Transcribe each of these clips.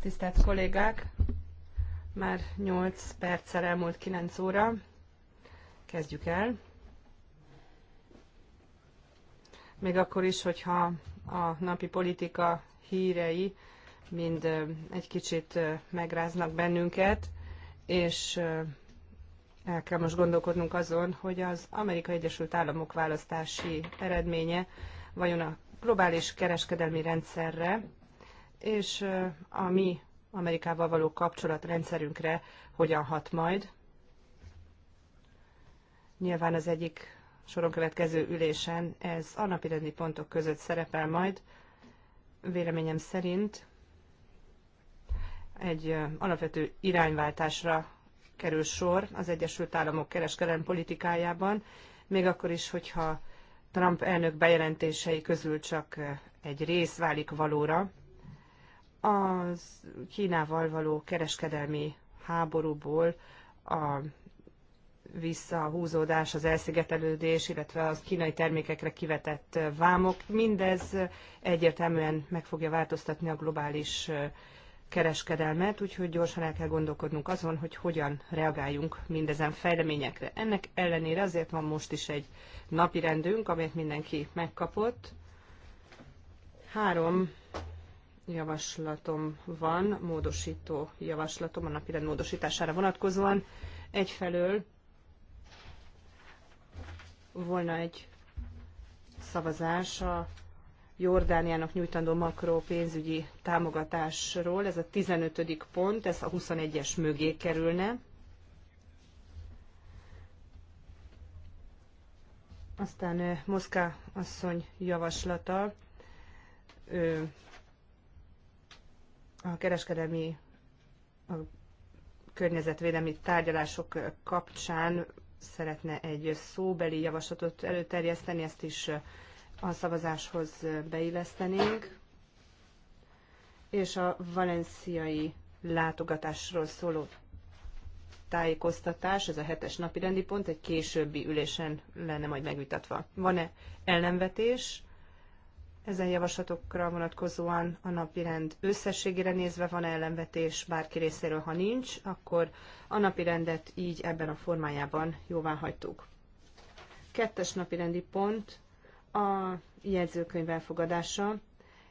Tisztelt kollégák, már 8 perccel elmúlt 9 óra. Kezdjük el. Még akkor is, hogyha a napi politika hírei mind egy kicsit megráznak bennünket, és el kell most gondolkodnunk azon, hogy az Amerikai Egyesült Államok választási eredménye vajon a globális kereskedelmi rendszerre és a mi Amerikával való kapcsolatrendszerünkre hogyan hat majd. Nyilván az egyik soron következő ülésen ez a napirendi pontok között szerepel majd. Véleményem szerint egy alapvető irányváltásra kerül sor az Egyesült Államok kereskedelmi politikájában, még akkor is, hogyha Trump elnök bejelentései közül csak egy rész válik valóra az Kínával való kereskedelmi háborúból a visszahúzódás, az elszigetelődés, illetve az kínai termékekre kivetett vámok, mindez egyértelműen meg fogja változtatni a globális kereskedelmet, úgyhogy gyorsan el kell gondolkodnunk azon, hogy hogyan reagáljunk mindezen fejleményekre. Ennek ellenére azért van most is egy napi rendünk, amelyet mindenki megkapott. Három javaslatom van, módosító javaslatom a rend módosítására vonatkozóan. Egyfelől volna egy szavazás a Jordániának nyújtandó makró pénzügyi támogatásról. Ez a 15. pont, ez a 21-es mögé kerülne. Aztán eh, Moszká asszony javaslata, ő a kereskedelmi a környezetvédelmi tárgyalások kapcsán szeretne egy szóbeli javaslatot előterjeszteni, ezt is a szavazáshoz beillesztenénk. És a valenciai látogatásról szóló tájékoztatás, ez a hetes napi rendi pont, egy későbbi ülésen lenne majd megvitatva. Van-e ellenvetés? ezen javaslatokra vonatkozóan a napirend összességére nézve van ellenvetés bárki részéről, ha nincs, akkor a napirendet így ebben a formájában jóvá hagytuk. Kettes napirendi pont a jegyzőkönyv elfogadása.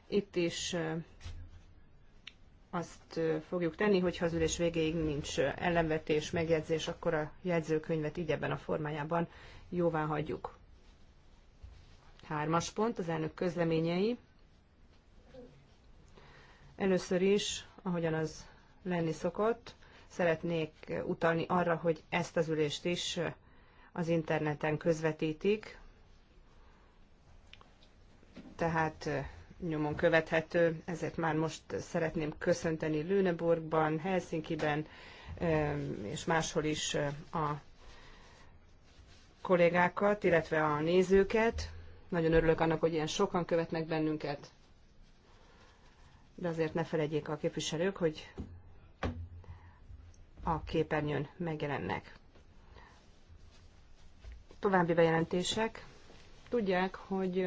Itt is azt fogjuk tenni, hogy ha az ülés végéig nincs ellenvetés, megjegyzés, akkor a jegyzőkönyvet így ebben a formájában jóvá hagyjuk. Hármas pont, az elnök közleményei. Először is, ahogyan az lenni szokott, szeretnék utalni arra, hogy ezt az ülést is az interneten közvetítik, tehát nyomon követhető, ezért már most szeretném köszönteni Lüneburgban, Helsinkiben és máshol is a kollégákat, illetve a nézőket. Nagyon örülök annak, hogy ilyen sokan követnek bennünket, de azért ne felejtjék a képviselők, hogy a képernyőn megjelennek. További bejelentések. Tudják, hogy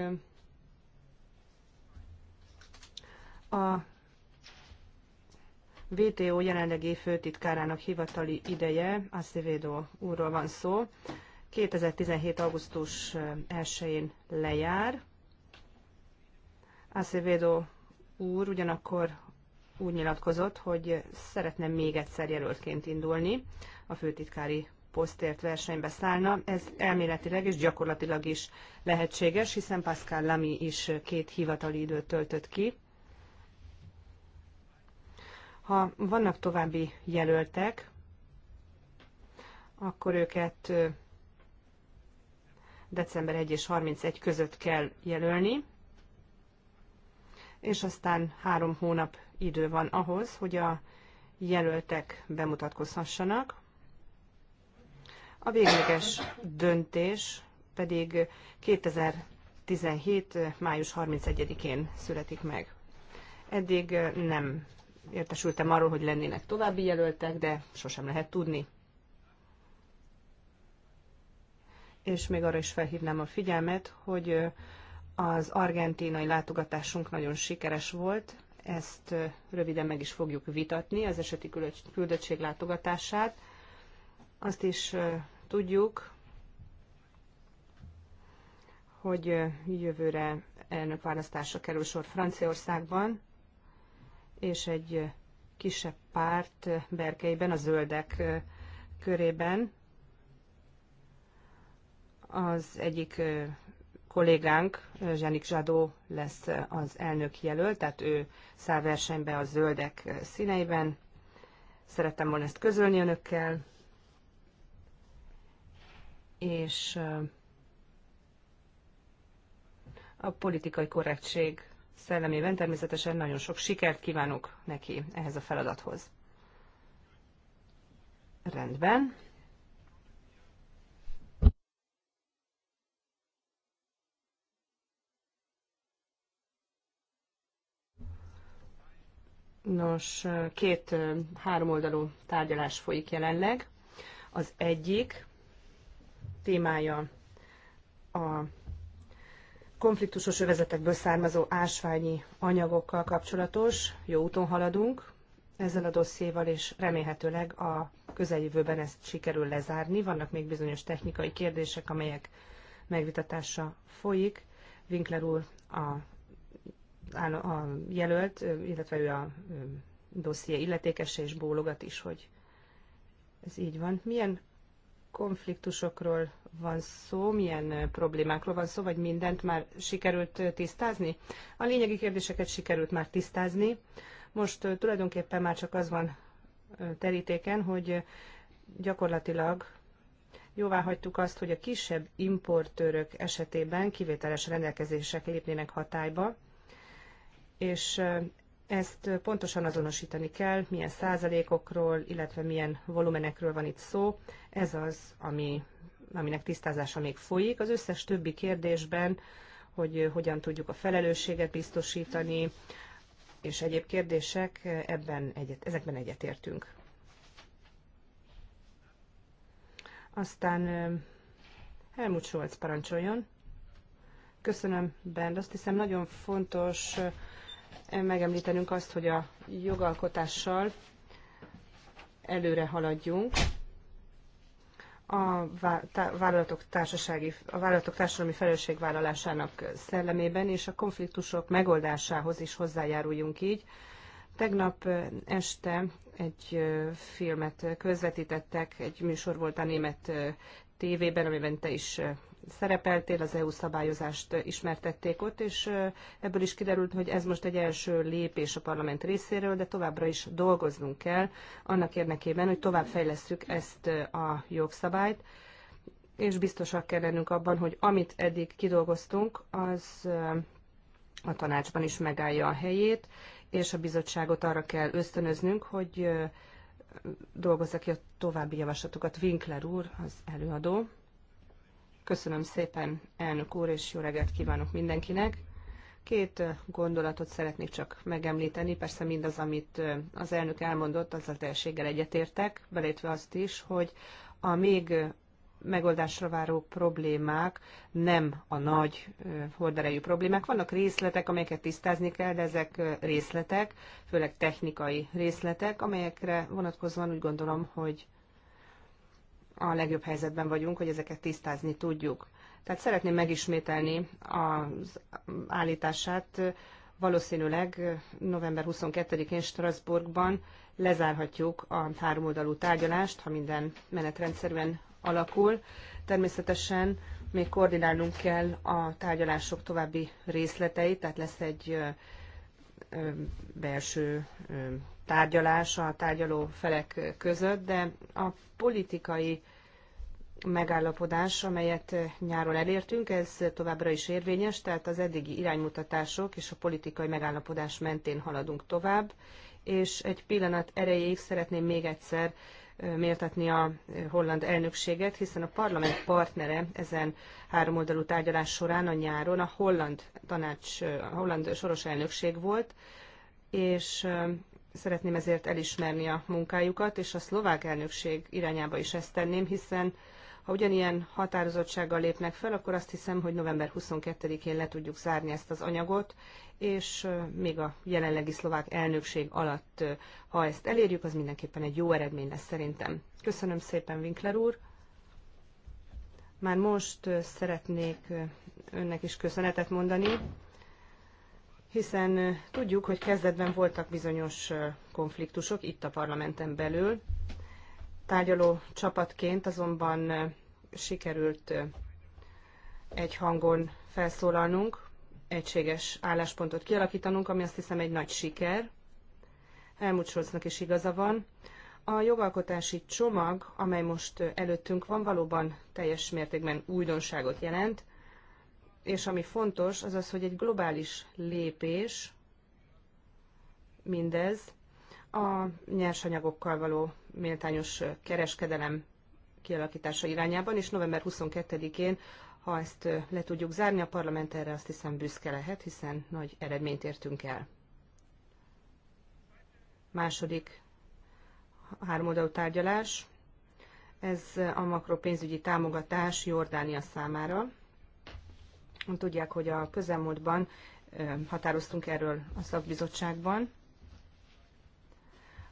a VTO jelenlegi főtitkárának hivatali ideje, Acevedo úrról van szó, 2017. augusztus 1-én lejár. Acevedo úr ugyanakkor úgy nyilatkozott, hogy szeretne még egyszer jelöltként indulni a főtitkári posztért versenybe szállna. Ez elméletileg és gyakorlatilag is lehetséges, hiszen Pascal Lamy is két hivatali időt töltött ki. Ha vannak további jelöltek, akkor őket december 1 és 31 között kell jelölni, és aztán három hónap idő van ahhoz, hogy a jelöltek bemutatkozhassanak. A végleges döntés pedig 2017. május 31-én születik meg. Eddig eh, nem értesültem arról, hogy lennének további jelöltek, de sosem lehet tudni. és még arra is felhívnám a figyelmet, hogy az argentinai látogatásunk nagyon sikeres volt, ezt röviden meg is fogjuk vitatni, az eseti küldöttség látogatását. Azt is tudjuk, hogy jövőre elnökválasztásra kerül sor Franciaországban, és egy kisebb párt Berkeiben, a zöldek körében az egyik kollégánk, Zsenik Zsadó lesz az elnök jelölt, tehát ő száll versenybe a zöldek színeiben. Szerettem volna ezt közölni önökkel. És a politikai korrektség szellemében természetesen nagyon sok sikert kívánok neki ehhez a feladathoz. Rendben. Nos, két háromoldalú tárgyalás folyik jelenleg. Az egyik témája a konfliktusos övezetekből származó ásványi anyagokkal kapcsolatos. Jó úton haladunk ezzel a dosszéval, és remélhetőleg a közeljövőben ezt sikerül lezárni. Vannak még bizonyos technikai kérdések, amelyek megvitatása folyik. Winkler úr a a jelölt, illetve ő a dosszié illetékese és bólogat is, hogy ez így van. Milyen konfliktusokról van szó, milyen problémákról van szó, vagy mindent már sikerült tisztázni? A lényegi kérdéseket sikerült már tisztázni. Most tulajdonképpen már csak az van terítéken, hogy gyakorlatilag jóvá hagytuk azt, hogy a kisebb importőrök esetében kivételes rendelkezések lépnének hatályba, és ezt pontosan azonosítani kell, milyen százalékokról, illetve milyen volumenekről van itt szó. Ez az, ami, aminek tisztázása még folyik. Az összes többi kérdésben, hogy hogyan tudjuk a felelősséget biztosítani, és egyéb kérdések, ebben egyet, ezekben egyetértünk. Aztán Helmut Scholz parancsoljon. Köszönöm, Ben. Azt hiszem nagyon fontos megemlítenünk azt, hogy a jogalkotással előre haladjunk a vállalatok, társasági, a vállalatok társadalmi felelősségvállalásának szellemében és a konfliktusok megoldásához is hozzájáruljunk így. Tegnap este egy filmet közvetítettek, egy műsor volt a német tévében, amiben te is szerepeltél, az EU szabályozást ismertették ott, és ebből is kiderült, hogy ez most egy első lépés a parlament részéről, de továbbra is dolgoznunk kell annak érdekében, hogy tovább fejlesztjük ezt a jogszabályt, és biztosak kell lennünk abban, hogy amit eddig kidolgoztunk, az a tanácsban is megállja a helyét, és a bizottságot arra kell ösztönöznünk, hogy dolgozzak ki a további javaslatokat Winkler úr, az előadó. Köszönöm szépen, elnök úr, és jó reggelt kívánok mindenkinek. Két gondolatot szeretnék csak megemlíteni. Persze mindaz, amit az elnök elmondott, azzal teljességgel egyetértek, belétve azt is, hogy a még megoldásra váró problémák nem a nagy horderejű problémák. Vannak részletek, amelyeket tisztázni kell, de ezek részletek, főleg technikai részletek, amelyekre vonatkozóan úgy gondolom, hogy a legjobb helyzetben vagyunk, hogy ezeket tisztázni tudjuk. Tehát szeretném megismételni az állítását. Valószínűleg november 22-én Strasbourgban lezárhatjuk a háromoldalú tárgyalást, ha minden menetrendszerűen alakul. Természetesen még koordinálnunk kell a tárgyalások további részleteit, tehát lesz egy belső tárgyalás a tárgyaló felek között, de a politikai megállapodás, amelyet eh, nyáron elértünk, ez továbbra is érvényes, tehát az eddigi iránymutatások és a politikai megállapodás mentén haladunk tovább, és egy pillanat erejéig szeretném még egyszer eh, méltatni a eh, holland elnökséget, hiszen a parlament partnere ezen háromoldalú tárgyalás során a nyáron a holland tanács, a holland soros elnökség volt, és szeretném ezért elismerni a munkájukat, és a szlovák elnökség irányába is ezt tenném, hiszen ha ugyanilyen határozottsággal lépnek fel, akkor azt hiszem, hogy november 22-én le tudjuk zárni ezt az anyagot, és még a jelenlegi szlovák elnökség alatt, ha ezt elérjük, az mindenképpen egy jó eredmény lesz szerintem. Köszönöm szépen, Winkler úr! Már most szeretnék önnek is köszönetet mondani, hiszen tudjuk, hogy kezdetben voltak bizonyos konfliktusok itt a parlamenten belül. Tárgyaló csapatként azonban sikerült egy hangon felszólalnunk, egységes álláspontot kialakítanunk, ami azt hiszem egy nagy siker. Helmut Scholznak is igaza van. A jogalkotási csomag, amely most előttünk van, valóban teljes mértékben újdonságot jelent, és ami fontos, az az, hogy egy globális lépés mindez a nyersanyagokkal való méltányos kereskedelem kialakítása irányában, és november 22-én, ha ezt le tudjuk zárni, a parlament erre azt hiszem büszke lehet, hiszen nagy eredményt értünk el. Második háromoldalú tárgyalás, ez a makropénzügyi támogatás Jordánia számára. Tudják, hogy a közelmúltban határoztunk erről a szakbizottságban.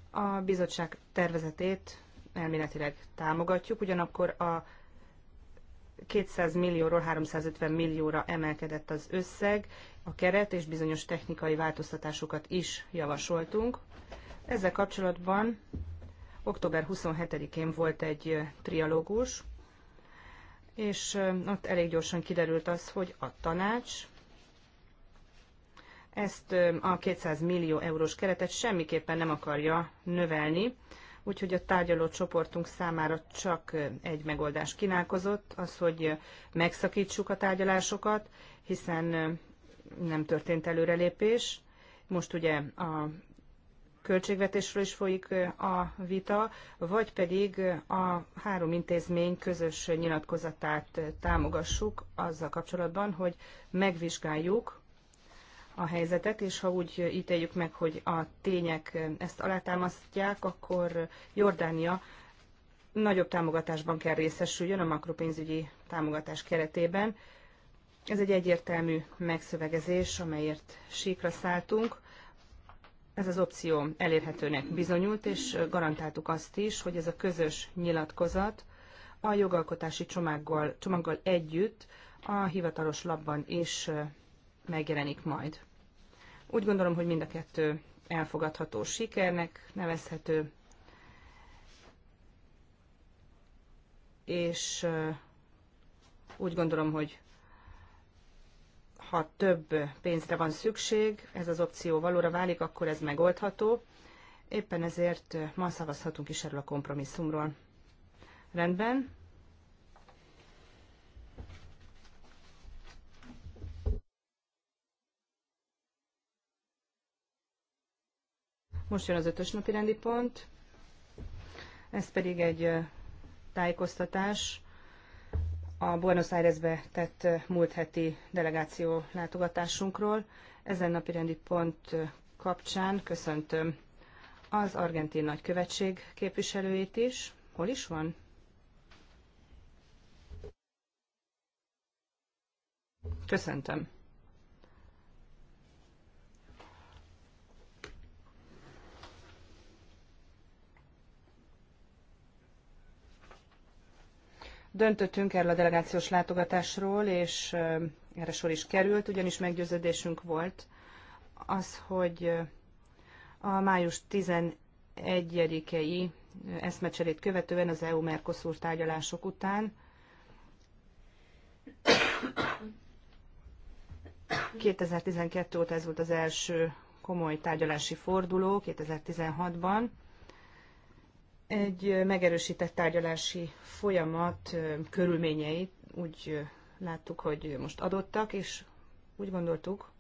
A bizottság tervezetét elméletileg támogatjuk, ugyanakkor a 200 millióról 350 millióra emelkedett az összeg, a keret és bizonyos technikai változtatásokat is javasoltunk. Ezzel kapcsolatban október 27-én volt egy trialógus, és ott elég gyorsan kiderült az, hogy a tanács ezt a 200 millió eurós keretet semmiképpen nem akarja növelni, úgyhogy a tárgyaló csoportunk számára csak egy megoldás kínálkozott, az, hogy megszakítsuk a tárgyalásokat, hiszen nem történt előrelépés. Most ugye a költségvetésről is folyik a vita, vagy pedig a három intézmény közös nyilatkozatát támogassuk azzal kapcsolatban, hogy megvizsgáljuk a helyzetet, és ha úgy ítéljük meg, hogy a tények ezt alátámasztják, akkor Jordánia nagyobb támogatásban kell részesüljön a makropénzügyi támogatás keretében. Ez egy egyértelmű megszövegezés, amelyért síkra szálltunk. Ez az opció elérhetőnek bizonyult, és garantáltuk azt is, hogy ez a közös nyilatkozat a jogalkotási csomaggal, csomaggal együtt a hivatalos labban is megjelenik majd. Úgy gondolom, hogy mind a kettő elfogadható sikernek nevezhető, és úgy gondolom, hogy ha több pénzre van szükség, ez az opció valóra válik, akkor ez megoldható. Éppen ezért ma szavazhatunk is erről a kompromisszumról. Rendben, Most jön az ötös napi rendi pont, ez pedig egy tájékoztatás a Buenos Airesbe tett múlt heti delegáció látogatásunkról. Ezen napi rendi pont kapcsán köszöntöm az argentin nagykövetség képviselőjét is. Hol is van? Köszöntöm. Döntöttünk erről a delegációs látogatásról, és erre sor is került, ugyanis meggyőződésünk volt az, hogy a május 11-i eszmecserét követően az EU-Mercosur tárgyalások után ...2012 óta ez volt az első komoly tárgyalási forduló 2016-ban, egy megerősített tárgyalási folyamat körülményeit úgy láttuk, hogy most adottak, és úgy gondoltuk,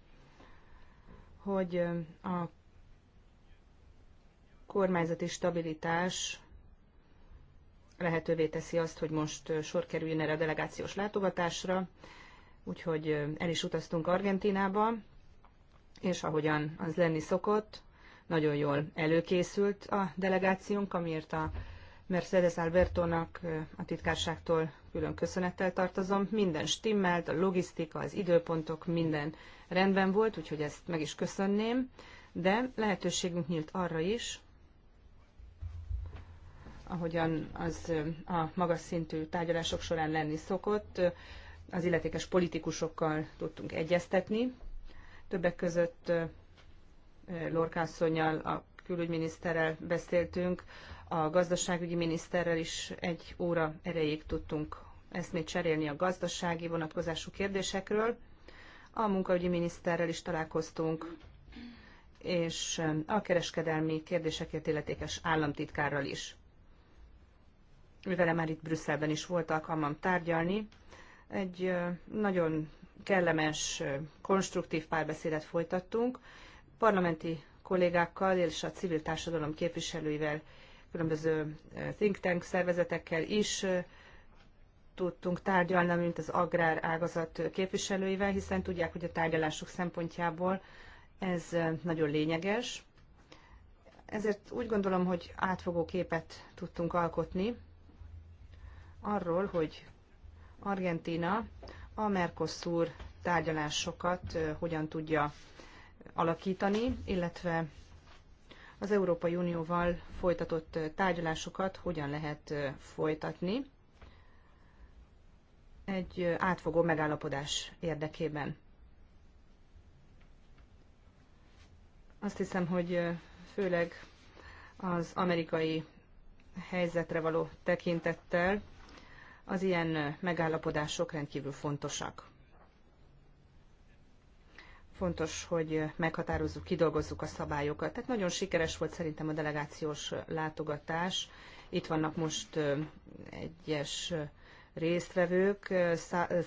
hogy a kormányzati stabilitás lehetővé teszi azt, hogy most sor kerüljön erre a delegációs látogatásra, úgyhogy el is utaztunk Argentinába, és ahogyan az lenni szokott, nagyon jól előkészült a delegációnk, amiért a Mercedes Albertónak a titkárságtól külön köszönettel tartozom. Minden stimmelt, a logisztika, az időpontok, minden rendben volt, úgyhogy ezt meg is köszönném. De lehetőségünk nyílt arra is, ahogyan az a magas szintű tárgyalások során lenni szokott, az illetékes politikusokkal tudtunk egyeztetni. Többek között Lorkászonyjal, a külügyminiszterrel beszéltünk, a gazdaságügyi miniszterrel is egy óra erejéig tudtunk eszmét cserélni a gazdasági vonatkozású kérdésekről. A munkaügyi miniszterrel is találkoztunk, és a kereskedelmi kérdésekért illetékes államtitkárral is. Mivel már itt Brüsszelben is volt alkalmam tárgyalni, egy nagyon kellemes, konstruktív párbeszédet folytattunk, parlamenti kollégákkal és a civil társadalom képviselőivel, különböző eh, think tank szervezetekkel is eh, tudtunk tárgyalni, mint az agrár ágazat képviselőivel, hiszen tudják, hogy a tárgyalások szempontjából ez eh, nagyon lényeges. Ezért úgy gondolom, hogy átfogó képet tudtunk alkotni arról, hogy Argentína a Mercosur tárgyalásokat hogyan tudja alakítani, illetve az Európai Unióval folytatott tárgyalásokat hogyan lehet folytatni egy átfogó megállapodás érdekében. Azt hiszem, hogy főleg az amerikai helyzetre való tekintettel az ilyen megállapodások rendkívül fontosak fontos, hogy meghatározzuk, kidolgozzuk a szabályokat. Tehát nagyon sikeres volt szerintem a delegációs látogatás. Itt vannak most egyes résztvevők.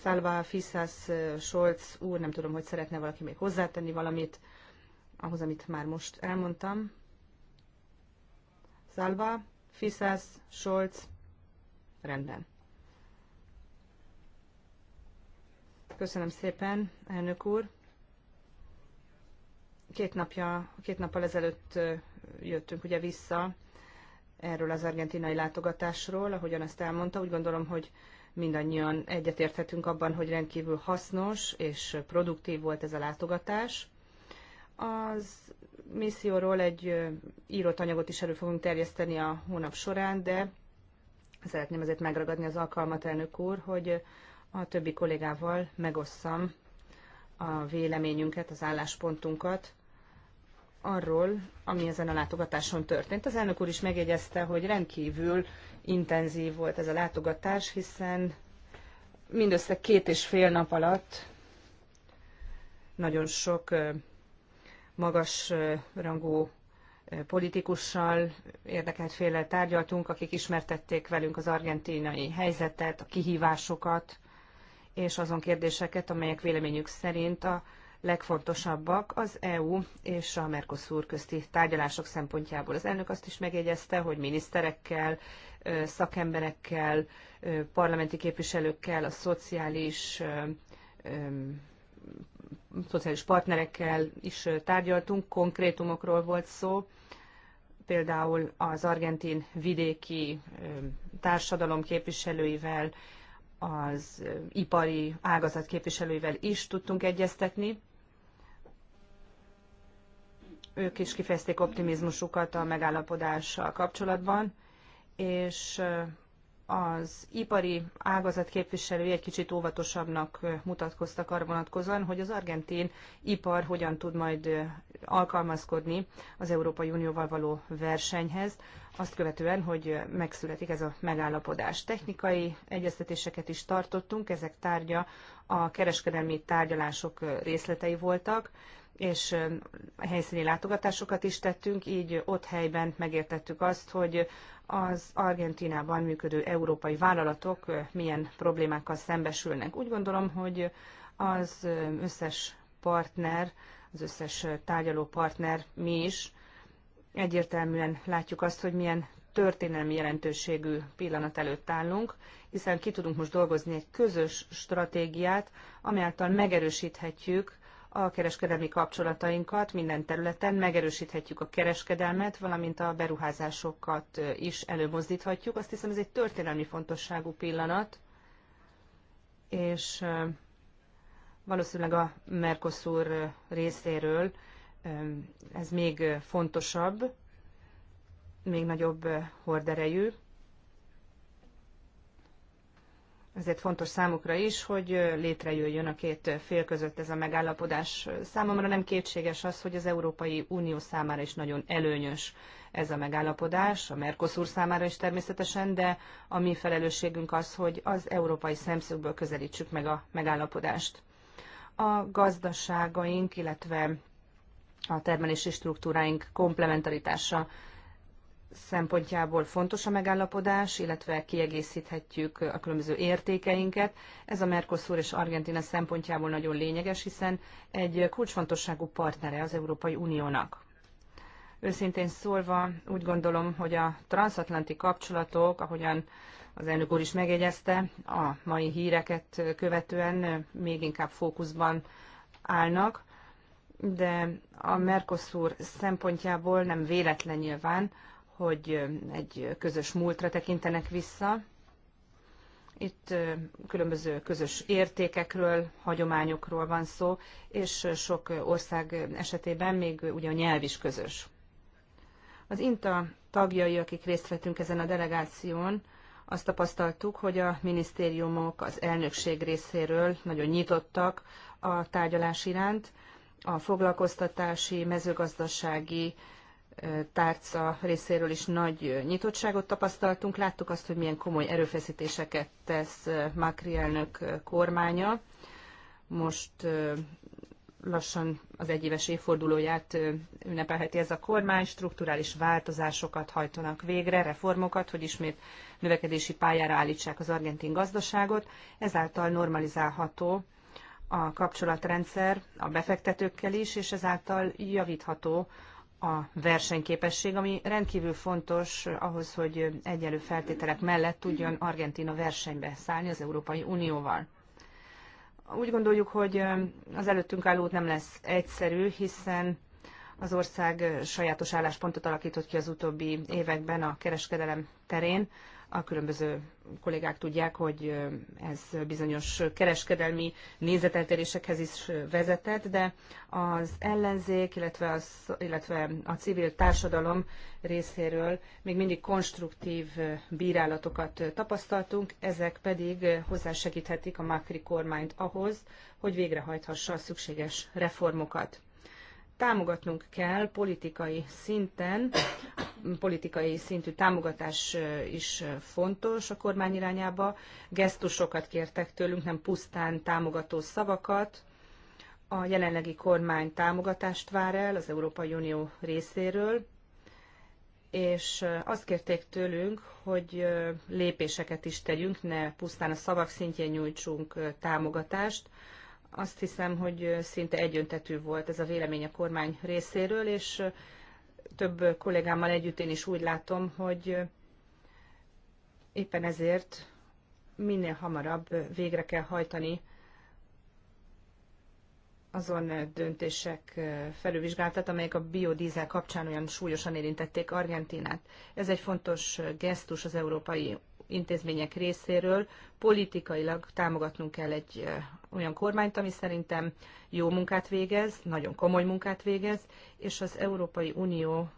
Szálva Fiszász Scholz úr, nem tudom, hogy szeretne valaki még hozzátenni valamit ahhoz, amit már most elmondtam. Szálva, Fiszász, Scholz, rendben. Köszönöm szépen, elnök úr. Két, napja, két nappal ezelőtt jöttünk ugye vissza erről az argentinai látogatásról, ahogyan azt elmondta, úgy gondolom, hogy mindannyian egyetérthetünk abban, hogy rendkívül hasznos és produktív volt ez a látogatás. Az misszióról egy írott anyagot is elő fogunk terjeszteni a hónap során, de szeretném azért megragadni az alkalmat, elnök úr, hogy a többi kollégával megosszam a véleményünket, az álláspontunkat arról, ami ezen a látogatáson történt. Az elnök úr is megjegyezte, hogy rendkívül intenzív volt ez a látogatás, hiszen mindössze két és fél nap alatt nagyon sok magas rangú politikussal, érdekelt félel tárgyaltunk, akik ismertették velünk az argentinai helyzetet, a kihívásokat, és azon kérdéseket, amelyek véleményük szerint a legfontosabbak az EU és a Mercosur közti tárgyalások szempontjából. Az elnök azt is megjegyezte, hogy miniszterekkel, szakemberekkel, parlamenti képviselőkkel, a szociális szociális partnerekkel is tárgyaltunk, konkrétumokról volt szó, például az argentin vidéki társadalom képviselőivel, az ipari ágazat képviselőivel is tudtunk egyeztetni, ők is kifejezték optimizmusukat a megállapodással kapcsolatban, és az ipari ágazat képviselői egy kicsit óvatosabbnak mutatkoztak arra vonatkozóan, hogy az argentin ipar hogyan tud majd alkalmazkodni az Európai Unióval való versenyhez, azt követően, hogy megszületik ez a megállapodás. Technikai egyeztetéseket is tartottunk, ezek tárgya a kereskedelmi tárgyalások részletei voltak és helyszíni látogatásokat is tettünk, így ott helyben megértettük azt, hogy az Argentinában működő európai vállalatok milyen problémákkal szembesülnek. Úgy gondolom, hogy az összes partner, az összes tárgyaló partner, mi is egyértelműen látjuk azt, hogy milyen történelmi jelentőségű pillanat előtt állunk, hiszen ki tudunk most dolgozni egy közös stratégiát, amelyáltal megerősíthetjük a kereskedelmi kapcsolatainkat minden területen, megerősíthetjük a kereskedelmet, valamint a beruházásokat is előmozdíthatjuk. Azt hiszem ez egy történelmi fontosságú pillanat, és valószínűleg a Mercosur részéről ez még fontosabb, még nagyobb horderejű ezért fontos számukra is, hogy létrejöjjön a két fél között ez a megállapodás. Számomra nem kétséges az, hogy az Európai Unió számára is nagyon előnyös ez a megállapodás, a Mercosur számára is természetesen, de a mi felelősségünk az, hogy az európai szemszögből közelítsük meg a megállapodást. A gazdaságaink, illetve a termelési struktúráink komplementaritása szempontjából fontos a megállapodás, illetve kiegészíthetjük a különböző értékeinket. Ez a Mercosur és Argentina szempontjából nagyon lényeges, hiszen egy kulcsfontosságú partnere az Európai Uniónak. Őszintén szólva úgy gondolom, hogy a transatlanti kapcsolatok, ahogyan az elnök úr is megjegyezte, a mai híreket követően még inkább fókuszban állnak, de a Mercosur szempontjából nem véletlen nyilván, hogy egy közös múltra tekintenek vissza. Itt különböző közös értékekről, hagyományokról van szó, és sok ország esetében még ugye a nyelv is közös. Az INTA tagjai, akik részt vettünk ezen a delegáción, azt tapasztaltuk, hogy a minisztériumok az elnökség részéről nagyon nyitottak a tárgyalás iránt, a foglalkoztatási, mezőgazdasági, tárca részéről is nagy nyitottságot tapasztaltunk. Láttuk azt, hogy milyen komoly erőfeszítéseket tesz Macri elnök kormánya. Most lassan az egyéves évfordulóját ünnepelheti ez a kormány, strukturális változásokat hajtanak végre, reformokat, hogy ismét növekedési pályára állítsák az argentin gazdaságot, ezáltal normalizálható a kapcsolatrendszer a befektetőkkel is, és ezáltal javítható a versenyképesség, ami rendkívül fontos ahhoz, hogy egyenlő feltételek mellett tudjon Argentina versenybe szállni az Európai Unióval. Úgy gondoljuk, hogy az előttünk álló nem lesz egyszerű, hiszen az ország sajátos álláspontot alakított ki az utóbbi években a kereskedelem terén, a különböző kollégák tudják, hogy ez bizonyos kereskedelmi nézeteltérésekhez is vezetett, de az ellenzék, illetve, az, illetve a civil társadalom részéről még mindig konstruktív bírálatokat tapasztaltunk, ezek pedig hozzásegíthetik a Makri kormányt ahhoz, hogy végrehajthassa a szükséges reformokat támogatnunk kell politikai szinten, politikai szintű támogatás is fontos a kormány irányába. Gesztusokat kértek tőlünk, nem pusztán támogató szavakat. A jelenlegi kormány támogatást vár el az Európai Unió részéről, és azt kérték tőlünk, hogy lépéseket is tegyünk, ne pusztán a szavak szintjén nyújtsunk támogatást, azt hiszem, hogy szinte egyöntetű volt ez a vélemény a kormány részéről, és több kollégámmal együtt én is úgy látom, hogy éppen ezért minél hamarabb végre kell hajtani azon döntések felülvizsgáltat, amelyek a biodízel kapcsán olyan súlyosan érintették Argentinát. Ez egy fontos gesztus az európai intézmények részéről. Politikailag támogatnunk kell egy olyan kormányt, ami szerintem jó munkát végez, nagyon komoly munkát végez, és az Európai Unióval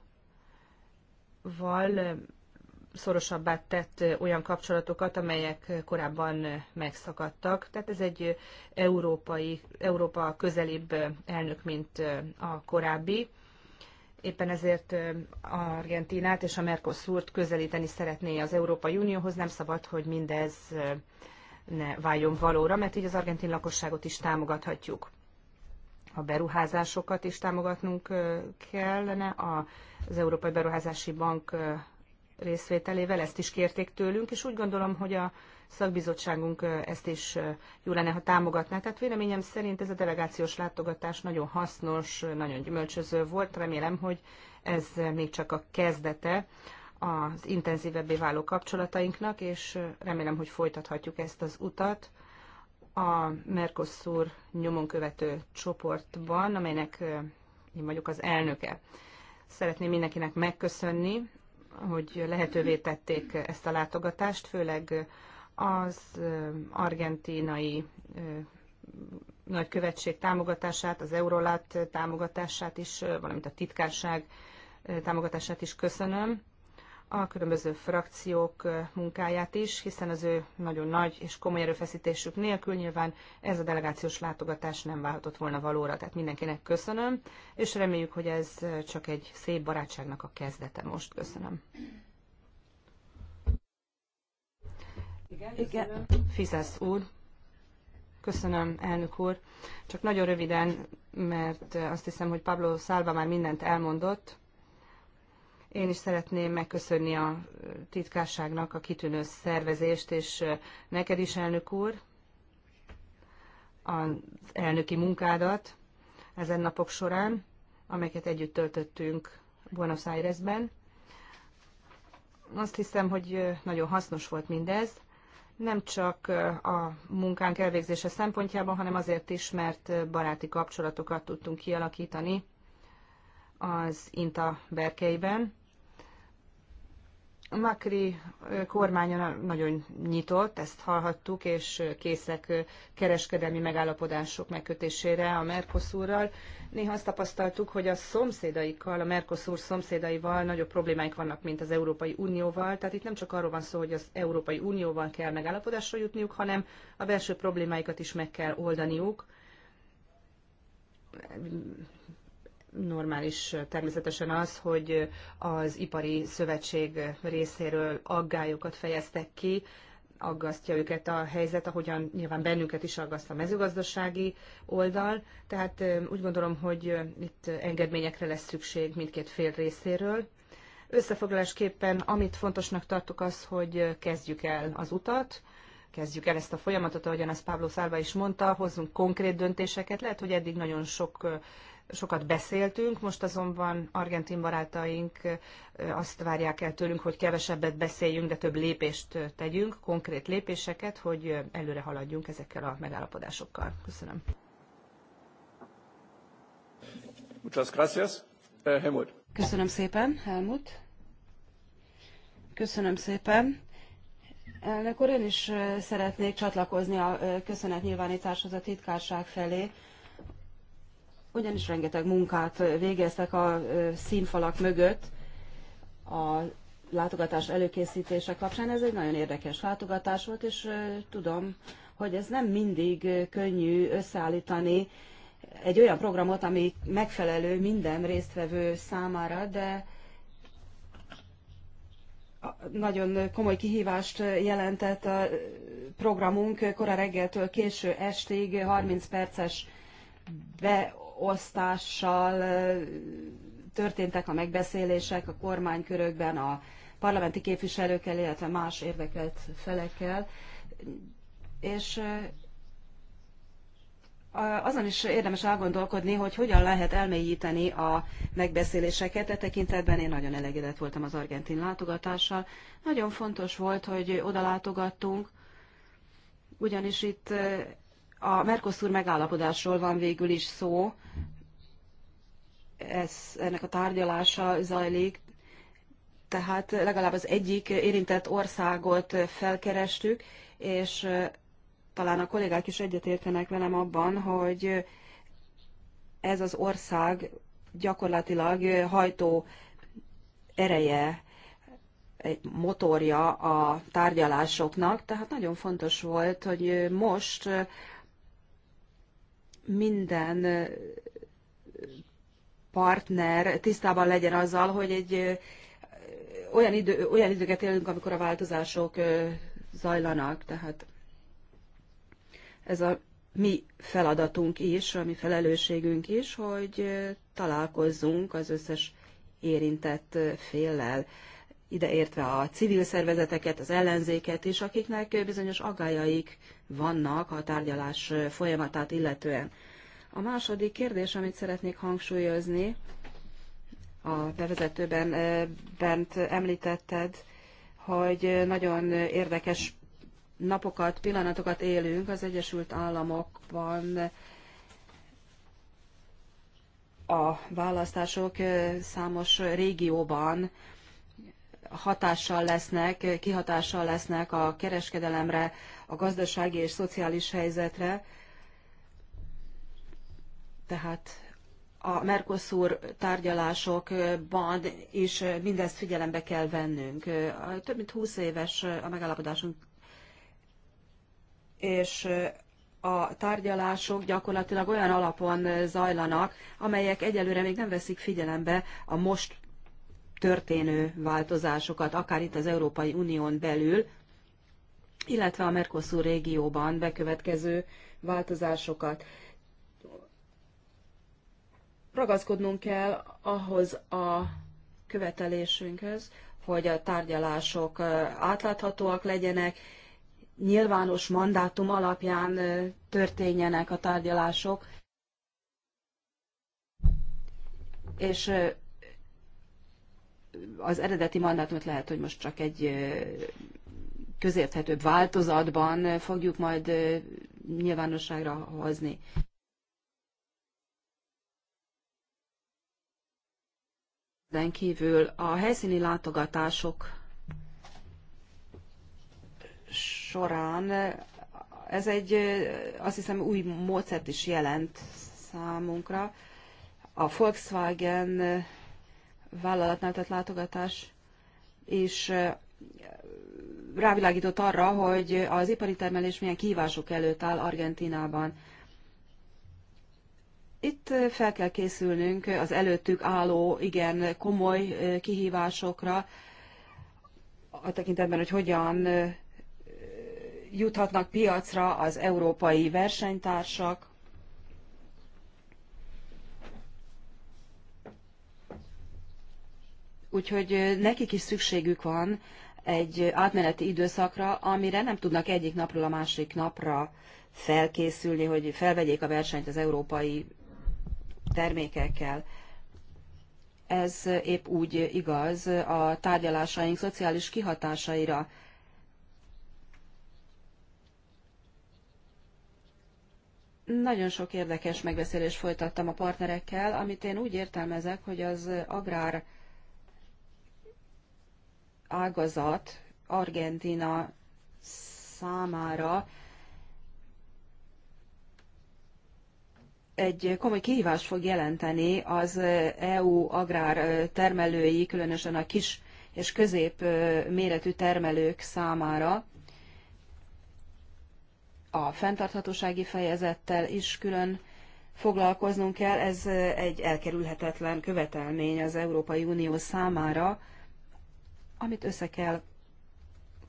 szorosabbá tett olyan kapcsolatokat, amelyek korábban megszakadtak. Tehát ez egy európai, Európa közelibb elnök, mint a korábbi. Éppen ezért Argentinát és a Mercosurt közelíteni szeretné az Európai Unióhoz. Nem szabad, hogy mindez ne váljon valóra, mert így az argentin lakosságot is támogathatjuk. A beruházásokat is támogatnunk kellene, az Európai Beruházási Bank részvételével, ezt is kérték tőlünk, és úgy gondolom, hogy a szakbizottságunk ezt is jó lenne, ha támogatná. Tehát véleményem szerint ez a delegációs látogatás nagyon hasznos, nagyon gyümölcsöző volt. Remélem, hogy ez még csak a kezdete az intenzívebbé váló kapcsolatainknak, és remélem, hogy folytathatjuk ezt az utat a Mercosur nyomon követő csoportban, amelynek én vagyok az elnöke. Szeretném mindenkinek megköszönni, hogy lehetővé tették ezt a látogatást, főleg az argentinai nagykövetség támogatását, az Eurolát támogatását is, valamint a titkárság támogatását is köszönöm a különböző frakciók munkáját is, hiszen az ő nagyon nagy és komoly erőfeszítésük nélkül nyilván ez a delegációs látogatás nem válhatott volna valóra. Tehát mindenkinek köszönöm, és reméljük, hogy ez csak egy szép barátságnak a kezdete most. Köszönöm. Igen, Fizesz úr. Köszönöm, elnök úr. Csak nagyon röviden, mert azt hiszem, hogy Pablo Szálva már mindent elmondott én is szeretném megköszönni a titkárságnak a kitűnő szervezést, és neked is, elnök úr, az elnöki munkádat ezen napok során, amelyeket együtt töltöttünk Buenos Airesben. Azt hiszem, hogy nagyon hasznos volt mindez, nem csak a munkánk elvégzése szempontjában, hanem azért is, mert baráti kapcsolatokat tudtunk kialakítani az INTA berkeiben Makri kormánya nagyon nyitott, ezt hallhattuk, és készek kereskedelmi megállapodások megkötésére a Mercosurral. Néha azt tapasztaltuk, hogy a szomszédaikkal, a Mercosur szomszédaival nagyobb problémáik vannak, mint az Európai Unióval. Tehát itt nem csak arról van szó, hogy az Európai Unióval kell megállapodásra jutniuk, hanem a belső problémáikat is meg kell oldaniuk normális természetesen az, hogy az ipari szövetség részéről aggályokat fejeztek ki, aggasztja őket a helyzet, ahogyan nyilván bennünket is aggaszt a mezőgazdasági oldal. Tehát úgy gondolom, hogy itt engedményekre lesz szükség mindkét fél részéről. Összefoglalásképpen, amit fontosnak tartok az, hogy kezdjük el az utat, kezdjük el ezt a folyamatot, ahogyan azt Pablo Szálva is mondta, hozzunk konkrét döntéseket. Lehet, hogy eddig nagyon sok sokat beszéltünk, most azonban argentin barátaink azt várják el tőlünk, hogy kevesebbet beszéljünk, de több lépést tegyünk, konkrét lépéseket, hogy előre haladjunk ezekkel a megállapodásokkal. Köszönöm. Muchas gracias. Eh, Helmut. Köszönöm szépen, Helmut. Köszönöm szépen. Elnök úr, én is szeretnék csatlakozni a köszönetnyilvánításhoz a titkárság felé ugyanis rengeteg munkát végeztek a színfalak mögött a látogatás előkészítése kapcsán. Ez egy nagyon érdekes látogatás volt, és tudom, hogy ez nem mindig könnyű összeállítani egy olyan programot, ami megfelelő minden résztvevő számára, de nagyon komoly kihívást jelentett a programunk. Kora reggeltől késő estig 30 perces be, osztással történtek a megbeszélések a kormánykörökben, a parlamenti képviselőkkel, illetve más érdekelt felekkel, és azon is érdemes elgondolkodni, hogy hogyan lehet elmélyíteni a megbeszéléseket. E tekintetben én nagyon elégedett voltam az argentin látogatással. Nagyon fontos volt, hogy oda látogattunk, ugyanis itt a Mercosur megállapodásról van végül is szó, ez, ennek a tárgyalása zajlik, tehát legalább az egyik érintett országot felkerestük, és talán a kollégák is egyetértenek velem abban, hogy ez az ország gyakorlatilag hajtó ereje, egy motorja a tárgyalásoknak, tehát nagyon fontos volt, hogy most minden partner tisztában legyen azzal, hogy egy olyan, idő, olyan időket élünk, amikor a változások zajlanak, tehát ez a mi feladatunk is, a mi felelősségünk is, hogy találkozzunk az összes érintett féllel, ideértve a civil szervezeteket, az ellenzéket is, akiknek bizonyos agályaik vannak a tárgyalás folyamatát illetően. A második kérdés, amit szeretnék hangsúlyozni, a bevezetőben eh, Bent említetted, hogy nagyon érdekes napokat, pillanatokat élünk az Egyesült Államokban a választások eh, számos régióban hatással lesznek, kihatással lesznek a kereskedelemre, a gazdasági és szociális helyzetre, tehát a Mercosur tárgyalásokban is mindezt figyelembe kell vennünk. Több mint 20 éves a megállapodásunk, és a tárgyalások gyakorlatilag olyan alapon zajlanak, amelyek egyelőre még nem veszik figyelembe a most történő változásokat, akár itt az Európai Unión belül, illetve a Mercosur régióban bekövetkező változásokat. Ragaszkodnunk kell ahhoz a követelésünkhöz, hogy a tárgyalások átláthatóak legyenek, nyilvános mandátum alapján történjenek a tárgyalások, és az eredeti mandátumot lehet, hogy most csak egy közérthetőbb változatban fogjuk majd nyilvánosságra hozni. Ezen kívül a helyszíni látogatások során ez egy, azt hiszem, új módszert is jelent számunkra. A Volkswagen vállalatnál tett látogatás és rávilágított arra, hogy az ipari termelés milyen kihívások előtt áll Argentinában. Itt fel kell készülnünk az előttük álló igen komoly kihívásokra, a tekintetben, hogy hogyan juthatnak piacra az európai versenytársak, Úgyhogy nekik is szükségük van egy átmeneti időszakra, amire nem tudnak egyik napról a másik napra felkészülni, hogy felvegyék a versenyt az európai termékekkel. Ez épp úgy igaz a tárgyalásaink szociális kihatásaira. Nagyon sok érdekes megbeszélést folytattam a partnerekkel, amit én úgy értelmezek, hogy az agrár ágazat Argentina számára egy komoly kihívást fog jelenteni az EU agrár termelői, különösen a kis és közép méretű termelők számára. A fenntarthatósági fejezettel is külön foglalkoznunk kell, ez egy elkerülhetetlen követelmény az Európai Unió számára, amit össze kell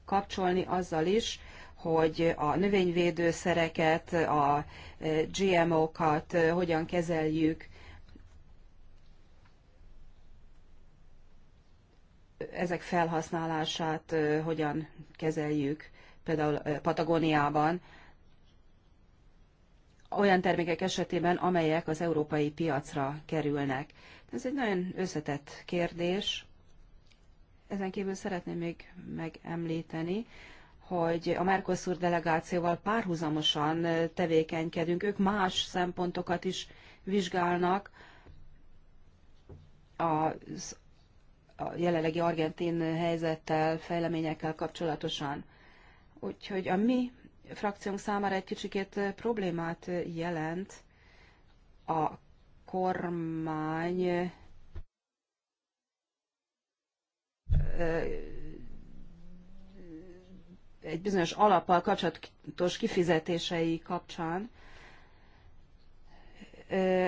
kapcsolni azzal is, hogy a növényvédőszereket, a e, GMO-kat e, hogyan kezeljük. Ezek felhasználását e, hogyan kezeljük, például Patagóniában, olyan termékek esetében, amelyek az európai piacra kerülnek. Ez egy nagyon összetett kérdés. Ezen kívül szeretném még megemlíteni, hogy a Mercosur delegációval párhuzamosan tevékenykedünk. Ők más szempontokat is vizsgálnak az a jelenlegi argentin helyzettel, fejleményekkel kapcsolatosan. Úgyhogy a mi frakciónk számára egy kicsikét problémát jelent a kormány egy bizonyos alappal kapcsolatos kifizetései kapcsán.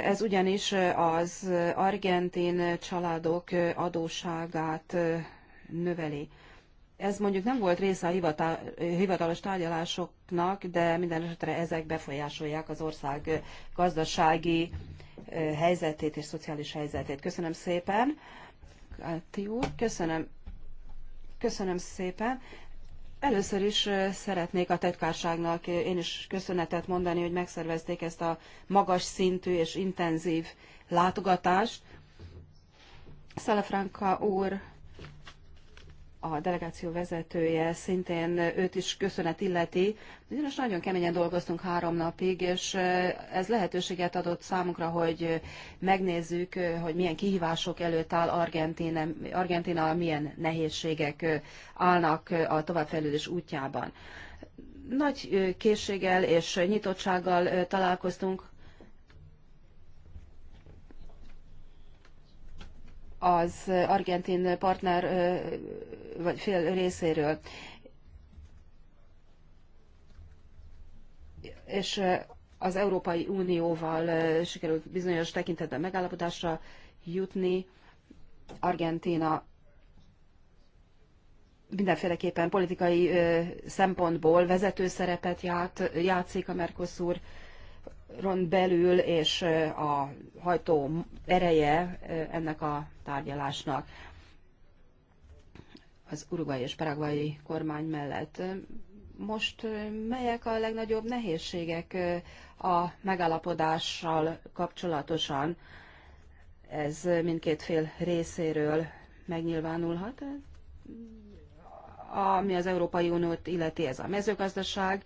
Ez ugyanis az argentin családok adóságát növeli. Ez mondjuk nem volt része a hivatalos tárgyalásoknak, de minden esetre ezek befolyásolják az ország gazdasági helyzetét és szociális helyzetét. Köszönöm szépen. Ti úr, köszönöm Köszönöm szépen. Először is szeretnék a tetkárságnak én is köszönetet mondani, hogy megszervezték ezt a magas szintű és intenzív látogatást. Szelefranka úr a delegáció vezetője, szintén őt is köszönet illeti. Ugyanis nagyon keményen dolgoztunk három napig, és ez lehetőséget adott számunkra, hogy megnézzük, hogy milyen kihívások előtt áll Argentina, Argentina milyen nehézségek állnak a továbbfejlődés útjában. Nagy készséggel és nyitottsággal találkoztunk az argentin partner vagy fél részéről. És az Európai Unióval sikerült bizonyos tekintetben megállapodásra jutni. Argentina mindenféleképpen politikai szempontból vezető szerepet ját, játszik a Mercosur ron belül és a hajtó ereje ennek a tárgyalásnak az uruguayi és paraguayi kormány mellett. Most melyek a legnagyobb nehézségek a megállapodással kapcsolatosan? Ez mindkét fél részéről megnyilvánulhat? Ami az Európai Uniót illeti, ez a mezőgazdaság,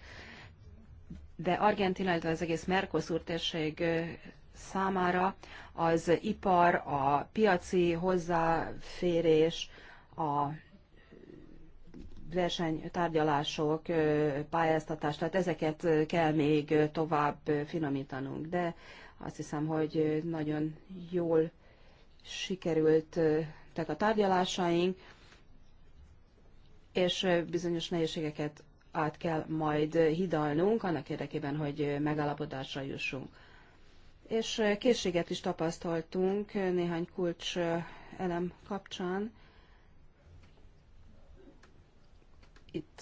de Argentina, illetve az egész Mercosur térség számára az ipar, a piaci hozzáférés, a versenytárgyalások, pályáztatás, tehát ezeket kell még tovább finomítanunk, de azt hiszem, hogy nagyon jól sikerült tehát a tárgyalásaink, és bizonyos nehézségeket át kell majd hidalnunk annak érdekében, hogy megállapodásra jussunk. És készséget is tapasztaltunk néhány kulcs elem kapcsán. Itt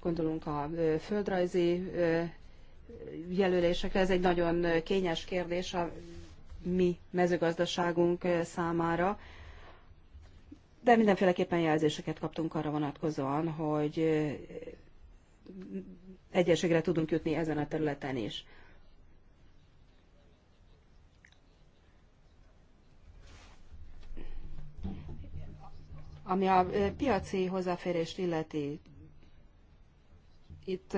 gondolunk a földrajzi jelölésekre. Ez egy nagyon kényes kérdés a mi mezőgazdaságunk számára. De mindenféleképpen jelzéseket kaptunk arra vonatkozóan, hogy egyenségre tudunk jutni ezen a területen is. Ami a piaci hozzáférést illeti, itt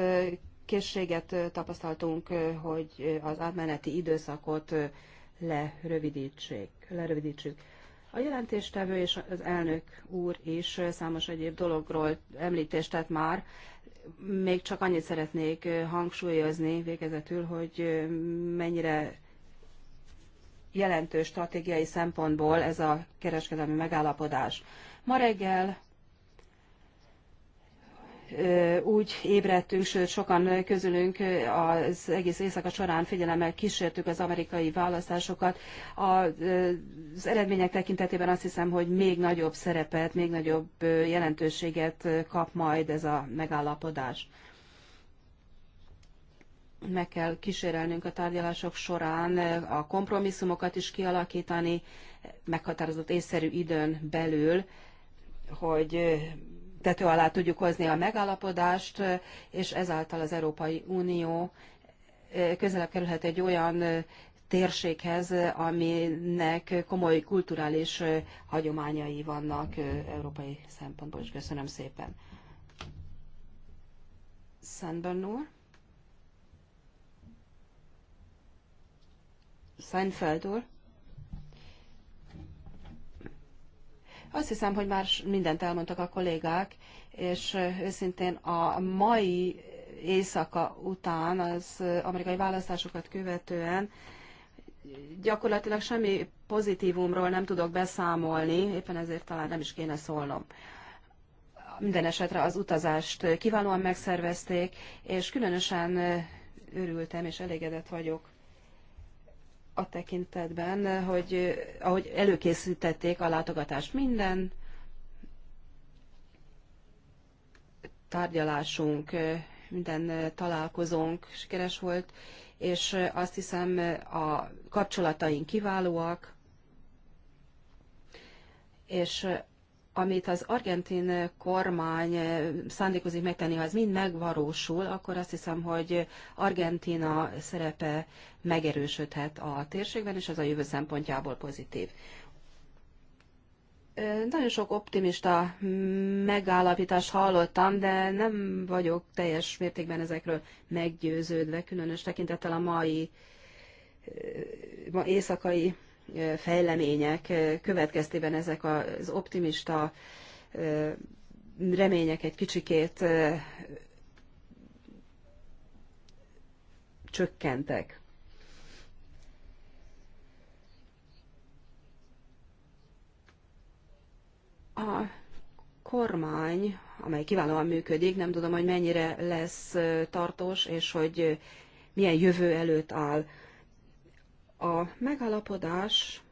készséget tapasztaltunk, hogy az átmeneti időszakot lerövidítsék, lerövidítsük. A jelentéstevő és az elnök úr is számos egyéb dologról említést tett már, még csak annyit szeretnék hangsúlyozni végezetül, hogy mennyire jelentős stratégiai szempontból ez a kereskedelmi megállapodás. Ma reggel úgy ébredtünk, sőt sokan közülünk az egész éjszaka során figyelemmel kísértük az amerikai választásokat. Az eredmények tekintetében azt hiszem, hogy még nagyobb szerepet, még nagyobb jelentőséget kap majd ez a megállapodás. Meg kell kísérelnünk a tárgyalások során a kompromisszumokat is kialakítani meghatározott észszerű időn belül, hogy tető alá tudjuk hozni a megállapodást, és ezáltal az Európai Unió közelebb kerülhet egy olyan térséghez, aminek komoly kulturális hagyományai vannak európai szempontból És Köszönöm szépen. Sandburn úr? Seinfeld úr? Azt hiszem, hogy már mindent elmondtak a kollégák, és őszintén a mai éjszaka után, az amerikai választásokat követően gyakorlatilag semmi pozitívumról nem tudok beszámolni, éppen ezért talán nem is kéne szólnom. Minden esetre az utazást kiválóan megszervezték, és különösen örültem és elégedett vagyok a tekintetben, hogy ahogy előkészítették a látogatást minden tárgyalásunk, minden találkozónk sikeres volt, és azt hiszem a kapcsolataink kiválóak, és amit az argentin kormány eh, szándékozik megtenni, ha ez mind megvalósul, akkor azt hiszem, hogy Argentina szerepe megerősödhet a térségben, és az a jövő szempontjából pozitív. Eh, nagyon sok optimista megállapítást hallottam, de nem vagyok teljes mértékben ezekről meggyőződve, különös tekintettel a mai eh, ma éjszakai fejlemények következtében ezek az optimista remények egy kicsikét csökkentek. A kormány, amely kiválóan működik, nem tudom, hogy mennyire lesz tartós, és hogy milyen jövő előtt áll. A megalapodás,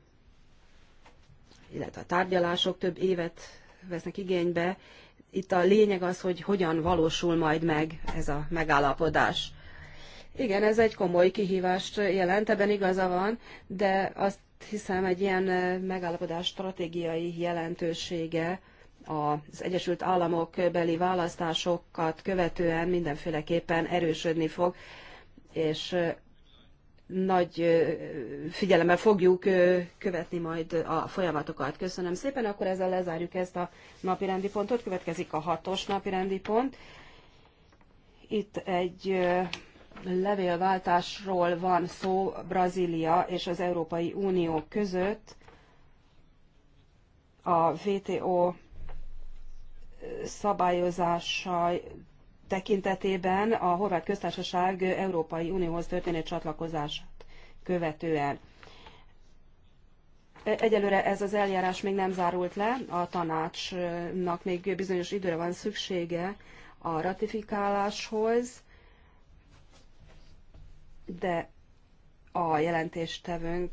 illetve a tárgyalások több évet vesznek igénybe. Itt a lényeg az, hogy hogyan valósul majd meg ez a megállapodás. Igen, ez egy komoly kihívást jelent, ebben igaza van, de azt hiszem egy ilyen megállapodás stratégiai jelentősége az Egyesült Államok beli választásokat követően mindenféleképpen erősödni fog, és nagy figyelemmel fogjuk követni majd a folyamatokat. Köszönöm szépen, akkor ezzel lezárjuk ezt a napirendi pontot. Következik a hatos napirendi pont. Itt egy levélváltásról van szó Brazília és az Európai Unió között. A WTO szabályozásai tekintetében a horvát köztársaság Európai Unióhoz történő csatlakozását követően. E, egyelőre ez az eljárás még nem zárult le, a tanácsnak még bizonyos időre van szüksége a ratifikáláshoz, de a jelentéstevőnk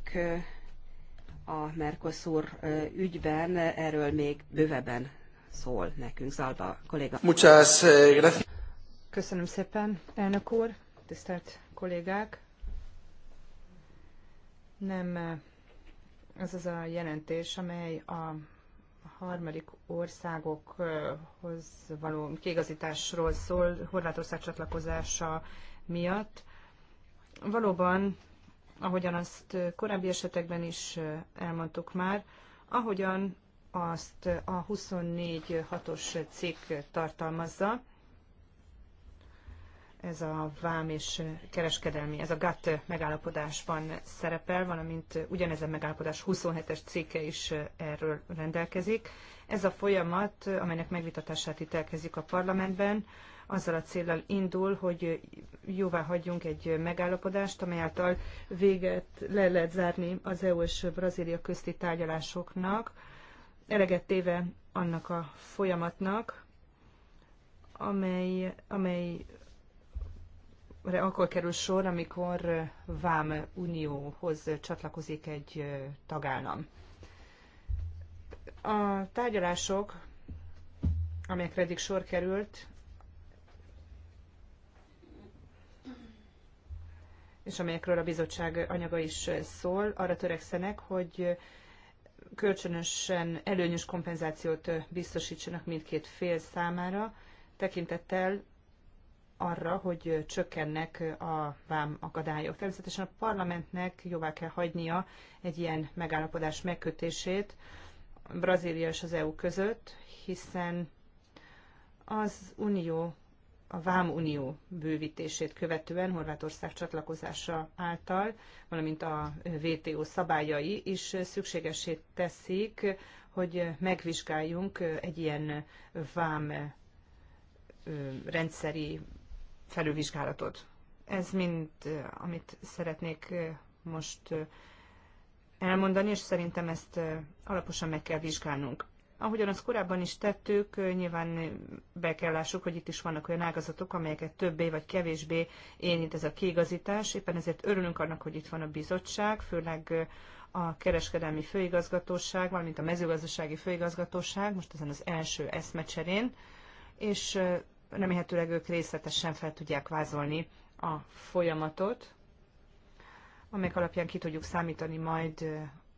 a Mercosur ügyben erről még bővebben szól nekünk, Zalba kolléga. Muchas eh, gracias. Köszönöm szépen, elnök úr, tisztelt kollégák! Nem ez az a jelentés, amely a harmadik országokhoz való kiigazításról szól, Horvátország csatlakozása miatt. Valóban, ahogyan azt korábbi esetekben is elmondtuk már, ahogyan azt a 24.6-os cikk tartalmazza, ez a vám és kereskedelmi, ez a GATT megállapodásban szerepel, valamint ugyanezen megállapodás 27-es cikke is erről rendelkezik. Ez a folyamat, amelynek megvitatását itt elkezik a parlamentben, azzal a célral indul, hogy jóvá hagyjunk egy megállapodást, amely által véget le lehet zárni az EU és Brazília közti tárgyalásoknak, eleget téve annak a folyamatnak, amely, amely akkor kerül sor, amikor Vám Unióhoz csatlakozik egy tagállam. A tárgyalások, amelyekre eddig sor került, és amelyekről a bizottság anyaga is szól, arra törekszenek, hogy kölcsönösen előnyös kompenzációt biztosítsanak mindkét fél számára, tekintettel arra, hogy csökkennek a vám akadályok. Természetesen a parlamentnek jóvá kell hagynia egy ilyen megállapodás megkötését Brazília és az EU között, hiszen az Unió, a vám unió bővítését követően Horvátország csatlakozása által, valamint a WTO szabályai is szükségesé teszik, hogy megvizsgáljunk egy ilyen vám rendszeri felülvizsgálatot. Ez mind, eh, amit szeretnék eh, most eh, elmondani, és szerintem ezt alaposan meg kell vizsgálnunk. Ahogyan azt korábban is tettük, nyilván be kell lássuk, hogy itt is vannak olyan ágazatok, amelyeket többé vagy kevésbé érint ez a kiigazítás. Éppen ezért örülünk annak, hogy itt van a bizottság, főleg a kereskedelmi főigazgatóság, valamint a mezőgazdasági főigazgatóság, most ezen az első eszmecserén, és remélhetőleg ők részletesen fel tudják vázolni a folyamatot, amelyek alapján ki tudjuk számítani majd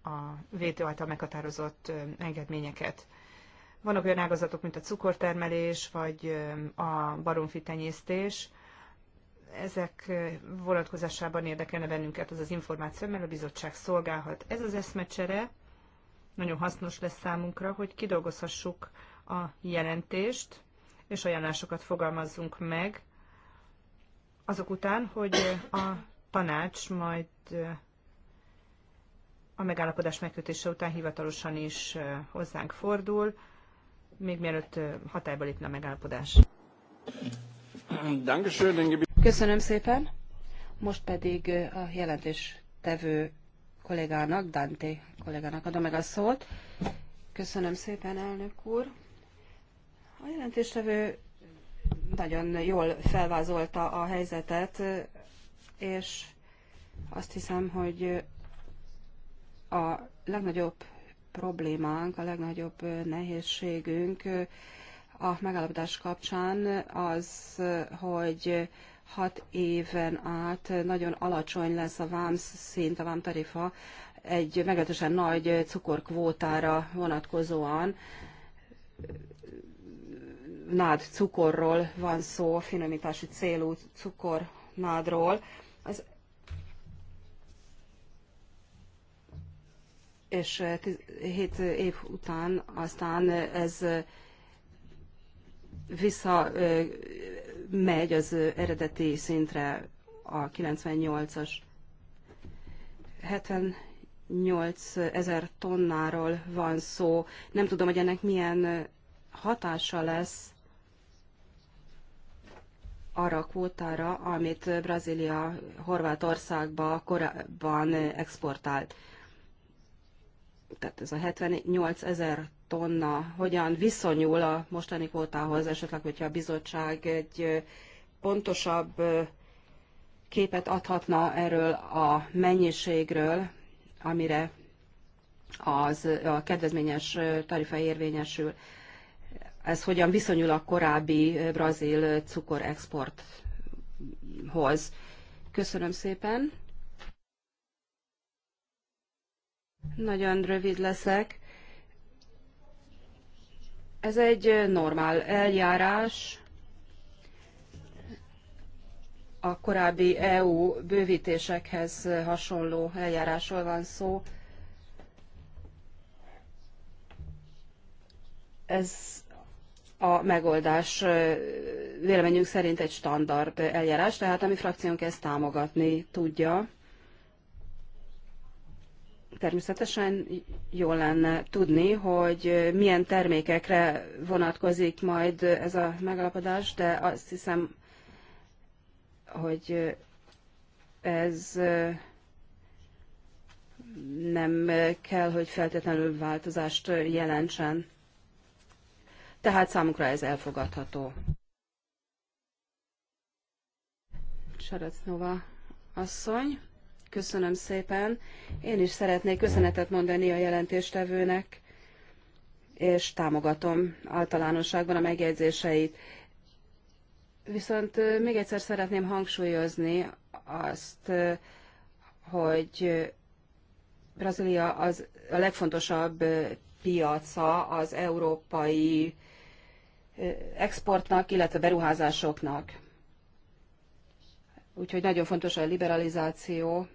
a vétő által meghatározott engedményeket. Vannak olyan ágazatok, mint a cukortermelés, vagy a baromfi tenyésztés. Ezek vonatkozásában érdekelne bennünket az az információ, mert a bizottság szolgálhat. Ez az eszmecsere nagyon hasznos lesz számunkra, hogy kidolgozhassuk a jelentést, és ajánlásokat fogalmazzunk meg azok után, hogy a tanács majd a megállapodás megkötése után hivatalosan is hozzánk fordul, még mielőtt hatályba lépne a megállapodás. Köszönöm szépen. Most pedig a jelentés tevő kollégának, Dante kollégának adom meg a szót. Köszönöm szépen, elnök úr. A jelentéstevő nagyon jól felvázolta a helyzetet, és azt hiszem, hogy a legnagyobb problémánk, a legnagyobb nehézségünk a megállapodás kapcsán az, hogy hat éven át nagyon alacsony lesz a vám szint, a vám tarifa egy meglehetősen nagy cukorkvótára vonatkozóan nád cukorról van szó, finomítási célú cukornádról. Az és 7 eh, év után aztán ez eh, vissza eh, megy az eredeti szintre a 98-as 78 ezer tonnáról van szó. Nem tudom, hogy ennek milyen hatása lesz arra a kvótára, amit Brazília Horvátországba korábban exportált. Tehát ez a 78 ezer tonna hogyan viszonyul a mostani kvótához, esetleg, hogyha a bizottság egy pontosabb képet adhatna erről a mennyiségről, amire az a kedvezményes tarifa érvényesül ez hogyan viszonyul a korábbi brazil cukorexporthoz. Köszönöm szépen. Nagyon rövid leszek. Ez egy normál eljárás. A korábbi EU bővítésekhez hasonló eljárásról van szó. Ez a megoldás véleményünk szerint egy standard eljárás, tehát a mi frakciónk ezt támogatni tudja. Természetesen jó lenne tudni, hogy milyen termékekre vonatkozik majd ez a megalapodás, de azt hiszem, hogy ez nem kell, hogy feltétlenül változást jelentsen tehát számukra ez elfogadható. Saracnova asszony, köszönöm szépen. Én is szeretnék köszönetet mondani a jelentéstevőnek, és támogatom általánosságban a megjegyzéseit. Viszont még egyszer szeretném hangsúlyozni azt, hogy Brazília az a legfontosabb piaca az európai exportnak, illetve beruházásoknak. Úgyhogy nagyon fontos a liberalizáció,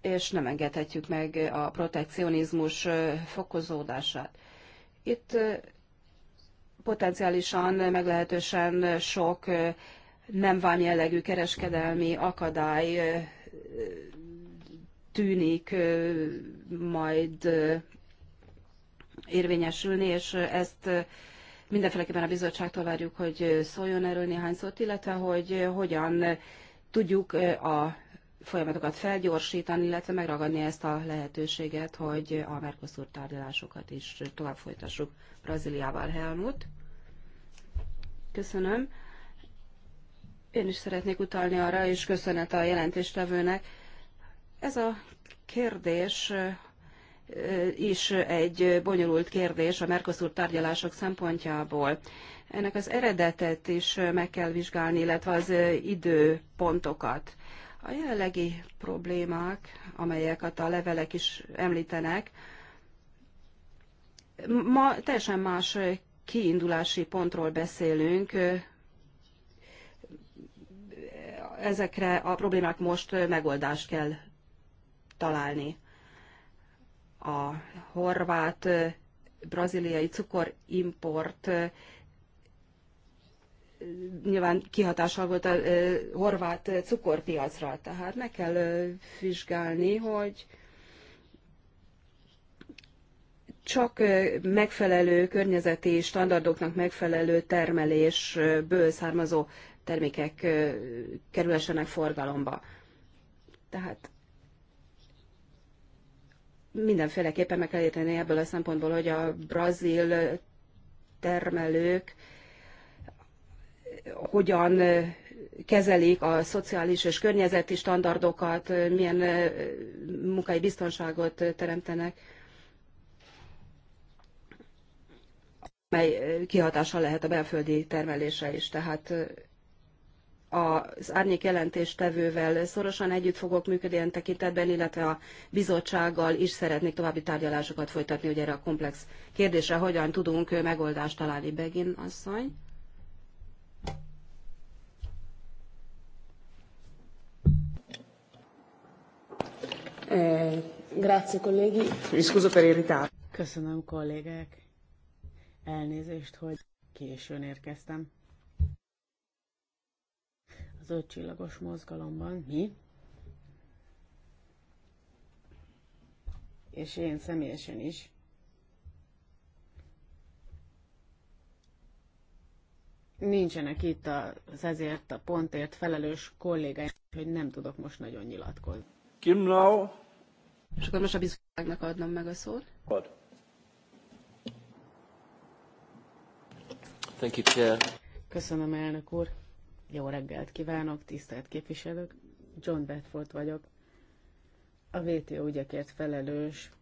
és nem engedhetjük meg a protekcionizmus fokozódását. Itt potenciálisan meglehetősen sok nem vám jellegű kereskedelmi akadály tűnik majd érvényesülni, és ezt mindenféleképpen a bizottságtól várjuk, hogy szóljon erről néhány szót, illetve hogy hogyan tudjuk a folyamatokat felgyorsítani, illetve megragadni ezt a lehetőséget, hogy a Mercosur tárgyalásokat is tovább folytassuk Brazíliával, Helmut. Köszönöm. Én is szeretnék utalni arra, és köszönet a jelentéstevőnek. Ez a kérdés is egy bonyolult kérdés a Mercosur tárgyalások szempontjából. Ennek az eredetet is meg kell vizsgálni, illetve az időpontokat. A jelenlegi problémák, amelyeket a levelek is említenek, ma teljesen más kiindulási pontról beszélünk. Ezekre a problémák most megoldást kell találni a horvát braziliai cukorimport nyilván kihatással volt a horvát cukorpiacra, tehát meg kell vizsgálni, hogy csak megfelelő környezeti standardoknak megfelelő termelésből származó termékek kerülhessenek forgalomba. Tehát mindenféleképpen meg kell érteni ebből a szempontból, hogy a brazil termelők hogyan kezelik a szociális és környezeti standardokat, milyen munkai biztonságot teremtenek, mely kihatással lehet a belföldi termelése is. Tehát az árnyék jelentéstevővel szorosan együtt fogok működni ilyen tekintetben, illetve a bizottsággal is szeretnék további tárgyalásokat folytatni, hogy erre a komplex kérdésre hogyan tudunk megoldást találni, Begin asszony. Eh, grazie colleghi, mi scuso per il ritardo. Köszönöm kollégák. Elnézést, hogy későn érkeztem zöld csillagos mozgalomban mi, és én személyesen is, nincsenek itt az ezért a pontért felelős kollégáim, hogy nem tudok most nagyon nyilatkozni. Kim now. És akkor most a bizottságnak adnom meg a szót. Ad. Thank you, Chair. Köszönöm, elnök úr. Jó reggelt kívánok, tisztelt képviselők! John Bedford vagyok, a VTO ügyekért felelős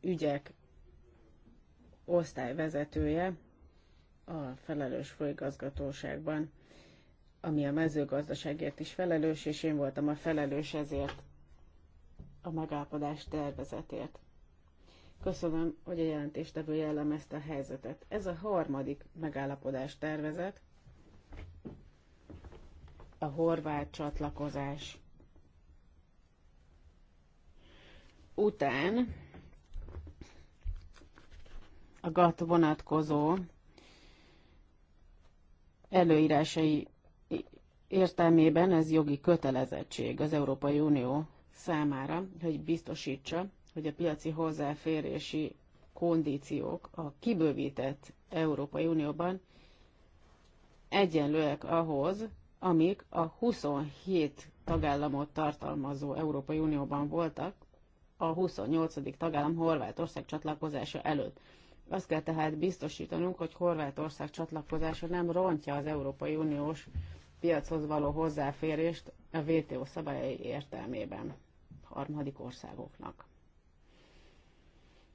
ügyek osztályvezetője a felelős főigazgatóságban, ami a mezőgazdaságért is felelős, és én voltam a felelős ezért a megállapodás tervezetért. Köszönöm, hogy a jelentéstevő jellemezte a helyzetet. Ez a harmadik megállapodás tervezet, a horvát csatlakozás után a GATT vonatkozó előírásai értelmében ez jogi kötelezettség az Európai Unió számára, hogy biztosítsa, hogy a piaci hozzáférési kondíciók a kibővített Európai Unióban egyenlőek ahhoz, amik a 27 tagállamot tartalmazó Európai Unióban voltak a 28. tagállam Horvátország csatlakozása előtt. Azt kell tehát biztosítanunk, hogy Horvátország csatlakozása nem rontja az Európai Uniós piachoz való hozzáférést a WTO szabályai értelmében harmadik országoknak.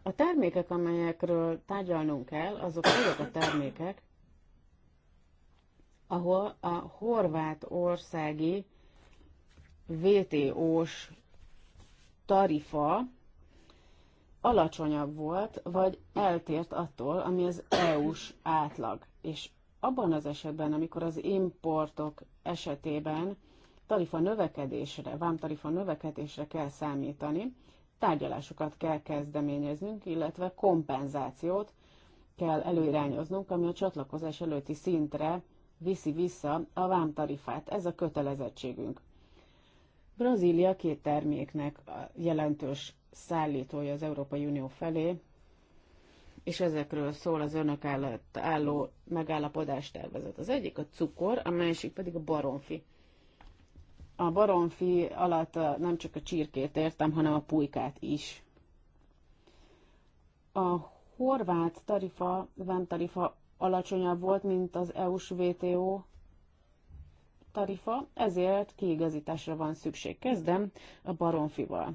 A termékek, amelyekről tárgyalnunk kell, azok azok a termékek, ahol a országi VTO-s tarifa alacsonyabb volt, vagy eltért attól, ami az EU-s átlag. És abban az esetben, amikor az importok esetében tarifa növekedésre, vámtarifa növekedésre kell számítani, tárgyalásokat kell kezdeményeznünk, illetve kompenzációt kell előirányoznunk, ami a csatlakozás előtti szintre viszi vissza a vámtarifát. Ez a kötelezettségünk. Brazília két terméknek a jelentős szállítója az Európai Unió felé, és ezekről szól az önök állat álló megállapodás tervezet. Az egyik a cukor, a másik pedig a baromfi. A baromfi alatt nem csak a csirkét értem, hanem a pulykát is. A horvát tarifa, vámtarifa alacsonyabb volt, mint az EU-s VTO tarifa, ezért kiigazításra van szükség. Kezdem a baronfival.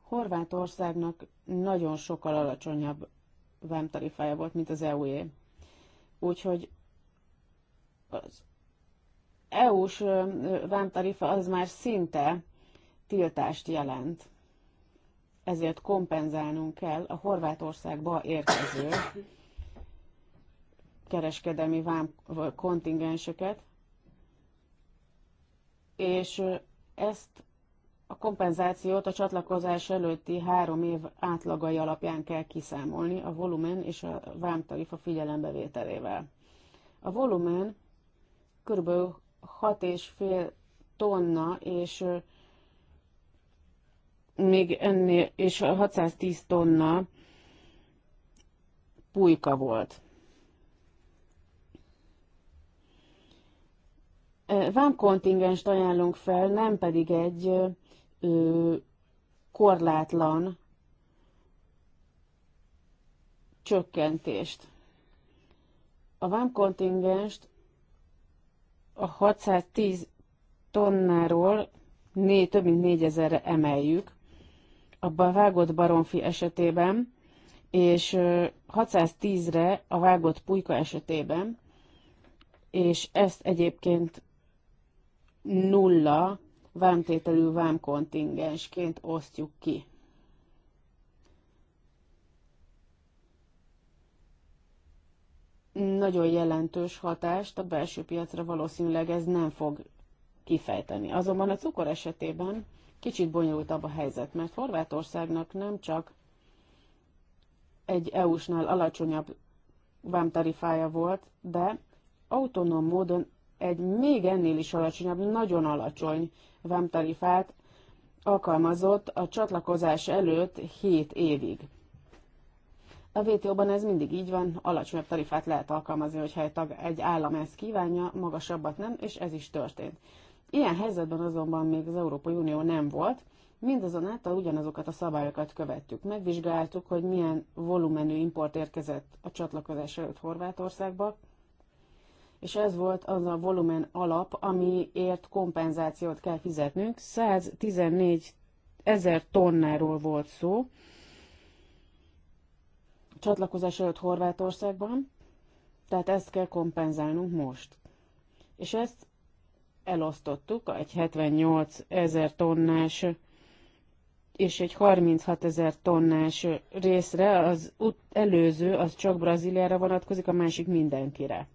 Horvátországnak nagyon sokkal alacsonyabb vámtarifája e volt, mint az EU-é. Úgyhogy az EU-s vámtarifa e az már szinte tiltást jelent. Ezért kompenzálnunk kell a Horvátországba érkező kereskedelmi vám kontingenseket, és ezt a kompenzációt a csatlakozás előtti három év átlagai alapján kell kiszámolni a volumen és a vámtarifa figyelembevételével. A volumen kb. 6,5 tonna, és még ennél, és 610 tonna pulyka volt. Vámkontingens ajánlunk fel, nem pedig egy ö, korlátlan csökkentést. A vámkontingenst a 610 tonnáról né, több mint 4000-re emeljük, abban a vágott baromfi esetében, és 610-re a vágott pulyka esetében, és ezt egyébként nulla vámtételű vámkontingensként osztjuk ki. Nagyon jelentős hatást a belső piacra valószínűleg ez nem fog kifejteni. Azonban a cukor esetében kicsit bonyolultabb a helyzet, mert Horvátországnak nem csak egy EU-snál alacsonyabb vámtarifája volt, de autonóm módon egy még ennél is alacsonyabb, nagyon alacsony vámtarifát alkalmazott a csatlakozás előtt 7 évig. A WTO-ban ez mindig így van, alacsonyabb tarifát lehet alkalmazni, hogyha egy, tag, egy állam ezt kívánja, magasabbat nem, és ez is történt. Ilyen helyzetben azonban még az Európai Unió nem volt, mindazonáltal ugyanazokat a szabályokat követtük. Megvizsgáltuk, hogy milyen volumenű import érkezett a csatlakozás előtt Horvátországba, és ez volt az a volumen alap, amiért kompenzációt kell fizetnünk. 114 ezer tonnáról volt szó csatlakozás előtt Horvátországban, tehát ezt kell kompenzálnunk most. És ezt elosztottuk egy 78 ezer tonnás és egy 36 ezer tonnás részre, az előző az csak Brazíliára vonatkozik, a másik mindenkire.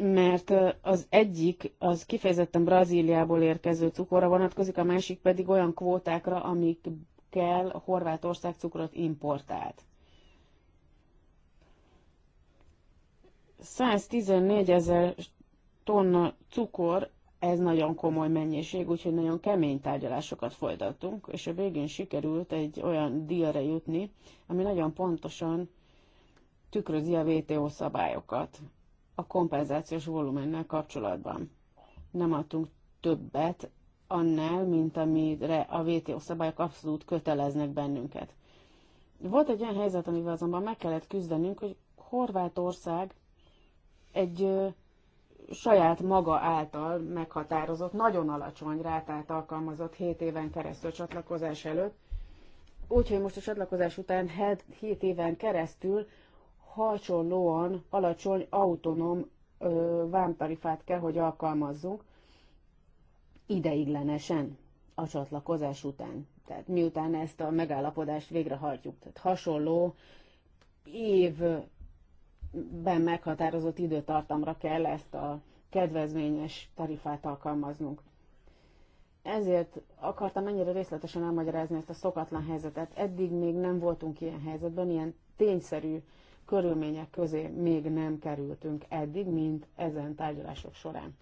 mert az egyik az kifejezetten Brazíliából érkező cukorra vonatkozik, a másik pedig olyan kvótákra, amikkel Horvátország cukrot importált. 114 ezer tonna cukor, ez nagyon komoly mennyiség, úgyhogy nagyon kemény tárgyalásokat folytattunk, és a végén sikerült egy olyan díjra jutni, ami nagyon pontosan tükrözi a WTO szabályokat, a kompenzációs volumennel kapcsolatban. Nem adtunk többet annál, mint amire a VTO szabályok abszolút köteleznek bennünket. Volt egy olyan helyzet, amivel azonban meg kellett küzdenünk, hogy Horvátország egy ö, saját maga által meghatározott, nagyon alacsony rátát alkalmazott 7 éven keresztül csatlakozás előtt, úgyhogy most a csatlakozás után 7 éven keresztül hasonlóan alacsony autonóm vámtarifát kell, hogy alkalmazzunk ideiglenesen a csatlakozás után. Tehát miután ezt a megállapodást végrehajtjuk. Tehát hasonló évben meghatározott időtartamra kell ezt a kedvezményes tarifát alkalmaznunk. Ezért akartam ennyire részletesen elmagyarázni ezt a szokatlan helyzetet. Eddig még nem voltunk ilyen helyzetben, ilyen tényszerű uh, körülmények közé még nem kerültünk eddig, mint ezen tárgyalások során.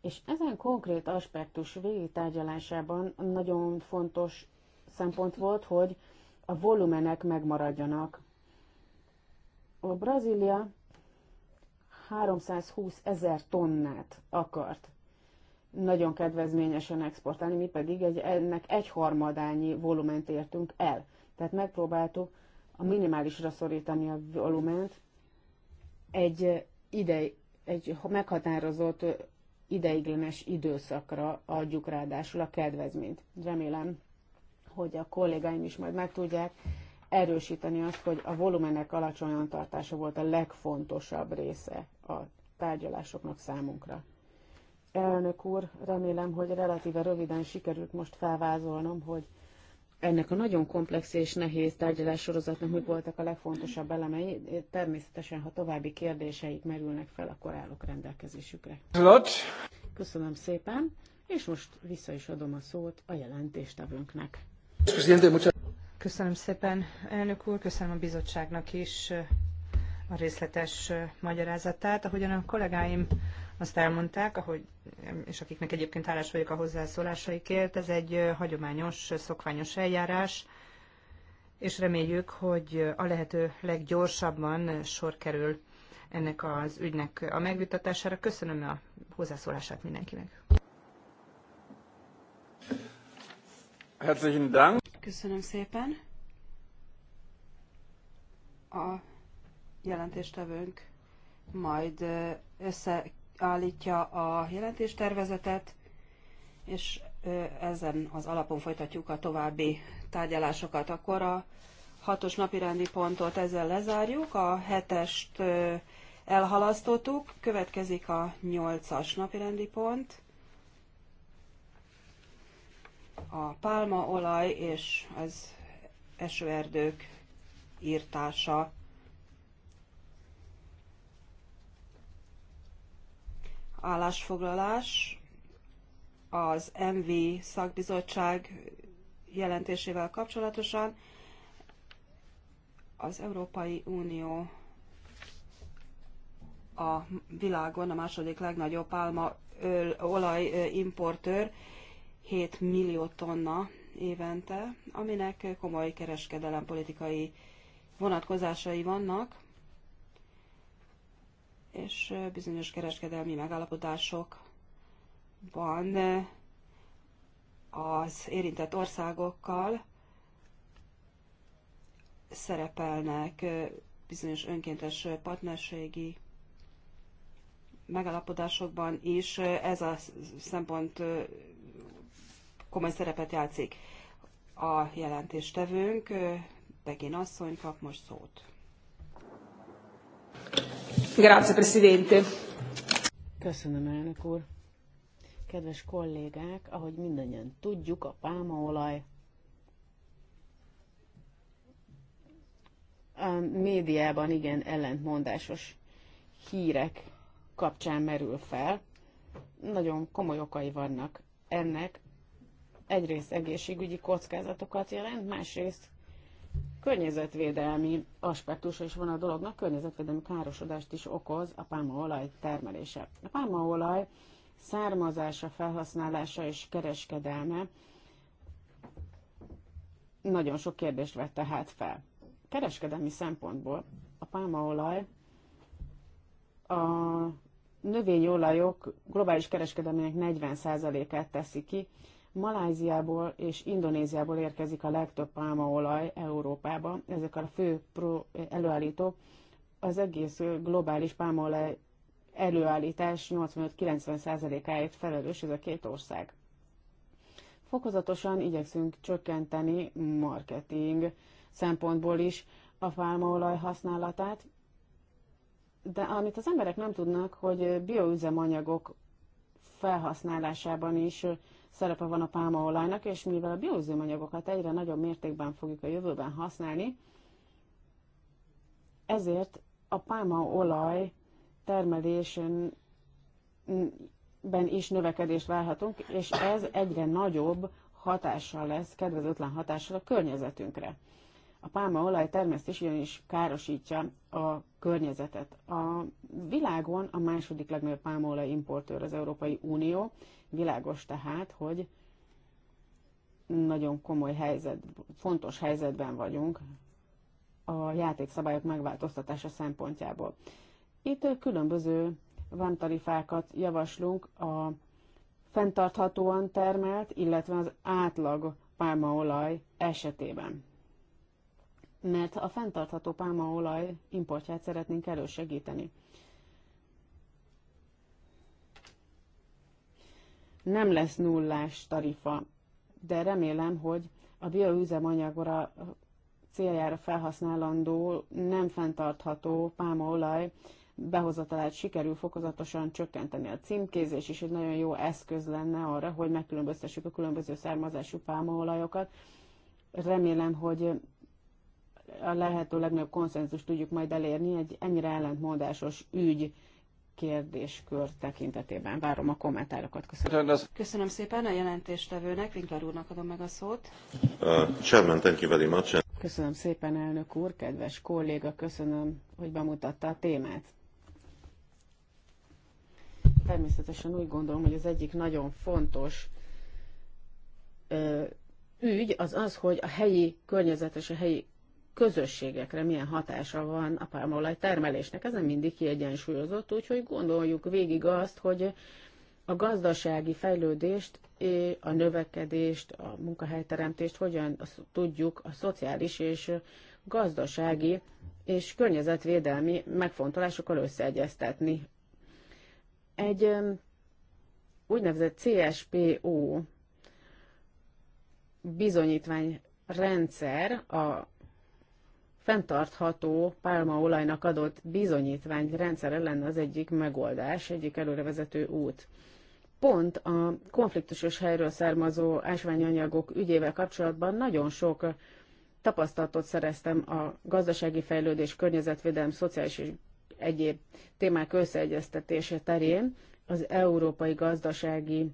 És ezen konkrét aspektus végig tárgyalásában nagyon fontos szempont volt, hogy a volumenek megmaradjanak. A Brazília 320 ezer tonnát akart nagyon kedvezményesen exportálni, mi pedig egy, ennek egyharmadányi volument értünk el. Tehát megpróbáltuk a minimálisra szorítani a volument, egy idei, egy meghatározott ideiglenes időszakra adjuk ráadásul a kedvezményt. Remélem, hogy a kollégáim is majd meg tudják erősíteni azt, hogy a volumenek alacsonyan tartása volt a legfontosabb része a tárgyalásoknak számunkra. Elnök úr, remélem, hogy relatíve röviden sikerült most felvázolnom, hogy ennek a nagyon komplex és nehéz tárgyalássorozatnak mik voltak a legfontosabb elemei. Természetesen, ha további kérdéseik merülnek fel, akkor állok rendelkezésükre. Köszönöm szépen, és most vissza is adom a szót a jelentéstevőnknek. Köszönöm szépen, elnök úr, köszönöm a bizottságnak is a részletes magyarázatát. Ahogyan a kollégáim azt elmondták, ahogy, és akiknek egyébként hálás vagyok a hozzászólásaikért, ez egy hagyományos, szokványos eljárás, és reméljük, hogy a lehető leggyorsabban sor kerül ennek az ügynek a megvitatására. Köszönöm a hozzászólását mindenkinek. Herzlichen Dank. Köszönöm szépen. A jelentéstevőnk majd össze állítja a jelentéstervezetet, és ezen az alapon folytatjuk a további tárgyalásokat. Akkor a hatos napirendi pontot ezzel lezárjuk, a hetest elhalasztottuk, következik a nyolcas napirendi pont, a pálmaolaj és az esőerdők írtása. állásfoglalás az MV szakbizottság jelentésével kapcsolatosan az Európai Unió a világon a második legnagyobb olaj olajimportőr, 7 millió tonna évente, aminek komoly kereskedelem politikai vonatkozásai vannak és bizonyos kereskedelmi megállapodásokban az érintett országokkal szerepelnek bizonyos önkéntes partnerségi megállapodásokban is ez a szempont komoly szerepet játszik. A jelentéstevőnk, Begin asszony kap most szót. Grazie, Presidente. Köszönöm, elnök úr. Kedves kollégák, ahogy mindannyian tudjuk, a pálmaolaj a médiában igen ellentmondásos hírek kapcsán merül fel. Nagyon komoly okai vannak ennek. Egyrészt egészségügyi kockázatokat jelent, másrészt környezetvédelmi aspektusa is van a dolognak, környezetvédelmi károsodást is okoz a pálmaolaj termelése. A pálmaolaj származása, felhasználása és kereskedelme nagyon sok kérdést vett tehát fel. Kereskedelmi szempontból a pálmaolaj a növényolajok globális kereskedelmének 40%-át teszi ki, Maláziából és Indonéziából érkezik a legtöbb pálmaolaj Európába. Ezek a fő előállítók az egész globális pálmaolaj előállítás 85-90%-áért felelős ez a két ország. Fokozatosan igyekszünk csökkenteni marketing szempontból is a pálmaolaj használatát, de amit az emberek nem tudnak, hogy bioüzemanyagok felhasználásában is szerepe van a pálmaolajnak, és mivel a bióüzemanyagokat egyre nagyobb mértékben fogjuk a jövőben használni, ezért a pálmaolaj termelésben is növekedést várhatunk, és ez egyre nagyobb hatással lesz, kedvezőtlen hatással a környezetünkre. A pálmaolaj termesztés ugyanis károsítja a környezetet. A világon a második legnagyobb pálmaolaj importőr az Európai Unió. Világos tehát, hogy nagyon komoly helyzet, fontos helyzetben vagyunk a játékszabályok megváltoztatása szempontjából. Itt különböző vámtarifákat javaslunk a fenntarthatóan termelt, illetve az átlag pálmaolaj esetében mert a fenntartható pálmaolaj importját szeretnénk elősegíteni. Nem lesz nullás tarifa, de remélem, hogy a bioüzemanyagra céljára felhasználandó, nem fenntartható pálmaolaj behozatalát sikerül fokozatosan csökkenteni. A címkézés is egy nagyon jó eszköz lenne arra, hogy megkülönböztessük a különböző származású pálmaolajokat. Remélem, hogy a lehető legnagyobb konszenzus tudjuk majd elérni egy ennyire ellentmondásos ügy kérdéskör tekintetében. Várom a kommentárokat. Köszönöm. Köszönöm szépen a jelentéstevőnek, Winkler úrnak adom meg a szót. Uh, chairman, thank you very much. Köszönöm szépen, elnök úr, kedves kolléga, köszönöm, hogy bemutatta a témát. Természetesen úgy gondolom, hogy az egyik nagyon fontos ügy az az, hogy a helyi környezet és a helyi közösségekre milyen hatása van a pálmaolaj termelésnek. Ez nem mindig kiegyensúlyozott, úgyhogy gondoljuk végig azt, hogy a gazdasági fejlődést, a növekedést, a munkahelyteremtést hogyan tudjuk a szociális és gazdasági és környezetvédelmi megfontolásokkal összeegyeztetni. Egy úgynevezett CSPO bizonyítvány rendszer a fenntartható pálmaolajnak adott bizonyítvány rendszere lenne az egyik megoldás, egyik előrevezető út. Pont a konfliktusos helyről származó ásványanyagok ügyével kapcsolatban nagyon sok tapasztalatot szereztem a gazdasági fejlődés, környezetvédelem, szociális és egyéb témák összeegyeztetése terén az európai gazdasági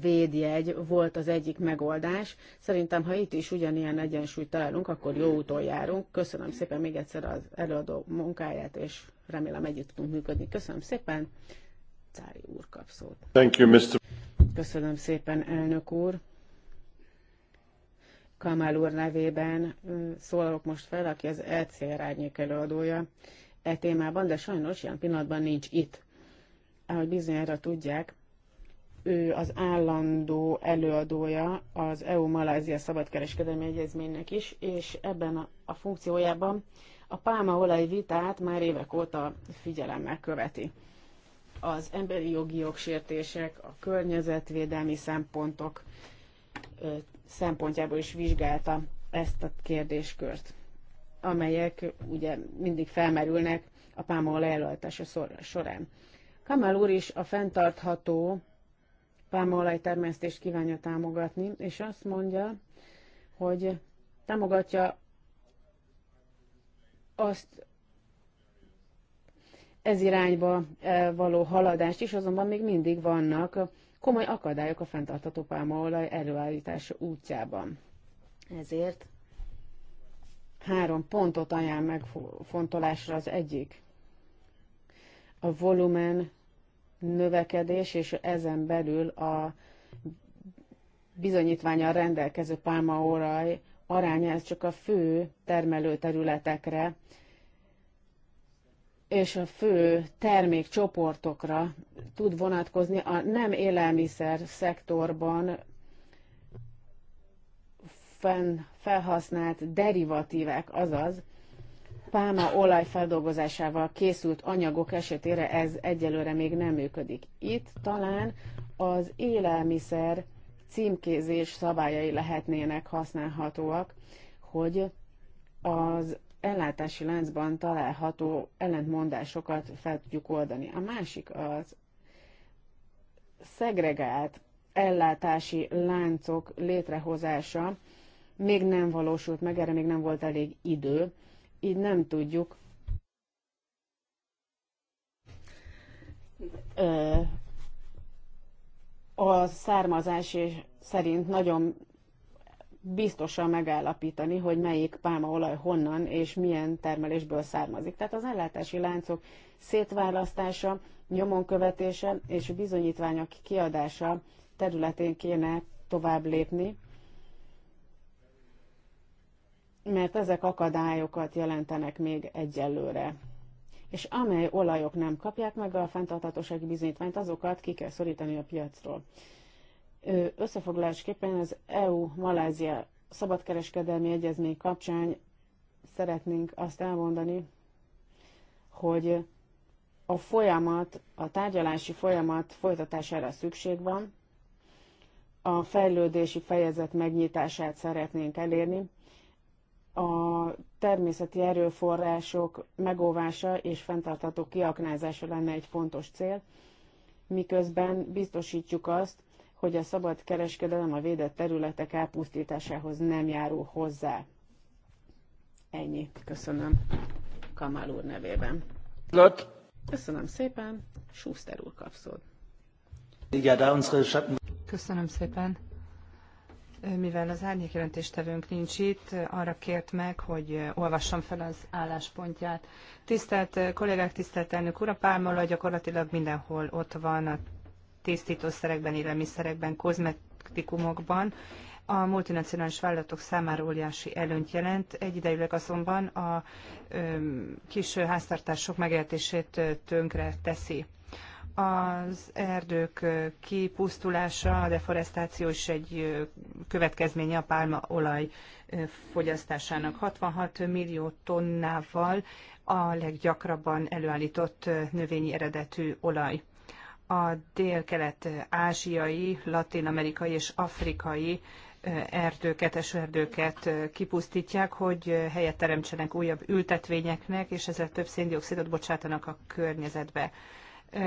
védjegy volt az egyik megoldás. Szerintem, ha itt is ugyanilyen egyensúlyt találunk, akkor jó úton járunk. Köszönöm szépen még egyszer az előadó munkáját, és remélem együtt tudunk működni. Köszönöm szépen. Cári úr kap szót. Thank you, Mr. Köszönöm szépen, elnök úr. Kamál úr nevében szólalok most fel, aki az ECR árnyék előadója e témában, de sajnos ilyen pillanatban nincs itt. Ahogy bizonyára tudják, ő az állandó előadója az EU-Malázia szabadkereskedelmi egyezménynek is, és ebben a, funkciójában a pálmaolaj vitát már évek óta figyelemmel követi. Az emberi jogi jogsértések, a környezetvédelmi szempontok szempontjából is vizsgálta ezt a kérdéskört, amelyek ugye mindig felmerülnek a pálmaolaj előadása során. Kamal úr is a fenntartható pálmaolaj termesztést kívánja támogatni, és azt mondja, hogy támogatja azt ez irányba e, való haladást is, azonban még mindig vannak komoly akadályok a fenntartható pálmaolaj előállítása útjában. Ezért három pontot ajánl megfontolásra az egyik. A volumen növekedés, és ezen belül a bizonyítványal rendelkező pálmaolaj aránya, ez csak a fő termelő területekre és a fő termékcsoportokra tud vonatkozni a nem élelmiszer szektorban fenn felhasznált derivatívek, azaz pálma feldolgozásával készült anyagok esetére ez egyelőre még nem működik. Itt talán az élelmiszer címkézés szabályai lehetnének használhatóak, hogy az ellátási láncban található ellentmondásokat fel tudjuk oldani. A másik az szegregált ellátási láncok létrehozása még nem valósult meg, erre még nem volt elég idő, így nem tudjuk a származás szerint nagyon biztosan megállapítani, hogy melyik pálmaolaj honnan és milyen termelésből származik. Tehát az ellátási láncok szétválasztása, nyomon követése és bizonyítványok kiadása területén kéne tovább lépni, mert ezek akadályokat jelentenek még egyelőre. És amely olajok nem kapják meg a fenntarthatóság bizonyítványt, azokat ki kell szorítani a piacról. Összefoglalásképpen az EU-Malázia szabadkereskedelmi egyezmény kapcsán szeretnénk azt elmondani, hogy a folyamat, a tárgyalási folyamat folytatására szükség van, a fejlődési fejezet megnyitását szeretnénk elérni, a természeti erőforrások megóvása és fenntartható kiaknázása lenne egy fontos cél, miközben biztosítjuk azt, hogy a szabad kereskedelem a védett területek elpusztításához nem járul hozzá. Ennyi. Köszönöm Kamál úr nevében. Lott. Köszönöm szépen. Schuster úr kapszod. Köszönöm szépen mivel az árnyékjelentéstevőnk nincs itt, arra kért meg, hogy olvassam fel az álláspontját. Tisztelt kollégák, tisztelt elnök úr, a pálmala gyakorlatilag mindenhol ott van, a tisztítószerekben, élelmiszerekben, kozmetikumokban. A multinacionális vállalatok számára óriási előnyt jelent, egyidejűleg azonban a ö, kis háztartások megértését tönkre teszi. Az erdők kipusztulása, a deforestáció is egy következménye a pálmaolaj fogyasztásának. 66 millió tonnával a leggyakrabban előállított növényi eredetű olaj. A dél-kelet-ázsiai, latin-amerikai és afrikai erdőket, esőerdőket kipusztítják, hogy helyet teremtsenek újabb ültetvényeknek, és ezzel több széndiokszidot bocsátanak a környezetbe.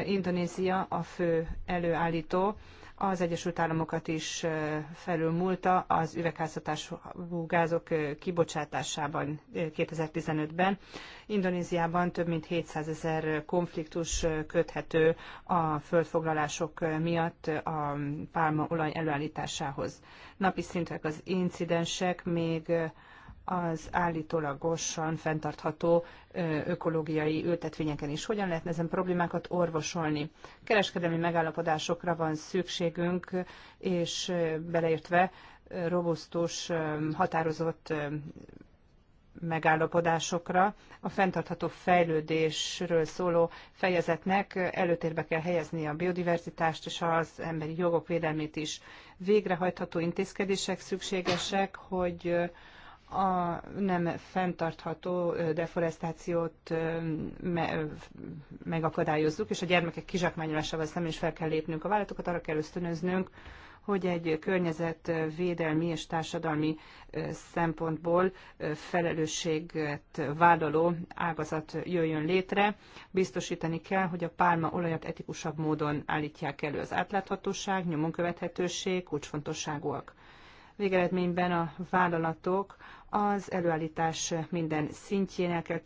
Indonézia a fő előállító, az Egyesült Államokat is felülmúlta az üvegházhatású gázok kibocsátásában 2015-ben. Indonéziában több mint 700 ezer konfliktus köthető a földfoglalások miatt a pálmaolaj előállításához. Napi szintek az incidensek még az állítólagosan fenntartható ökológiai ültetvényeken is. Hogyan lehetne ezen problémákat orvosolni? Kereskedelmi megállapodásokra van szükségünk, és beleértve robusztus, határozott megállapodásokra. A fenntartható fejlődésről szóló fejezetnek előtérbe kell helyezni a biodiverzitást és az emberi jogok védelmét is. Végrehajtható intézkedések szükségesek, hogy a nem fenntartható deforestációt me- megakadályozzuk, és a gyermekek kizsákmányolásával szemben is fel kell lépnünk. A vállalatokat arra kell ösztönöznünk, hogy egy környezetvédelmi és társadalmi szempontból felelősséget vállaló ágazat jöjjön létre. Biztosítani kell, hogy a pálma olajat etikusabb módon állítják elő. Az átláthatóság, nyomonkövethetőség kulcsfontosságúak. Végeredményben a vállalatok az előállítás minden szintjén el kell,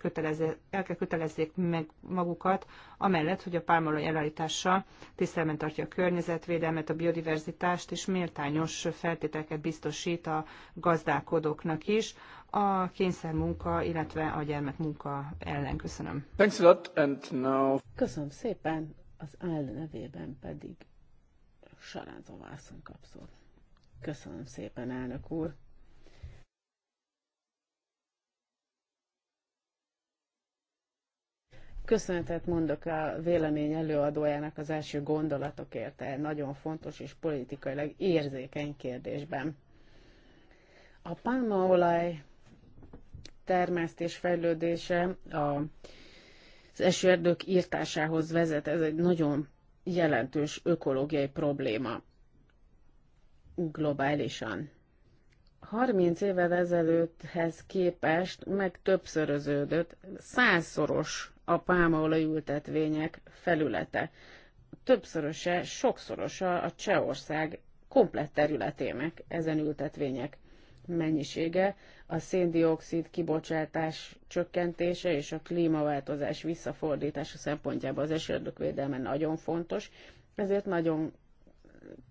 el kell kötelezzék meg magukat, amellett, hogy a pálmaolaj előállítása tisztelben tartja a környezetvédelmet, a biodiverzitást és méltányos feltételeket biztosít a gazdálkodóknak is a munka, illetve a munka ellen. Köszönöm. Thanks a lot and now... Köszönöm szépen, az áll nevében pedig Sarázov kapszol. Köszönöm szépen, elnök úr. Köszönetet mondok a vélemény előadójának az első gondolatokért, egy nagyon fontos és politikailag érzékeny kérdésben. A pálmaolaj termesztés fejlődése a, az esőerdők írtásához vezet. Ez egy nagyon jelentős ökológiai probléma globálisan. 30 évvel ezelőtthez képest meg többszöröződött, százszoros a pálmaolaj ültetvények felülete. Többszöröse, sokszorosa a Csehország komplett területének ezen ültetvények mennyisége, a széndiokszid kibocsátás csökkentése és a klímaváltozás visszafordítása szempontjából az esőerdők védelme nagyon fontos, ezért nagyon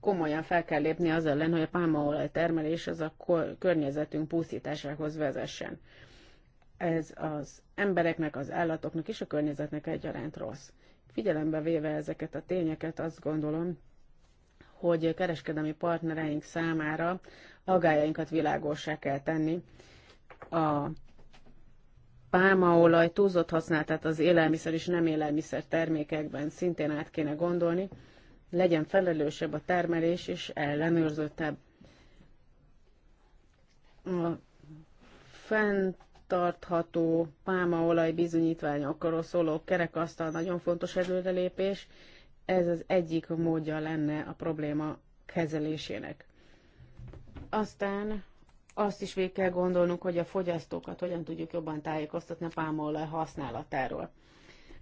komolyan fel kell lépni az ellen, hogy a pálmaolaj termelés az a környezetünk pusztításához vezessen ez az embereknek, az állatoknak és a környezetnek egyaránt rossz. Figyelembe véve ezeket a tényeket, azt gondolom, hogy kereskedelmi partnereink számára agályainkat világossá kell tenni. A pálmaolaj túlzott használatát az élelmiszer és nem élelmiszer termékekben szintén át kéne gondolni, legyen felelősebb a termelés és ellenőrzöttebb. A fent fenntartható pálmaolaj bizonyítványokról szóló kerekasztal nagyon fontos előrelépés. Ez az egyik módja lenne a probléma kezelésének. Aztán azt is végig kell gondolnunk, hogy a fogyasztókat hogyan tudjuk jobban tájékoztatni a pálmaolaj használatáról.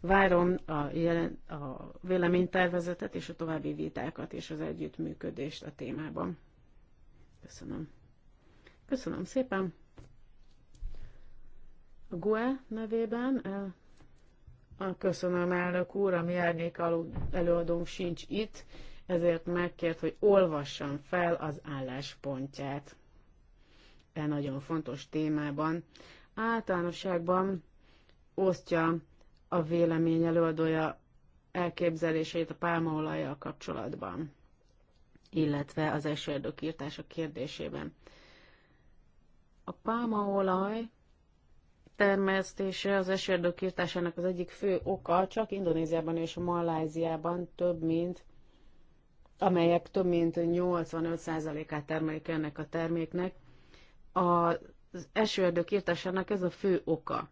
Várom a, jelen, a véleménytervezetet és a további vitákat és az együttműködést a témában. Köszönöm. Köszönöm szépen! GUE nevében köszönöm elnök úr, mi árnyék előadónk sincs itt, ezért megkért, hogy olvassam fel az álláspontját e nagyon fontos témában. Általánosságban osztja a vélemény előadója elképzeléseit a pálmaolajjal kapcsolatban, illetve az esőerdők írtása kérdésében. A pálmaolaj termesztése az esőerdők írtásának az egyik fő oka, csak Indonéziában és Malajziában több mint amelyek több mint 85%-át termelik ennek a terméknek. Az esőerdők írtásának ez a fő oka.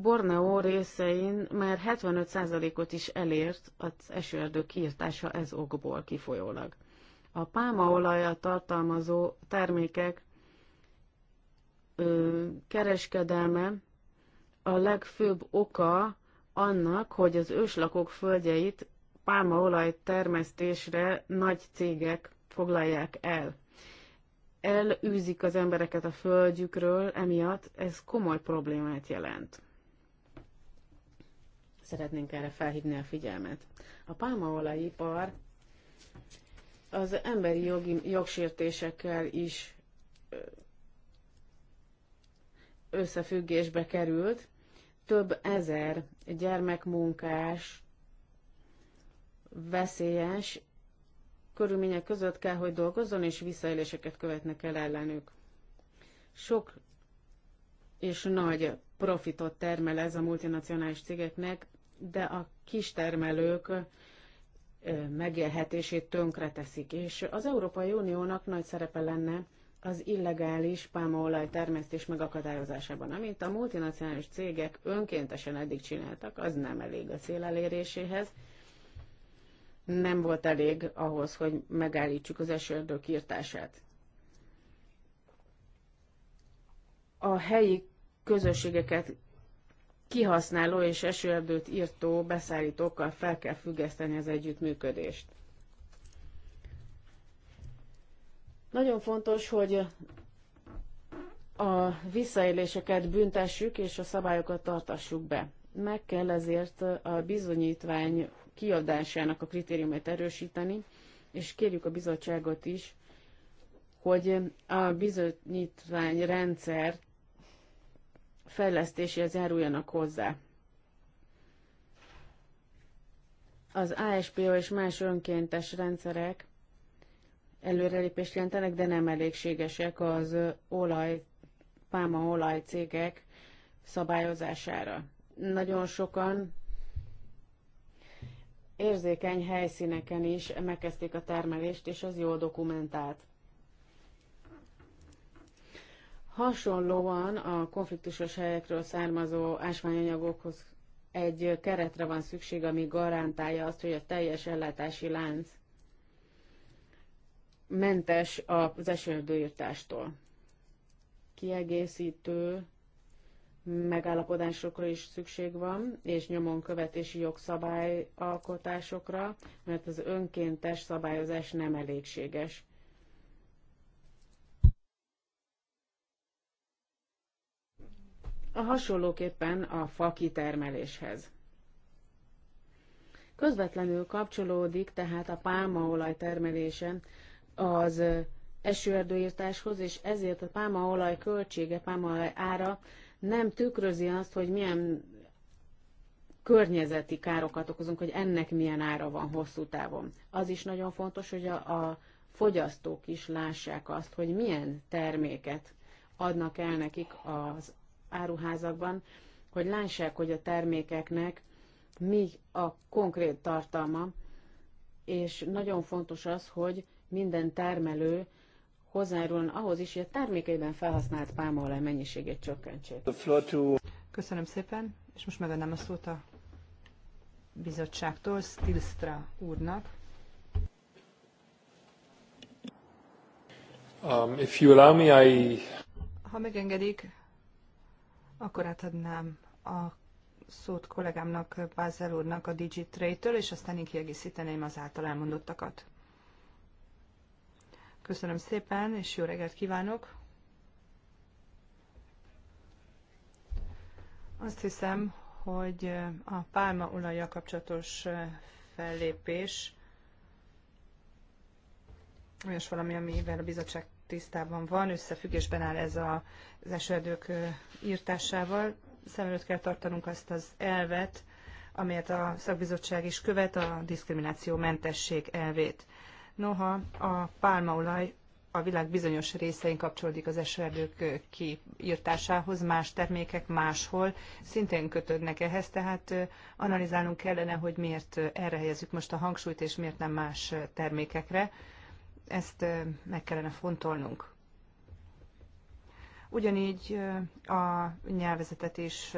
Borneo részein már 75%-ot is elért az esőerdő kiirtása ez okból kifolyólag. A pálmaolajat tartalmazó termékek kereskedelme a legfőbb oka annak, hogy az őslakok földjeit pálmaolaj termesztésre nagy cégek foglalják el. Elűzik az embereket a földjükről, emiatt ez komoly problémát jelent. Szeretnénk erre felhívni a figyelmet. A pálmaolajipar az emberi jogi jogsértésekkel is összefüggésbe került. Több ezer gyermekmunkás veszélyes körülmények között kell, hogy dolgozzon, és visszaéléseket követnek el ellenük. Sok és nagy profitot termel ez a multinacionális cégeknek, de a kis termelők megélhetését tönkreteszik, és az Európai Uniónak nagy szerepe lenne, az illegális pálmaolaj termesztés megakadályozásában. Amit a multinacionális cégek önkéntesen eddig csináltak, az nem elég a cél eléréséhez. Nem volt elég ahhoz, hogy megállítsuk az esőerdők írtását. A helyi közösségeket kihasználó és esőerdőt írtó beszállítókkal fel kell függeszteni az együttműködést Nagyon fontos, hogy a visszaéléseket büntessük és a szabályokat tartassuk be. Meg kell ezért a bizonyítvány kiadásának a kritériumait erősíteni, és kérjük a bizottságot is, hogy a bizonyítvány rendszer fejlesztéséhez járuljanak hozzá. Az ASPO és más önkéntes rendszerek előrelépést jelentenek, de nem elégségesek az olaj, olaj cégek szabályozására. Nagyon sokan érzékeny helyszíneken is megkezdték a termelést, és az jól dokumentált. Hasonlóan a konfliktusos helyekről származó ásványanyagokhoz egy keretre van szükség, ami garantálja azt, hogy a teljes ellátási lánc mentes az esőerdőírtástól. Kiegészítő megállapodásokra is szükség van, és nyomon követési jogszabályalkotásokra, mert az önkéntes szabályozás nem elégséges. A hasonlóképpen a fa kitermeléshez. Közvetlenül kapcsolódik tehát a pálmaolaj termelése az esőerdőírtáshoz, és ezért a pálmaolaj költsége, pálmaolaj ára nem tükrözi azt, hogy milyen környezeti károkat okozunk, hogy ennek milyen ára van hosszú távon. Az is nagyon fontos, hogy a, a fogyasztók is lássák azt, hogy milyen terméket adnak el nekik az áruházakban, hogy lássák, hogy a termékeknek mi a konkrét tartalma, és nagyon fontos az, hogy minden termelő hozzájárul ahhoz is, hogy a termékeiben felhasznált pálmaolaj mennyiségét csökkentsék. Köszönöm szépen, és most megadnám a szót a bizottságtól Stilstra úrnak. Um, if you allow me, I... Ha megengedik, akkor átadnám a szót kollégámnak, Bázel úrnak a digitrate től és aztán én kiegészíteném az által elmondottakat. Köszönöm szépen, és jó reggelt kívánok! Azt hiszem, hogy a pálmaolajjal kapcsolatos fellépés olyas valami, amivel a bizottság tisztában van, összefüggésben áll ez a, az esőerdők írtásával. Szem előtt kell tartanunk azt az elvet, amelyet a szakbizottság is követ, a diszkrimináció mentesség elvét. Noha a pálmaolaj a világ bizonyos részein kapcsolódik az esőerdők kiírtásához, más termékek máshol szintén kötődnek ehhez, tehát analizálnunk kellene, hogy miért erre helyezzük most a hangsúlyt, és miért nem más termékekre. Ezt meg kellene fontolnunk. Ugyanígy a nyelvezetet is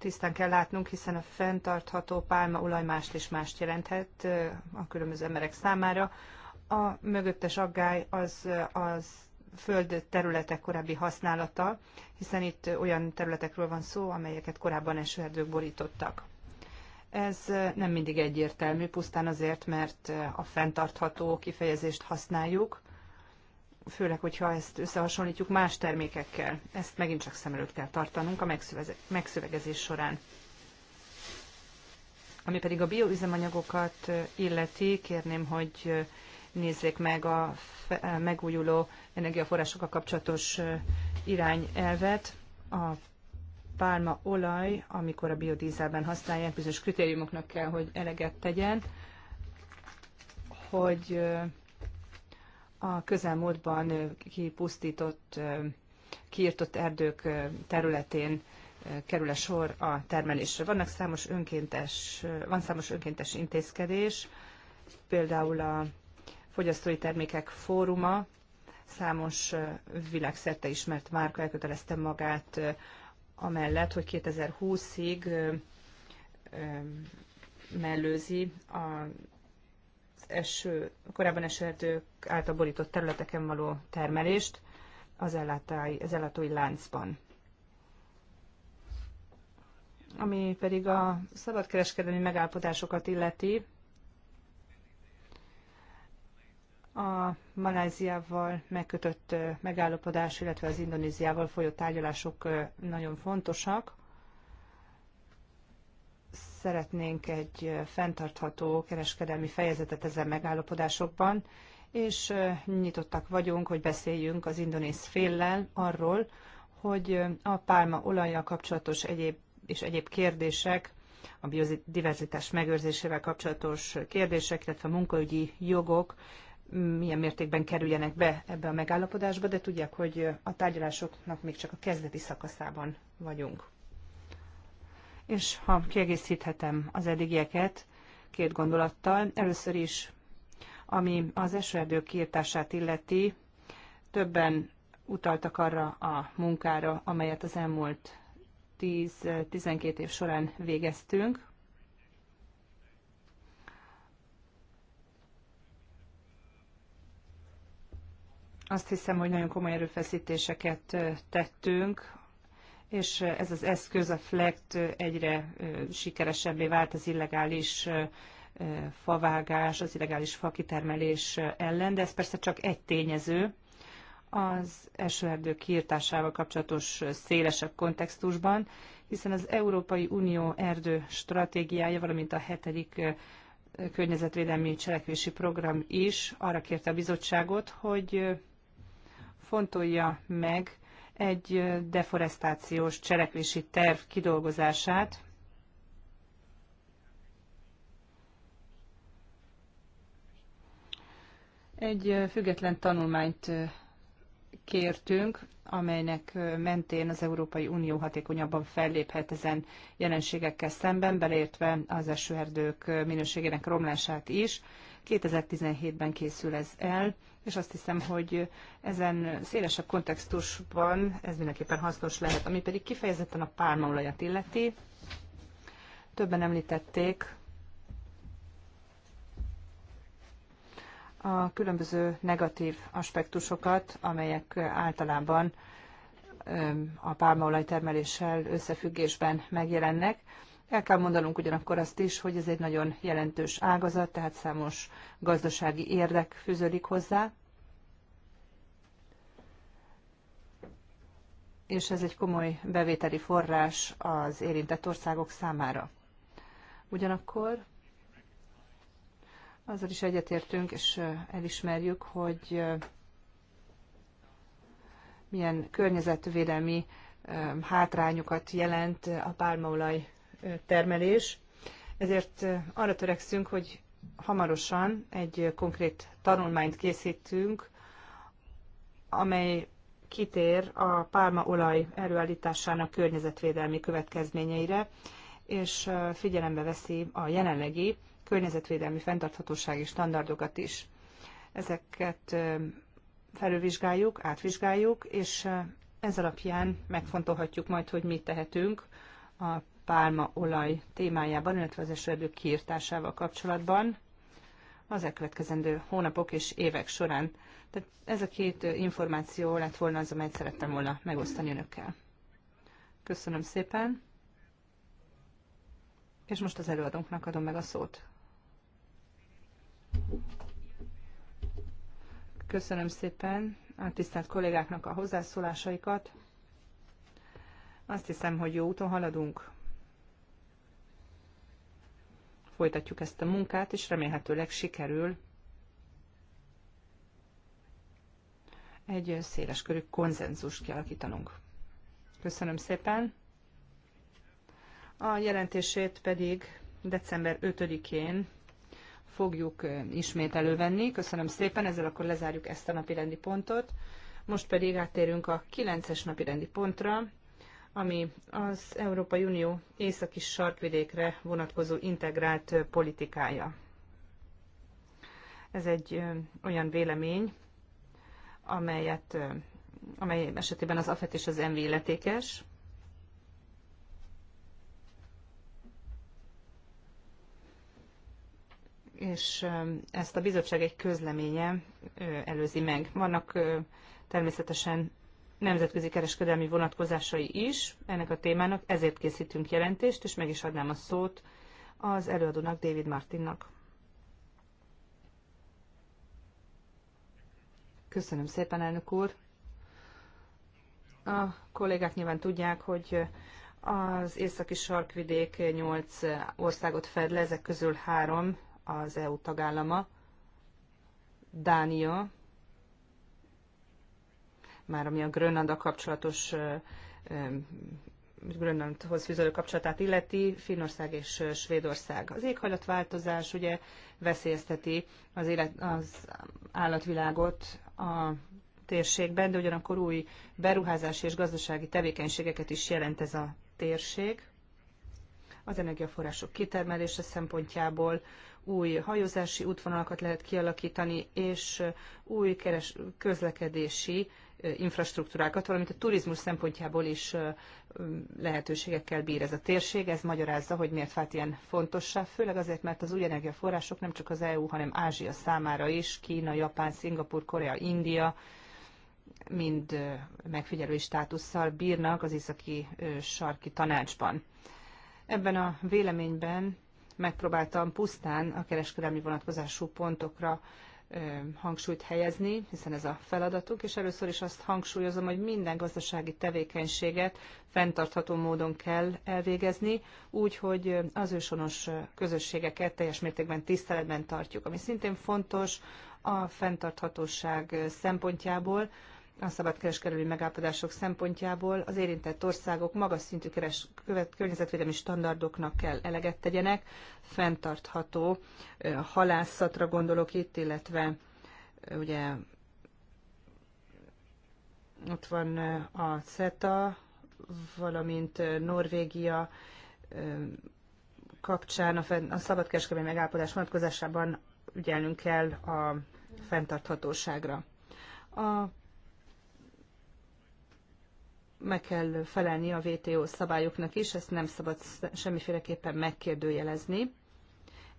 tisztán kell látnunk, hiszen a fenntartható pálmaolaj mást és mást jelenthet a különböző emberek számára. A mögöttes aggály az, az föld területek korábbi használata, hiszen itt olyan területekről van szó, amelyeket korábban esőerdők borítottak. Ez nem mindig egyértelmű, pusztán azért, mert a fenntartható kifejezést használjuk, főleg, hogyha ezt összehasonlítjuk más termékekkel. Ezt megint csak szem előtt kell tartanunk a megszövegezés során. Ami pedig a bioüzemanyagokat illeti, kérném, hogy nézzék meg a megújuló energiaforrásokkal kapcsolatos irányelvet. A olaj, amikor a biodízelben használják, bizonyos kritériumoknak kell, hogy eleget tegyen, hogy a közelmúltban kipusztított, kiirtott erdők területén kerül a sor a termelésre. Vannak számos önkéntes, van számos önkéntes intézkedés, például a Fogyasztói Termékek Fóruma, számos világszerte ismert márka elkötelezte magát amellett, hogy 2020-ig mellőzi a eső, korábban eső által borított területeken való termelést az, ellátály, az ellátói láncban. Ami pedig a szabadkereskedelmi megállapodásokat illeti, a Maláziával megkötött megállapodás, illetve az Indonéziával folyó tárgyalások nagyon fontosak szeretnénk egy fenntartható kereskedelmi fejezetet ezen megállapodásokban, és nyitottak vagyunk, hogy beszéljünk az indonéz féllel arról, hogy a pálma olajjal kapcsolatos egyéb és egyéb kérdések, a biodiverzitás megőrzésével kapcsolatos kérdések, illetve a munkaügyi jogok milyen mértékben kerüljenek be ebbe a megállapodásba, de tudják, hogy a tárgyalásoknak még csak a kezdeti szakaszában vagyunk és ha kiegészíthetem az eddigieket két gondolattal, először is, ami az esőerdők kiirtását illeti, többen utaltak arra a munkára, amelyet az elmúlt 10-12 év során végeztünk. Azt hiszem, hogy nagyon komoly erőfeszítéseket tettünk és ez az eszköz, a FLECT egyre sikeresebbé vált az illegális favágás, az illegális fakitermelés ellen, de ez persze csak egy tényező az esőerdő kiirtásával kapcsolatos szélesebb kontextusban, hiszen az Európai Unió erdő stratégiája, valamint a hetedik környezetvédelmi cselekvési program is arra kérte a bizottságot, hogy fontolja meg egy deforestációs cselekvési terv kidolgozását, Egy független tanulmányt kértünk, amelynek mentén az Európai Unió hatékonyabban felléphet ezen jelenségekkel szemben, beleértve az esőerdők minőségének romlását is. 2017-ben készül ez el, és azt hiszem, hogy ezen szélesebb kontextusban ez mindenképpen hasznos lehet. Ami pedig kifejezetten a pálmaolajat illeti, többen említették, a különböző negatív aspektusokat, amelyek általában a pálmaolaj termeléssel összefüggésben megjelennek. El kell mondanunk ugyanakkor azt is, hogy ez egy nagyon jelentős ágazat, tehát számos gazdasági érdek fűződik hozzá, és ez egy komoly bevételi forrás az érintett országok számára. Ugyanakkor azzal is egyetértünk, és elismerjük, hogy milyen környezetvédelmi hátrányokat jelent a pálmaolaj termelés, ezért arra törekszünk, hogy hamarosan egy konkrét tanulmányt készítünk, amely kitér a pálmaolaj előállításának környezetvédelmi következményeire, és figyelembe veszi a jelenlegi környezetvédelmi fenntarthatósági standardokat is. Ezeket felülvizsgáljuk, átvizsgáljuk, és ez alapján megfontolhatjuk majd, hogy mit tehetünk a pálmaolaj témájában, illetve az esőerdők kiirtásával kapcsolatban az elkövetkezendő hónapok és évek során. Tehát ez a két információ lett volna az, amelyet szerettem volna megosztani önökkel. Köszönöm szépen, és most az előadónknak adom meg a szót. Köszönöm szépen a tisztelt kollégáknak a hozzászólásaikat. Azt hiszem, hogy jó úton haladunk folytatjuk ezt a munkát, és remélhetőleg sikerül egy széles körű konzenzus kialakítanunk. Köszönöm szépen. A jelentését pedig december 5-én fogjuk ismét elővenni. Köszönöm szépen, ezzel akkor lezárjuk ezt a napi rendi pontot. Most pedig áttérünk a 9-es napi rendi pontra, ami az Európai Unió északi sarkvidékre vonatkozó integrált politikája. Ez egy olyan vélemény, amelyet, amely esetében az AFET és az MV illetékes, és ezt a bizottság egy közleménye előzi meg. Vannak természetesen nemzetközi kereskedelmi vonatkozásai is ennek a témának, ezért készítünk jelentést, és meg is adnám a szót az előadónak, David Martinnak. Köszönöm szépen, elnök úr. A kollégák nyilván tudják, hogy az északi sarkvidék nyolc országot fed le, ezek közül három az EU tagállama, Dánia, már ami a Grönlanda kapcsolatos Grönlandhoz fűződő kapcsolatát illeti, Finnország és Svédország. Az éghajlatváltozás ugye veszélyezteti az, élet, az állatvilágot a térségben, de ugyanakkor új beruházási és gazdasági tevékenységeket is jelent ez a térség. Az energiaforrások kitermelése szempontjából új hajózási útvonalakat lehet kialakítani, és új keres, közlekedési infrastruktúrákat, valamint a turizmus szempontjából is lehetőségekkel bír ez a térség. Ez magyarázza, hogy miért vált ilyen fontossá, főleg azért, mert az új energiaforrások nem csak az EU, hanem Ázsia számára is, Kína, Japán, Szingapur, Korea, India, mind megfigyelői státusszal bírnak az északi sarki tanácsban. Ebben a véleményben megpróbáltam pusztán a kereskedelmi vonatkozású pontokra hangsúlyt helyezni, hiszen ez a feladatuk, és először is azt hangsúlyozom, hogy minden gazdasági tevékenységet fenntartható módon kell elvégezni, úgy, hogy az ősonos közösségeket teljes mértékben tiszteletben tartjuk, ami szintén fontos a fenntarthatóság szempontjából, a szabadkereskedelmi megállapodások szempontjából az érintett országok magas szintű keres, követ, környezetvédelmi standardoknak kell eleget tegyenek, fenntartható halászatra gondolok itt, illetve ugye ott van a CETA, valamint Norvégia kapcsán a, a szabadkereskedelmi megállapodás vonatkozásában ügyelnünk kell a fenntarthatóságra. A meg kell felelni a WTO szabályoknak is, ezt nem szabad semmiféleképpen megkérdőjelezni,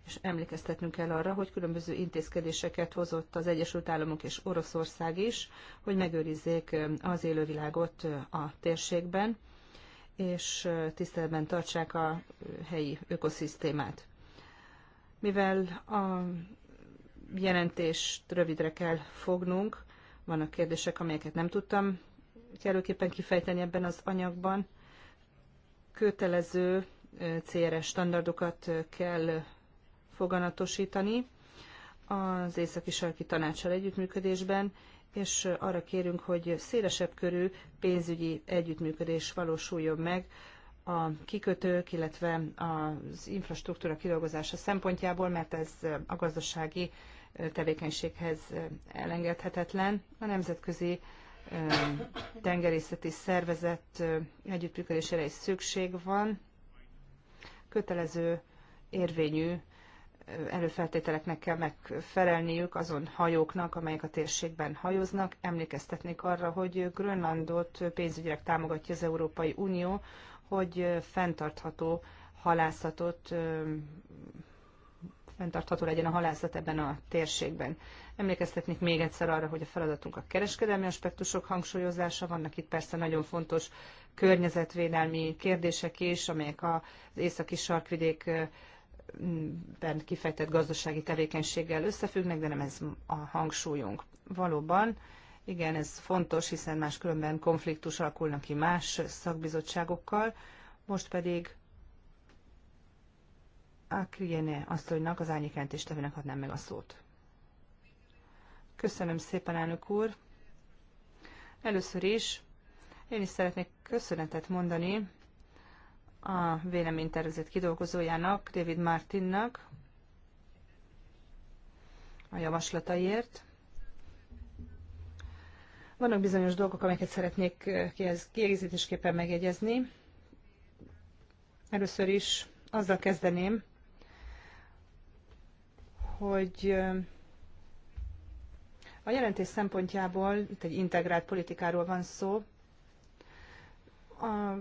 és emlékeztetnünk kell arra, hogy különböző intézkedéseket hozott az Egyesült Államok és Oroszország is, hogy megőrizzék az élővilágot a térségben, és tiszteletben tartsák a helyi ökoszisztémát. Mivel a jelentést rövidre kell fognunk, vannak kérdések, amelyeket nem tudtam kellőképpen kifejteni ebben az anyagban. Kötelező CRS standardokat kell foganatosítani az északi sarki tanácsal együttműködésben, és arra kérünk, hogy szélesebb körű pénzügyi együttműködés valósuljon meg a kikötők, illetve az infrastruktúra kidolgozása szempontjából, mert ez a gazdasági tevékenységhez elengedhetetlen. A nemzetközi tengerészeti szervezet együttműködésére is szükség van. Kötelező, érvényű előfeltételeknek kell megfelelniük azon hajóknak, amelyek a térségben hajóznak. Emlékeztetnék arra, hogy Grönlandot pénzügyileg támogatja az Európai Unió, hogy fenntartható halászatot fenntartható legyen a halászat ebben a térségben. Emlékeztetnék még egyszer arra, hogy a feladatunk a kereskedelmi aspektusok hangsúlyozása, vannak itt persze nagyon fontos környezetvédelmi kérdések is, amelyek az északi sarkvidék kifejtett gazdasági tevékenységgel összefüggnek, de nem ez a hangsúlyunk. Valóban, igen, ez fontos, hiszen máskülönben konfliktus alakulnak ki más szakbizottságokkal, most pedig a asszonynak, az tevének adnám meg a szót. Köszönöm szépen, elnök úr! Először is én is szeretnék köszönetet mondani a véleménytervezet kidolgozójának, David Martinnak a javaslataiért. Vannak bizonyos dolgok, amelyeket szeretnék kiegészítésképpen megjegyezni. Először is azzal kezdeném, hogy a jelentés szempontjából itt egy integrált politikáról van szó. A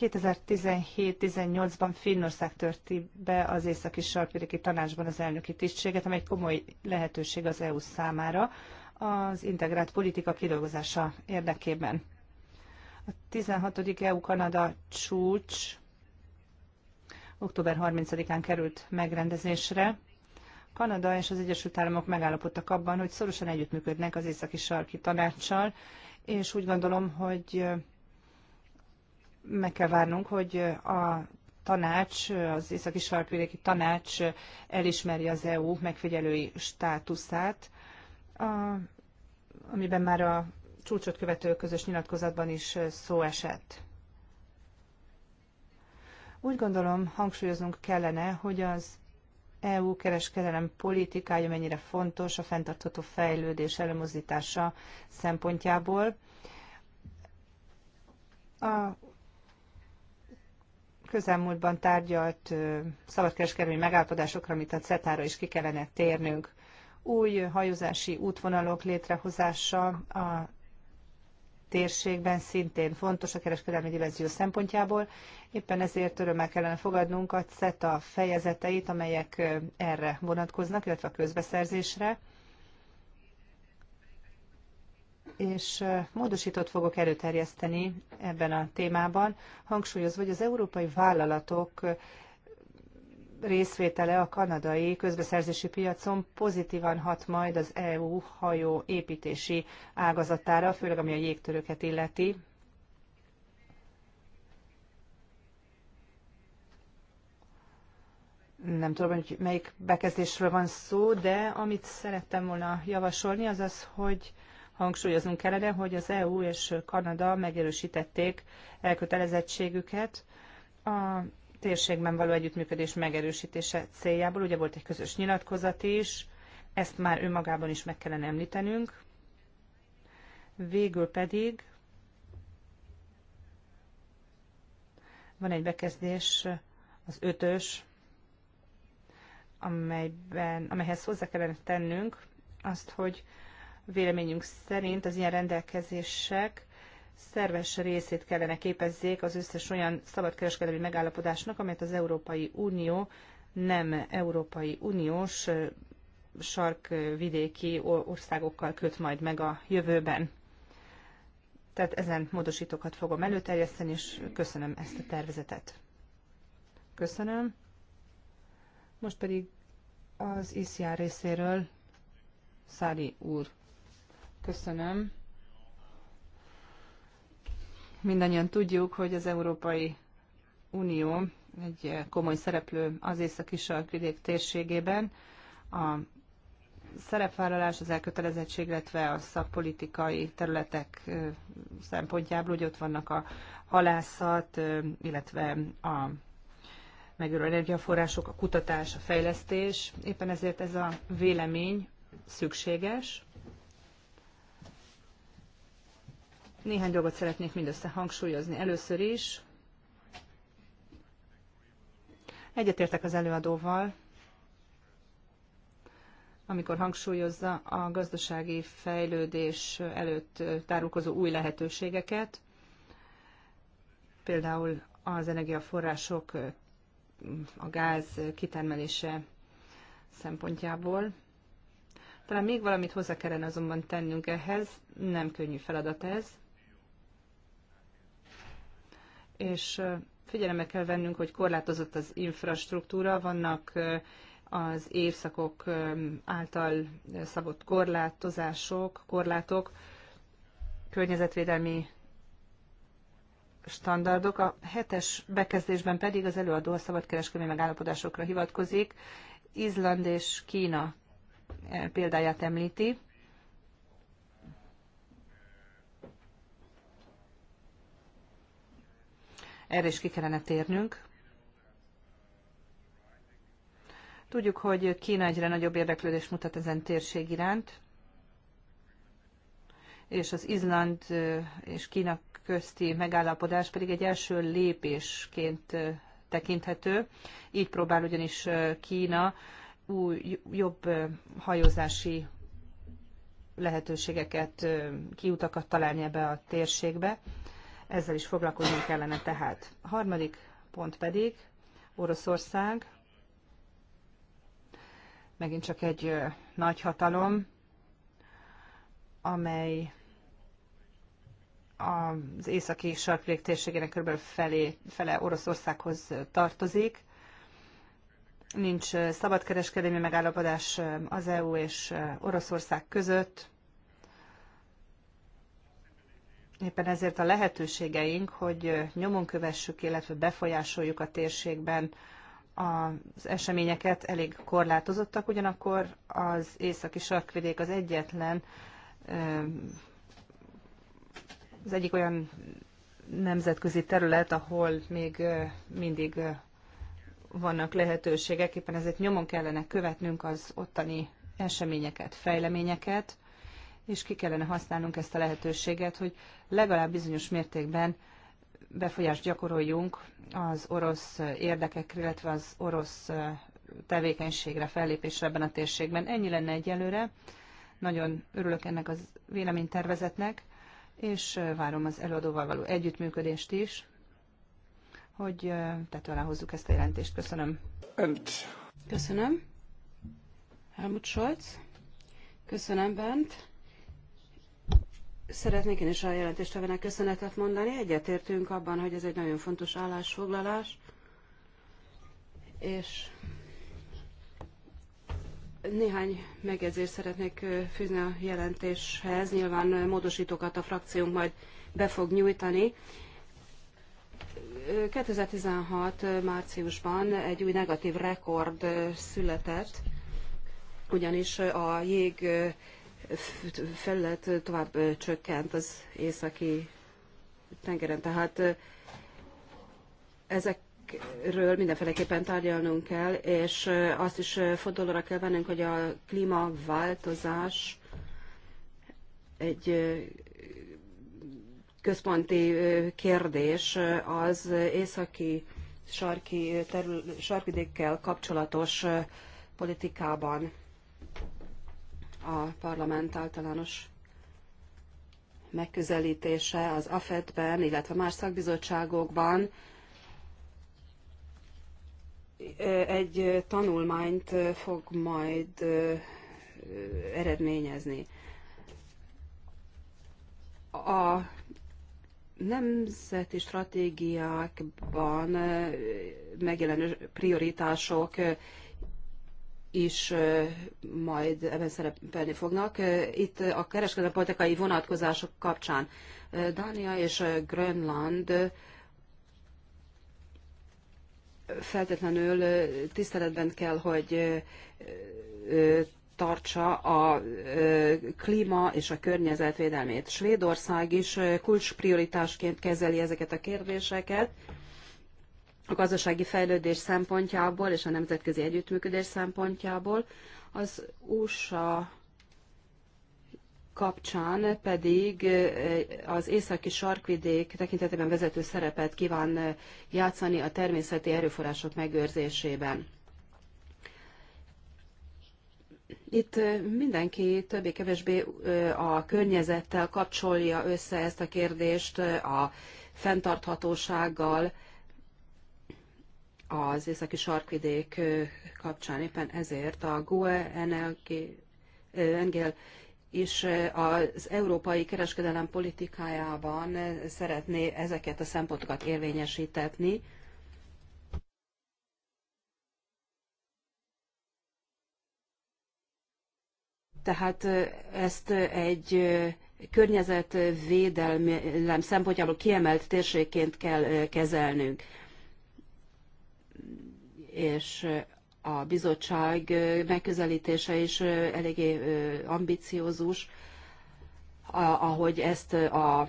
2017-18-ban Finnország törti be az északi sarkvidéki tanácsban az elnöki tisztséget, amely egy komoly lehetőség az EU számára az integrált politika kidolgozása érdekében. A 16. EU-Kanada csúcs október 30-án került megrendezésre. Kanada és az Egyesült Államok megállapodtak abban, hogy szorosan együttműködnek az északi sarki tanácssal, és úgy gondolom, hogy meg kell várnunk, hogy a tanács, az északi sarkvidéki tanács elismeri az EU megfigyelői státuszát, a, amiben már a csúcsot követő közös nyilatkozatban is szó esett. Úgy gondolom, hangsúlyoznunk kellene, hogy az EU kereskedelem politikája mennyire fontos a fenntartható fejlődés előmozdítása szempontjából. A közelmúltban tárgyalt szabadkereskedelmi megállapodásokra, amit a CETA-ra is ki kellene térnünk. Új hajózási útvonalok létrehozása a térségben szintén fontos a kereskedelmi dimenzió szempontjából. Éppen ezért örömmel kellene fogadnunk a CETA fejezeteit, amelyek erre vonatkoznak, illetve a közbeszerzésre. És módosított fogok előterjeszteni ebben a témában, hangsúlyozva, hogy az európai vállalatok részvétele a kanadai közbeszerzési piacon pozitívan hat majd az EU hajó építési ágazatára, főleg ami a jégtörőket illeti. Nem tudom, hogy melyik bekezdésről van szó, de amit szerettem volna javasolni, az az, hogy hangsúlyoznunk kellene, hogy az EU és Kanada megerősítették elkötelezettségüket a térségben való együttműködés megerősítése céljából. Ugye volt egy közös nyilatkozat is, ezt már önmagában is meg kellene említenünk. Végül pedig van egy bekezdés, az ötös, amelyben, amelyhez hozzá kellene tennünk azt, hogy véleményünk szerint az ilyen rendelkezések szerves részét kellene képezzék az összes olyan szabadkereskedelmi megállapodásnak, amelyet az Európai Unió nem Európai Uniós sarkvidéki országokkal köt majd meg a jövőben. Tehát ezen módosítókat fogom előterjeszteni, és köszönöm ezt a tervezetet. Köszönöm. Most pedig az ICR részéről Szári úr. Köszönöm. Mindannyian tudjuk, hogy az Európai Unió egy komoly szereplő az északi sarkvidék térségében. A szerepvállalás, az elkötelezettség, illetve a szakpolitikai területek szempontjából, hogy ott vannak a halászat, illetve a megőrő energiaforrások, a kutatás, a fejlesztés. Éppen ezért ez a vélemény szükséges, Néhány dolgot szeretnék mindössze hangsúlyozni. Először is egyetértek az előadóval, amikor hangsúlyozza a gazdasági fejlődés előtt tárulkozó új lehetőségeket, például az energiaforrások, a gáz kitermelése szempontjából. Talán még valamit hozzá kellene azonban tennünk ehhez, nem könnyű feladat ez és figyelembe kell vennünk, hogy korlátozott az infrastruktúra, vannak az évszakok által szabott korlátozások, korlátok, környezetvédelmi standardok. A hetes bekezdésben pedig az előadó a szabadkereskedelmi megállapodásokra hivatkozik. Izland és Kína e, példáját említi. erre is ki kellene térnünk. Tudjuk, hogy Kína egyre nagyobb érdeklődés mutat ezen térség iránt, és az Izland és Kína közti megállapodás pedig egy első lépésként tekinthető. Így próbál ugyanis Kína új, jobb hajózási lehetőségeket, kiutakat találni ebbe a térségbe ezzel is foglalkoznunk kellene tehát. A harmadik pont pedig Oroszország, megint csak egy nagy hatalom, amely az északi sarkvég térségének kb. Felé, fele Oroszországhoz tartozik. Nincs szabadkereskedelmi megállapodás az EU és Oroszország között. Éppen ezért a lehetőségeink, hogy nyomon kövessük, illetve befolyásoljuk a térségben az eseményeket elég korlátozottak, ugyanakkor az északi sarkvidék az egyetlen, az egyik olyan nemzetközi terület, ahol még mindig vannak lehetőségek, éppen ezért nyomon kellene követnünk az ottani eseményeket, fejleményeket, és ki kellene használnunk ezt a lehetőséget, hogy legalább bizonyos mértékben befolyást gyakoroljunk az orosz érdekekre, illetve az orosz tevékenységre, fellépésre ebben a térségben. Ennyi lenne egyelőre. Nagyon örülök ennek az véleménytervezetnek, és várom az előadóval való együttműködést is, hogy tető alá hozzuk ezt a jelentést. Köszönöm. And... Köszönöm. Helmut Scholz. Köszönöm, Bent. Szeretnék én is a jelentéstevőnek köszönetet mondani. Egyetértünk abban, hogy ez egy nagyon fontos állásfoglalás, és néhány megjegyzést szeretnék fűzni a jelentéshez. Nyilván módosítókat a frakciónk majd be fog nyújtani. 2016. márciusban egy új negatív rekord született, ugyanis a jég felület tovább csökkent az északi tengeren. Tehát ezekről mindenféleképpen tárgyalnunk kell, és azt is fontolóra kell vennünk, hogy a klímaváltozás egy központi kérdés az északi sarki terül, sarkvidékkel kapcsolatos politikában a parlament általános megközelítése az afet ben illetve más szakbizottságokban egy tanulmányt fog majd eredményezni. A nemzeti stratégiákban megjelenő prioritások is majd ebben szerepelni fognak. Itt a kereskedelmi politikai vonatkozások kapcsán Dánia és Grönland feltétlenül tiszteletben kell, hogy tartsa a klíma és a környezetvédelmét. Svédország is kulcsprioritásként kezeli ezeket a kérdéseket a gazdasági fejlődés szempontjából és a nemzetközi együttműködés szempontjából, az USA kapcsán pedig az északi sarkvidék tekintetében vezető szerepet kíván játszani a természeti erőforrások megőrzésében. Itt mindenki többé-kevésbé a környezettel kapcsolja össze ezt a kérdést a fenntarthatósággal, az északi sarkvidék kapcsán. Éppen ezért a GUE, Engel és az európai kereskedelem politikájában szeretné ezeket a szempontokat érvényesítetni. Tehát ezt egy környezetvédelem szempontjából kiemelt térségként kell kezelnünk és a bizottság megközelítése is eléggé ambiciózus, ahogy ezt a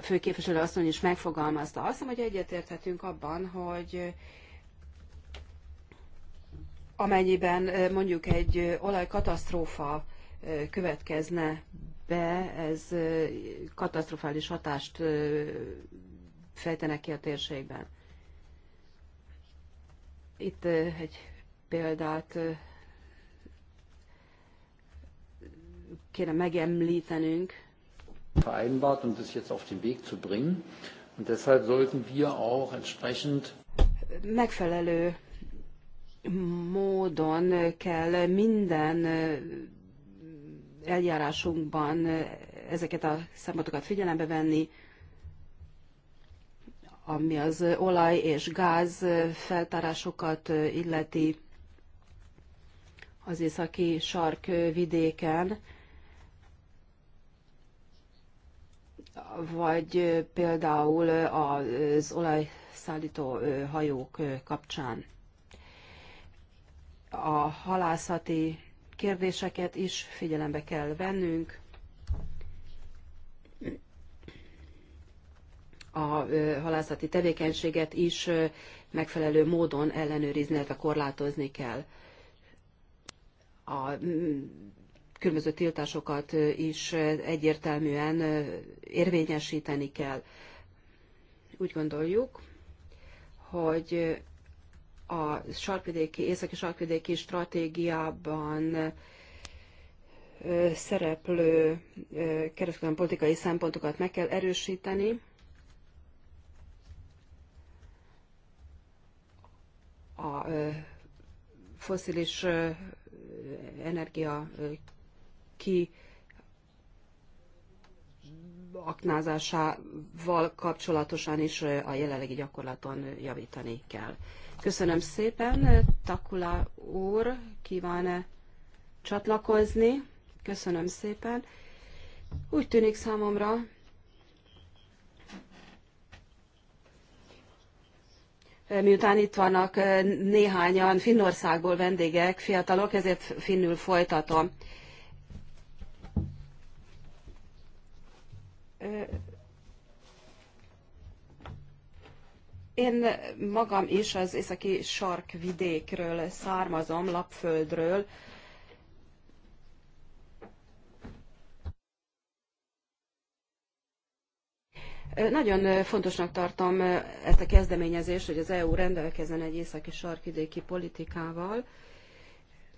főképviselő asszony is megfogalmazta. Azt hiszem, hogy egyetérthetünk abban, hogy amennyiben mondjuk egy olajkatasztrófa következne be, ez katasztrofális hatást fejtenek ki a térségben. Itt egy példát kéne megemlítenünk. Vereinbart und das jetzt auf den Weg zu bringen. Und deshalb sollten wir auch entsprechend megfelelő módon kell minden eljárásunkban ezeket a szempontokat figyelembe venni, ami az olaj és gáz feltárásokat illeti az északi sark vidéken, vagy például az olajszállító hajók kapcsán. A halászati kérdéseket is figyelembe kell vennünk. a halászati tevékenységet is megfelelő módon ellenőrizni, illetve korlátozni kell. A különböző tiltásokat is egyértelműen érvényesíteni kell. Úgy gondoljuk, hogy a sarkvidéki, északi sarkvidéki stratégiában szereplő kereskedelmi politikai szempontokat meg kell erősíteni, a foszilis energia ki aknázásával kapcsolatosan is a jelenlegi gyakorlaton javítani kell. Köszönöm szépen. Takula úr kíván -e csatlakozni. Köszönöm szépen. Úgy tűnik számomra, miután itt vannak néhányan Finnországból vendégek, fiatalok, ezért finnül folytatom. Én magam is az északi sarkvidékről származom, Lapföldről, Nagyon fontosnak tartom ezt a kezdeményezést, hogy az EU rendelkezzen egy északi sarkvidéki politikával.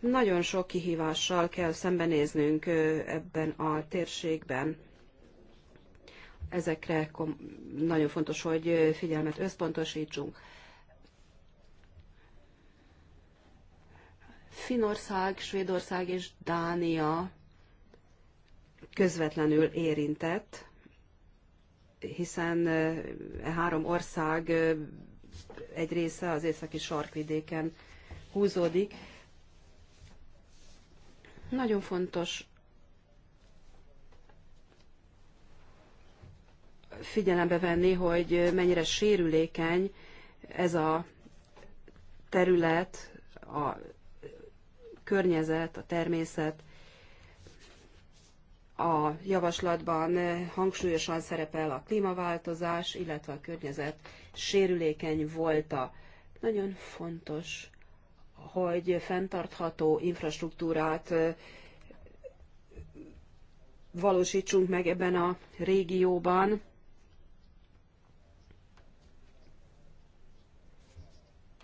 Nagyon sok kihívással kell szembenéznünk ebben a térségben. Ezekre nagyon fontos, hogy figyelmet összpontosítsunk. Finország, Svédország és Dánia közvetlenül érintett hiszen e három ország egy része az északi sarkvidéken húzódik. Nagyon fontos figyelembe venni, hogy mennyire sérülékeny ez a terület, a környezet, a természet, a javaslatban eh, hangsúlyosan szerepel a klímaváltozás, illetve a környezet sérülékeny volta. Nagyon fontos, hogy fenntartható infrastruktúrát eh, valósítsunk meg ebben a régióban.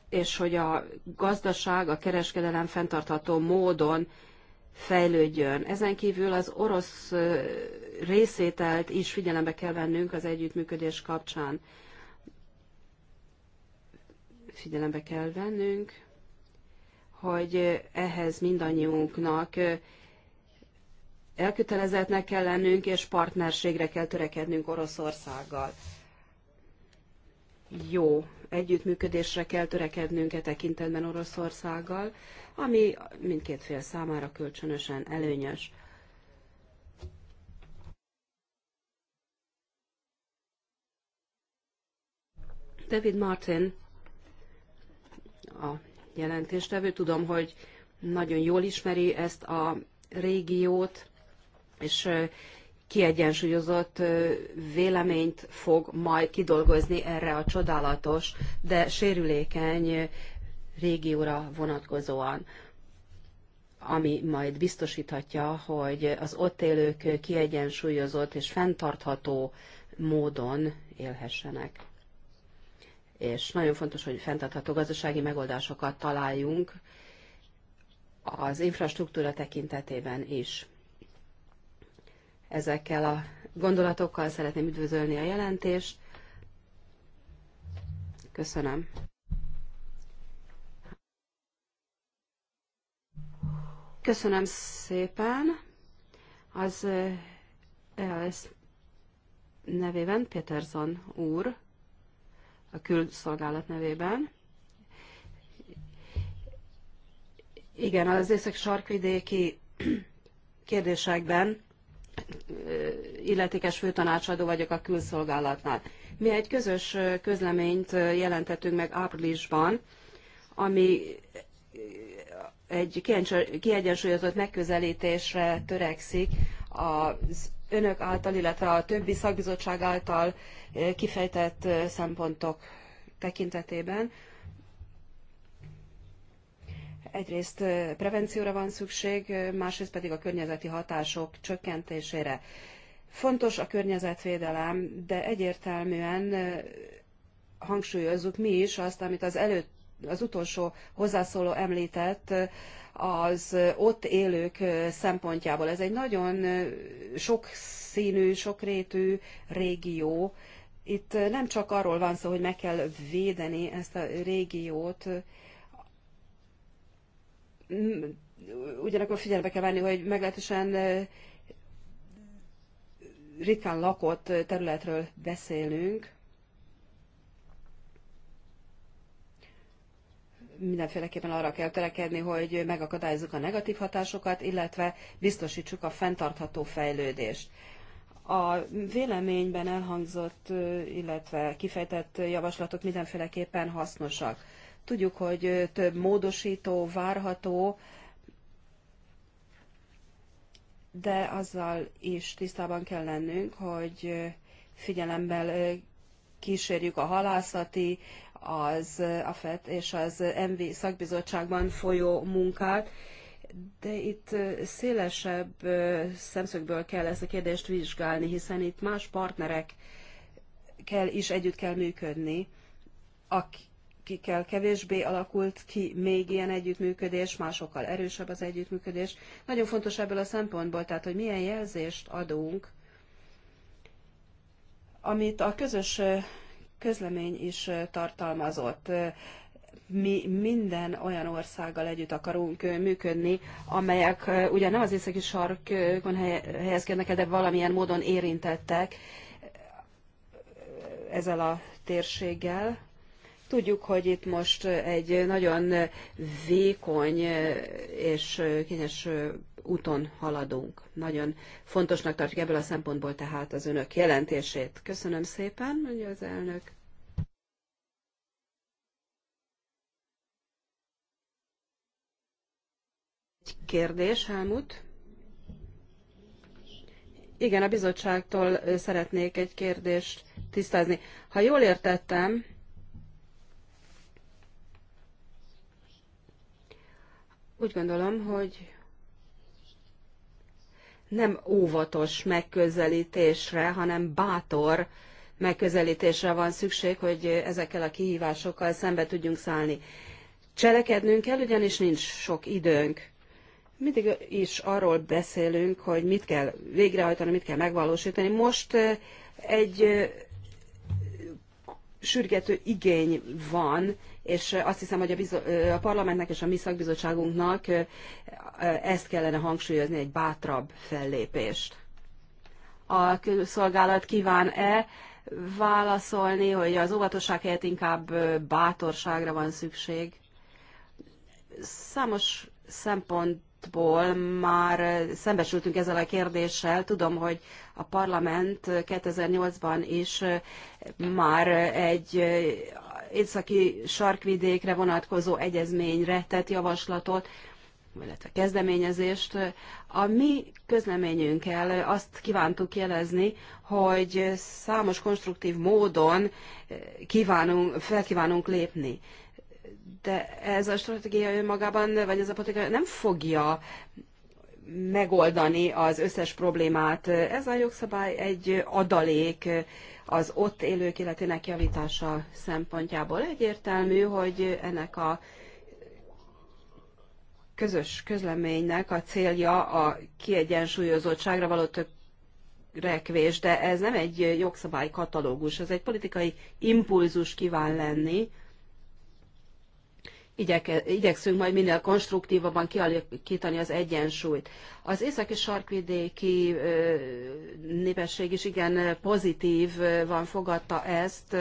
és hogy a gazdaság, a kereskedelem fenntartható módon fejlődjön. Ezen kívül az orosz részételt is figyelembe kell vennünk az együttműködés kapcsán. Figyelembe kell vennünk, hogy ehhez mindannyiunknak elkötelezettnek kell lennünk, és partnerségre kell törekednünk Oroszországgal. Jó együttműködésre kell törekednünk e tekintetben Oroszországgal, ami mindkét fél számára kölcsönösen előnyös. David Martin, a jelentéstevő, tudom, hogy nagyon jól ismeri ezt a régiót, és kiegyensúlyozott véleményt fog majd kidolgozni erre a csodálatos, de sérülékeny régióra vonatkozóan, ami majd biztosíthatja, hogy az ott élők kiegyensúlyozott és fenntartható módon élhessenek. És nagyon fontos, hogy fenntartható gazdasági megoldásokat találjunk az infrastruktúra tekintetében is. Ezekkel a gondolatokkal szeretném üdvözölni a jelentést. Köszönöm. Köszönöm szépen. Az ELSZ nevében Peterson úr, a külszolgálat nevében. Igen, az észak sarkvidéki kérdésekben illetékes főtanácsadó vagyok a külszolgálatnál. Mi egy közös közleményt jelentettünk meg áprilisban, ami egy kiegyensúlyozott megközelítésre törekszik az önök által, illetve a többi szakbizottság által kifejtett szempontok tekintetében. Egyrészt prevencióra van szükség, másrészt pedig a környezeti hatások csökkentésére. Fontos a környezetvédelem, de egyértelműen hangsúlyozzuk mi is azt, amit az előtt az utolsó hozzászóló említett, az ott élők szempontjából. Ez egy nagyon sokszínű, sokrétű régió. Itt nem csak arról van szó, hogy meg kell védeni ezt a régiót, ugyanakkor figyelme kell venni, hogy meglehetősen ritkán lakott területről beszélünk. mindenféleképpen arra kell törekedni, hogy megakadályozzuk a negatív hatásokat, illetve biztosítsuk a fenntartható fejlődést. A véleményben elhangzott, illetve kifejtett javaslatok mindenféleképpen hasznosak. Tudjuk, hogy több módosító várható, de azzal is tisztában kell lennünk, hogy figyelemmel kísérjük a halászati, az eh, AFET és az MV szakbizottságban folyó munkát, de itt eh, szélesebb eh, szemszögből kell ezt a kérdést vizsgálni, hiszen itt más partnerek kell is együtt kell működni, akikkel kevésbé alakult ki még ilyen együttműködés, másokkal erősebb az együttműködés. Nagyon fontos ebből a szempontból, tehát hogy milyen jelzést adunk, amit a közös közlemény is tartalmazott. Mi minden olyan országgal együtt akarunk működni, amelyek ugye nem az északi sarkon helyezkednek el, de valamilyen módon érintettek ezzel a térséggel. Tudjuk, hogy itt most egy nagyon vékony és kényes úton haladunk. Nagyon fontosnak tartjuk ebből a szempontból tehát az önök jelentését. Köszönöm szépen, mondja az elnök. Egy kérdés, Helmut? Igen, a bizottságtól szeretnék egy kérdést tisztázni. Ha jól értettem, úgy gondolom, hogy nem óvatos megközelítésre, hanem bátor megközelítésre van szükség, hogy ezekkel a kihívásokkal szembe tudjunk szállni. Cselekednünk kell, ugyanis nincs sok időnk. Mindig is arról beszélünk, hogy mit kell végrehajtani, mit kell megvalósítani. Most egy sürgető igény van, és azt hiszem, hogy a, bizo- a parlamentnek és a mi szakbizottságunknak ezt kellene hangsúlyozni, egy bátrabb fellépést. A külszolgálat kíván-e válaszolni, hogy az óvatosság helyett inkább bátorságra van szükség? Számos szempontból már szembesültünk ezzel a kérdéssel. Tudom, hogy a parlament 2008-ban is már egy északi sarkvidékre vonatkozó egyezményre tett javaslatot, illetve kezdeményezést. A mi közleményünkkel azt kívántuk jelezni, hogy számos konstruktív módon kívánunk, felkívánunk lépni. De ez a stratégia önmagában, vagy ez a politika nem fogja megoldani az összes problémát. Ez a jogszabály egy adalék az ott élők életének javítása szempontjából egyértelmű, hogy ennek a közös közleménynek a célja a kiegyensúlyozottságra való rekvés, de ez nem egy jogszabály katalógus, ez egy politikai impulzus kíván lenni, igyekszünk majd minél konstruktívabban kialakítani az egyensúlyt. Az északi sarkvidéki népesség is igen pozitív van fogadta ezt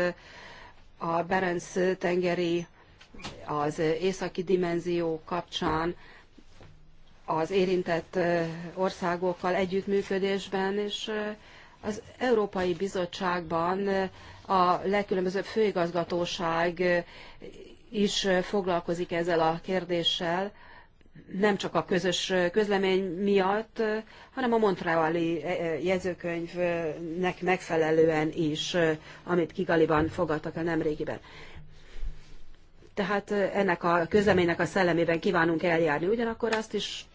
a Berenc tengeri az északi dimenzió kapcsán az érintett országokkal együttműködésben, és az Európai Bizottságban a legkülönbözőbb főigazgatóság is foglalkozik ezzel a kérdéssel, nem csak a közös közlemény miatt, hanem a Montreali jegyzőkönyvnek megfelelően is, amit Kigaliban fogadtak el nemrégiben. Tehát ennek a közleménynek a szellemében kívánunk eljárni. Ugyanakkor azt is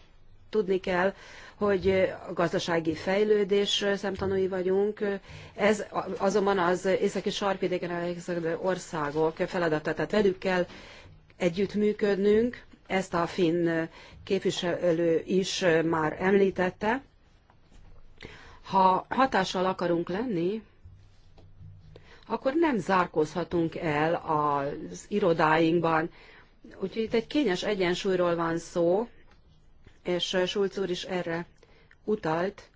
tudni kell, hogy a gazdasági fejlődés szemtanúi vagyunk. Ez azonban az északi sarkvidéken elhelyezkedő országok feladata, tehát velük kell együttműködnünk, ezt a finn képviselő is már említette. Ha hatással akarunk lenni, akkor nem zárkózhatunk el az irodáinkban. Úgyhogy itt egy kényes egyensúlyról van szó, és eh, Schulz úr is erre utalt,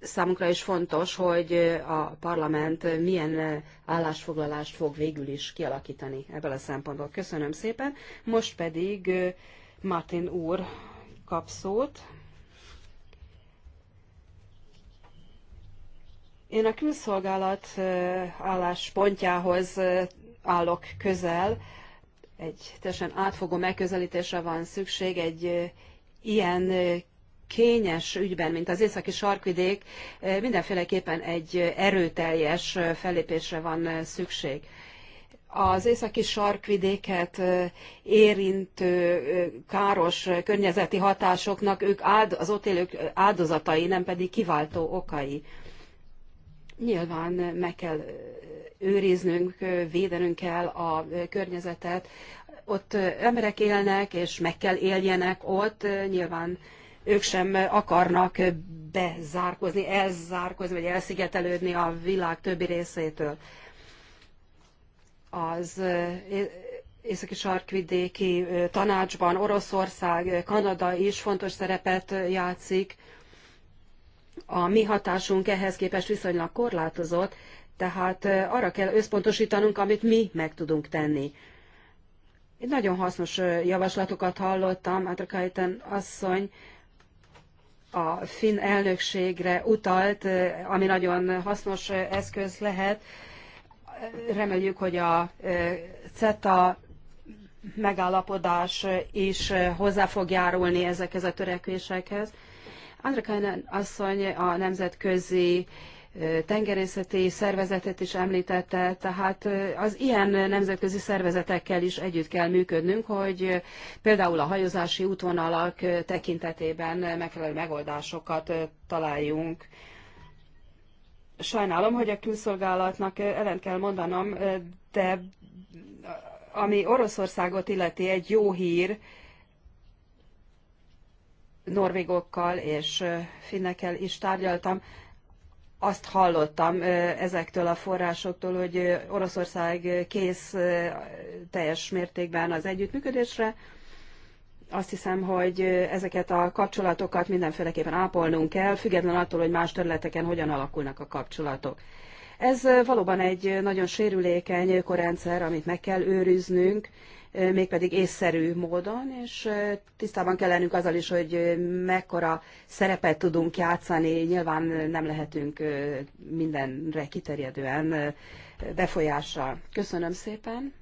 számunkra is fontos, hogy eh, a parlament milyen eh, állásfoglalást fog végül is kialakítani ebből a szempontból. Köszönöm szépen. Most pedig Martin úr kap szót. Én a külszolgálat álláspontjához állok közel, egy teljesen átfogó megközelítésre van szükség egy ilyen kényes ügyben, mint az északi sarkvidék, mindenféleképpen egy erőteljes fellépésre van szükség. Az északi sarkvidéket érintő káros környezeti hatásoknak ők áld, az ott élők áldozatai, nem pedig kiváltó okai. Nyilván meg kell őriznünk, védenünk kell a környezetet. Ott emberek élnek, és meg kell éljenek ott, nyilván ők sem akarnak bezárkozni, elzárkozni, vagy elszigetelődni a világ többi részétől. Az északi sarkvidéki tanácsban Oroszország, Kanada is fontos szerepet játszik. A mi hatásunk ehhez képest viszonylag korlátozott, tehát arra kell összpontosítanunk, amit mi meg tudunk tenni. Itt nagyon hasznos javaslatokat hallottam, Atrakaiten asszony a finn elnökségre utalt, ami nagyon hasznos eszköz lehet. Reméljük, hogy a CETA megállapodás is hozzá fog járulni ezekhez a törekvésekhez. Andra asszony a nemzetközi tengerészeti szervezetet is említette, tehát az ilyen nemzetközi szervezetekkel is együtt kell működnünk, hogy például a hajózási útvonalak tekintetében megfelelő megoldásokat találjunk. Sajnálom, hogy a külszolgálatnak ellent kell mondanom, de ami Oroszországot illeti egy jó hír, norvégokkal és finnekkel is tárgyaltam, azt hallottam ezektől a forrásoktól, hogy Oroszország kész teljes mértékben az együttműködésre. Azt hiszem, hogy ezeket a kapcsolatokat mindenféleképpen ápolnunk kell, független attól, hogy más területeken hogyan alakulnak a kapcsolatok. Ez valóban egy nagyon sérülékeny ökorendszer, amit meg kell őriznünk, mégpedig észszerű módon, és tisztában kell lennünk azzal is, hogy mekkora szerepet tudunk játszani, nyilván nem lehetünk mindenre kiterjedően befolyással. Köszönöm szépen!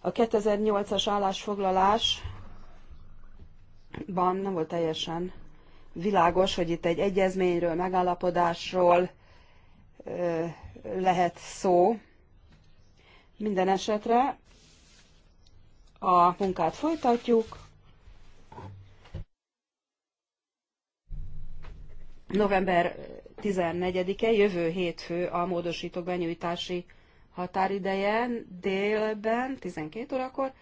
A 2008-as állásfoglalásban nem volt teljesen világos, hogy itt egy egyezményről, megállapodásról lehet szó. Minden esetre a munkát folytatjuk. November 14-e, jövő hétfő a módosítók benyújtási határideje délben, 12 órakor,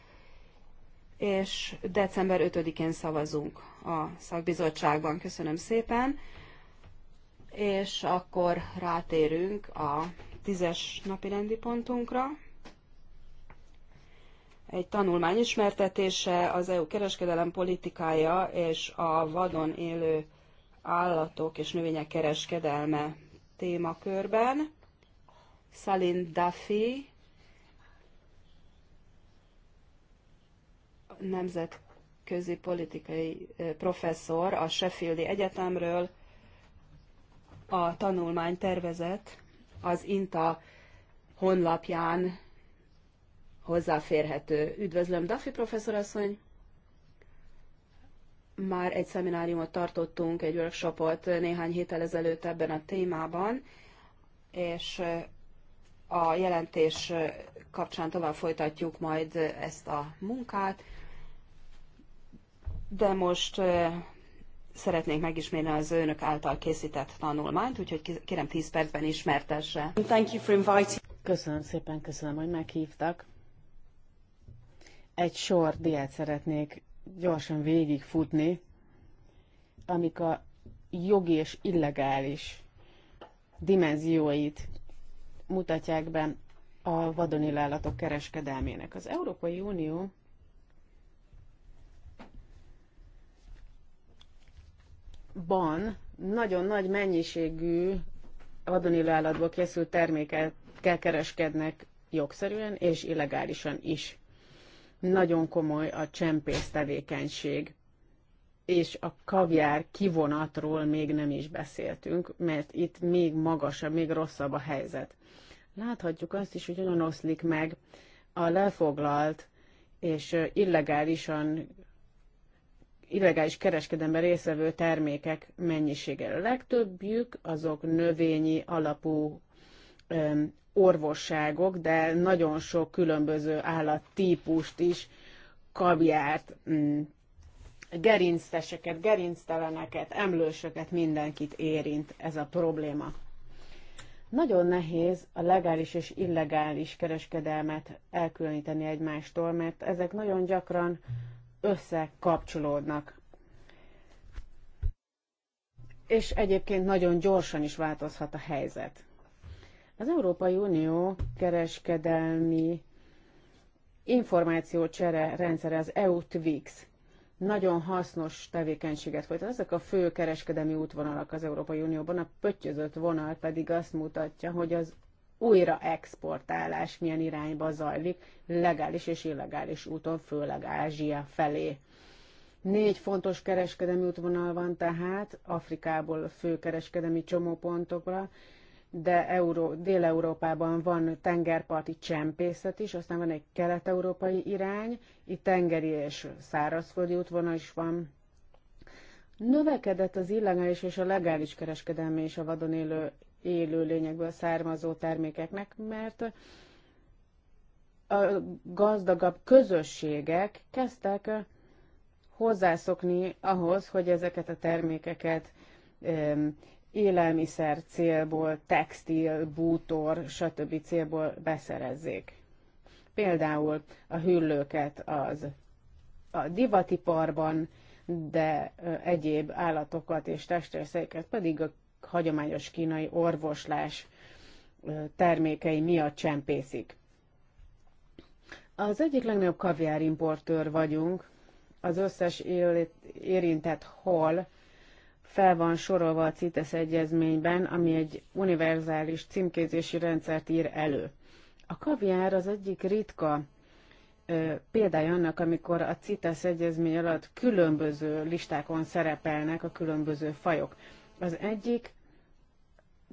és december 5-én szavazunk a szakbizottságban. Köszönöm szépen, és akkor rátérünk a tízes napi rendi pontunkra egy tanulmány ismertetése az EU kereskedelem politikája és a vadon élő állatok és növények kereskedelme témakörben. Salin Duffy, nemzetközi politikai professzor a Sheffieldi Egyetemről, a tanulmány tervezet az INTA honlapján hozzáférhető. Üdvözlöm Duffy professzorasszony! Már egy szemináriumot tartottunk, egy workshopot néhány héttel ezelőtt ebben a témában, és a jelentés kapcsán tovább folytatjuk majd ezt a munkát, de most szeretnénk megismerni az önök által készített tanulmányt, úgyhogy kérem 10 percben ismertesse. Köszönöm szépen, köszönöm, hogy meghívtak. Egy sor diát szeretnék gyorsan végigfutni, amik a jogi és illegális dimenzióit mutatják be a vadonilállatok kereskedelmének. Az Európai Unió ban nagyon nagy mennyiségű vadonilállatból készült termékekkel kereskednek jogszerűen és illegálisan is nagyon komoly a csempész tevékenység, és a kaviár kivonatról még nem is beszéltünk, mert itt még magasabb, még rosszabb a helyzet. Láthatjuk azt is, hogy olyan oszlik meg a lefoglalt és illegálisan illegális kereskedelemben részvevő termékek mennyisége A legtöbbjük azok növényi alapú orvosságok, de nagyon sok különböző állattípust is, kabjárt, mm, gerincteseket, gerincteleneket, emlősöket, mindenkit érint ez a probléma. Nagyon nehéz a legális és illegális kereskedelmet elkülöníteni egymástól, mert ezek nagyon gyakran összekapcsolódnak. És egyébként nagyon gyorsan is változhat a helyzet. Az Európai Unió kereskedelmi információcsere rendszere, az EU-TVIX, nagyon hasznos tevékenységet folytat. Ezek a fő kereskedelmi útvonalak az Európai Unióban, a pöttyözött vonal pedig azt mutatja, hogy az újra exportálás milyen irányba zajlik, legális és illegális úton, főleg Ázsia felé. Négy fontos kereskedelmi útvonal van tehát, Afrikából fő kereskedelmi csomópontokra, de Euró- Dél-Európában van tengerparti csempészet is, aztán van egy kelet-európai irány, itt tengeri és szárazföldi útvonal is van. Növekedett az illegális és a legális kereskedelmi és a vadon élő élőlényekből származó termékeknek, mert a gazdagabb közösségek kezdtek hozzászokni ahhoz, hogy ezeket a termékeket élelmiszer célból, textil, bútor, stb. célból beszerezzék. Például a hüllőket az a divatiparban, de egyéb állatokat és testrészeket pedig a hagyományos kínai orvoslás termékei miatt csempészik. Az egyik legnagyobb kaviárimportőr vagyunk, az összes érintett hal fel van sorolva a CITES egyezményben, ami egy univerzális címkézési rendszert ír elő. A kaviár az egyik ritka ö, példája annak, amikor a CITES egyezmény alatt különböző listákon szerepelnek a különböző fajok. Az egyik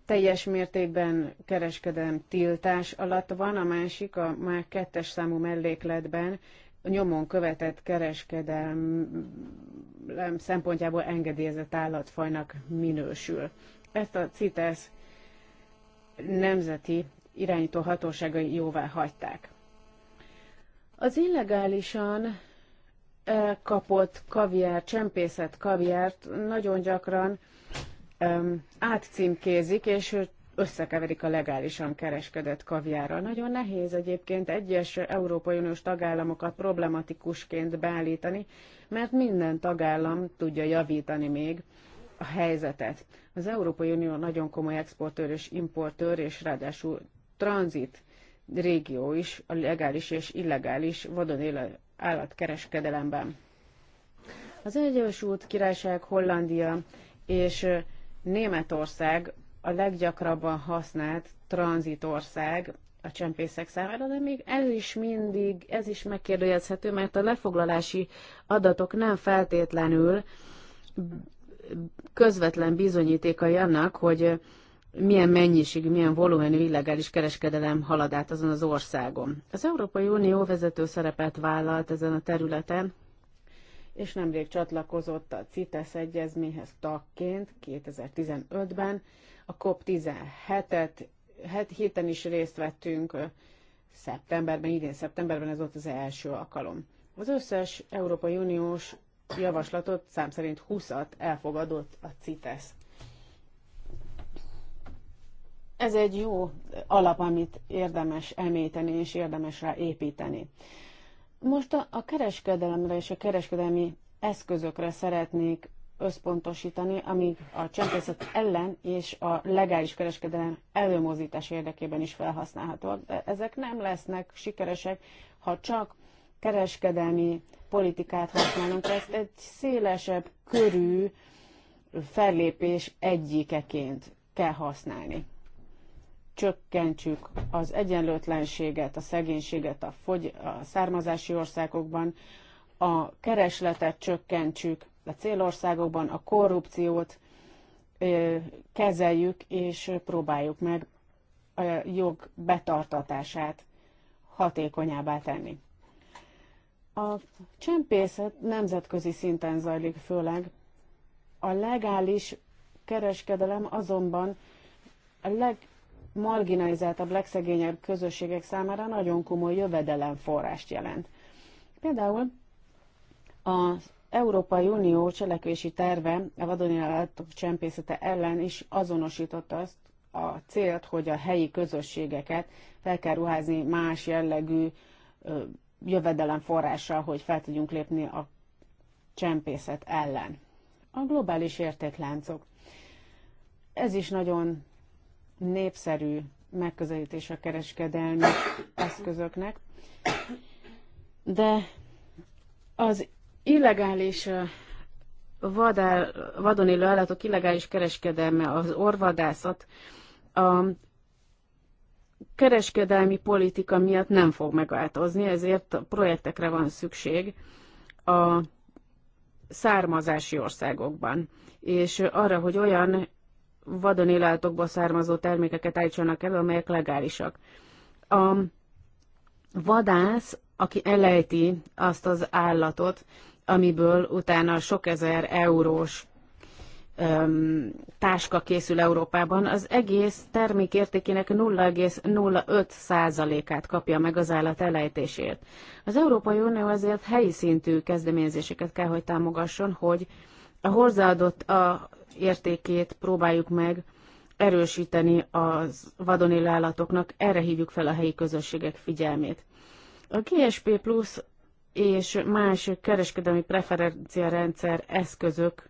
teljes mértékben kereskedem tiltás alatt van, a másik a már kettes számú mellékletben nyomon követett kereskedelem szempontjából engedélyezett állatfajnak minősül. Ezt a CITES nemzeti irányító hatóságai jóvá hagyták. Az illegálisan eh, kapott kaviár, csempészet kaviárt nagyon gyakran átcímkézik, és összekeverik a legálisan kereskedett kaviárral. Nagyon nehéz egyébként egyes Európai Uniós tagállamokat problematikusként beállítani, mert minden tagállam tudja javítani még a helyzetet. Az Európai Unió nagyon komoly exportőr és importőr, és ráadásul tranzit régió is a legális és illegális vadon élő állatkereskedelemben. Az Egyesült Királyság, Hollandia és Németország a leggyakrabban használt tranzitország a csempészek számára, de még ez is mindig, ez is megkérdőjelezhető, mert a lefoglalási adatok nem feltétlenül közvetlen bizonyítékai annak, hogy milyen mennyiség, milyen volumenű illegális kereskedelem halad át azon az országon. Az Európai Unió vezető szerepet vállalt ezen a területen, és nemrég csatlakozott a CITES egyezményhez tagként 2015-ben, a COP17-et, héten is részt vettünk, szeptemberben, idén szeptemberben ez volt az első alkalom. Az összes Európai Uniós javaslatot, szám szerint 20-at elfogadott a CITES. Ez egy jó alap, amit érdemes említeni és érdemes rá építeni. Most a, a kereskedelemre és a kereskedelmi eszközökre szeretnék összpontosítani, amíg a csempészet ellen és a legális kereskedelem előmozítás érdekében is felhasználhatóak. De ezek nem lesznek sikeresek, ha csak kereskedelmi politikát használunk. Ezt egy szélesebb körű fellépés egyikeként kell használni. Csökkentsük az egyenlőtlenséget, a szegénységet a, fogy- a származási országokban, a keresletet csökkentsük, a célországokban a korrupciót kezeljük és próbáljuk meg a jog betartatását hatékonyabbá tenni. A csempészet nemzetközi szinten zajlik főleg. A legális kereskedelem azonban a legmarginalizáltabb, legszegényebb közösségek számára nagyon komoly jövedelemforrást jelent. Például az Európai Unió cselekvési terve a vadonjállatok csempészete ellen is azonosította azt a célt, hogy a helyi közösségeket fel kell ruházni más jellegű jövedelemforrással, hogy fel tudjunk lépni a csempészet ellen. A globális értékláncok. Ez is nagyon népszerű megközelítés a kereskedelmi eszközöknek, de az illegális vadál, vadon élő állatok illegális kereskedelme, az orvadászat a kereskedelmi politika miatt nem fog megváltozni, ezért projektekre van szükség a származási országokban, és arra, hogy olyan vadon élő származó termékeket állítsanak elő, amelyek legálisak. A vadász, aki elejti azt az állatot, amiből utána sok ezer eurós öm, táska készül Európában, az egész termékértékének 0,05%-át kapja meg az állat elejtésért. Az Európai Unió azért helyi szintű kezdeményezéseket kell, hogy támogasson, hogy a hozzáadott a értékét próbáljuk meg erősíteni az vadonélő állatoknak, erre hívjuk fel a helyi közösségek figyelmét. A GSP Plus és más kereskedelmi preferenciarendszer eszközök,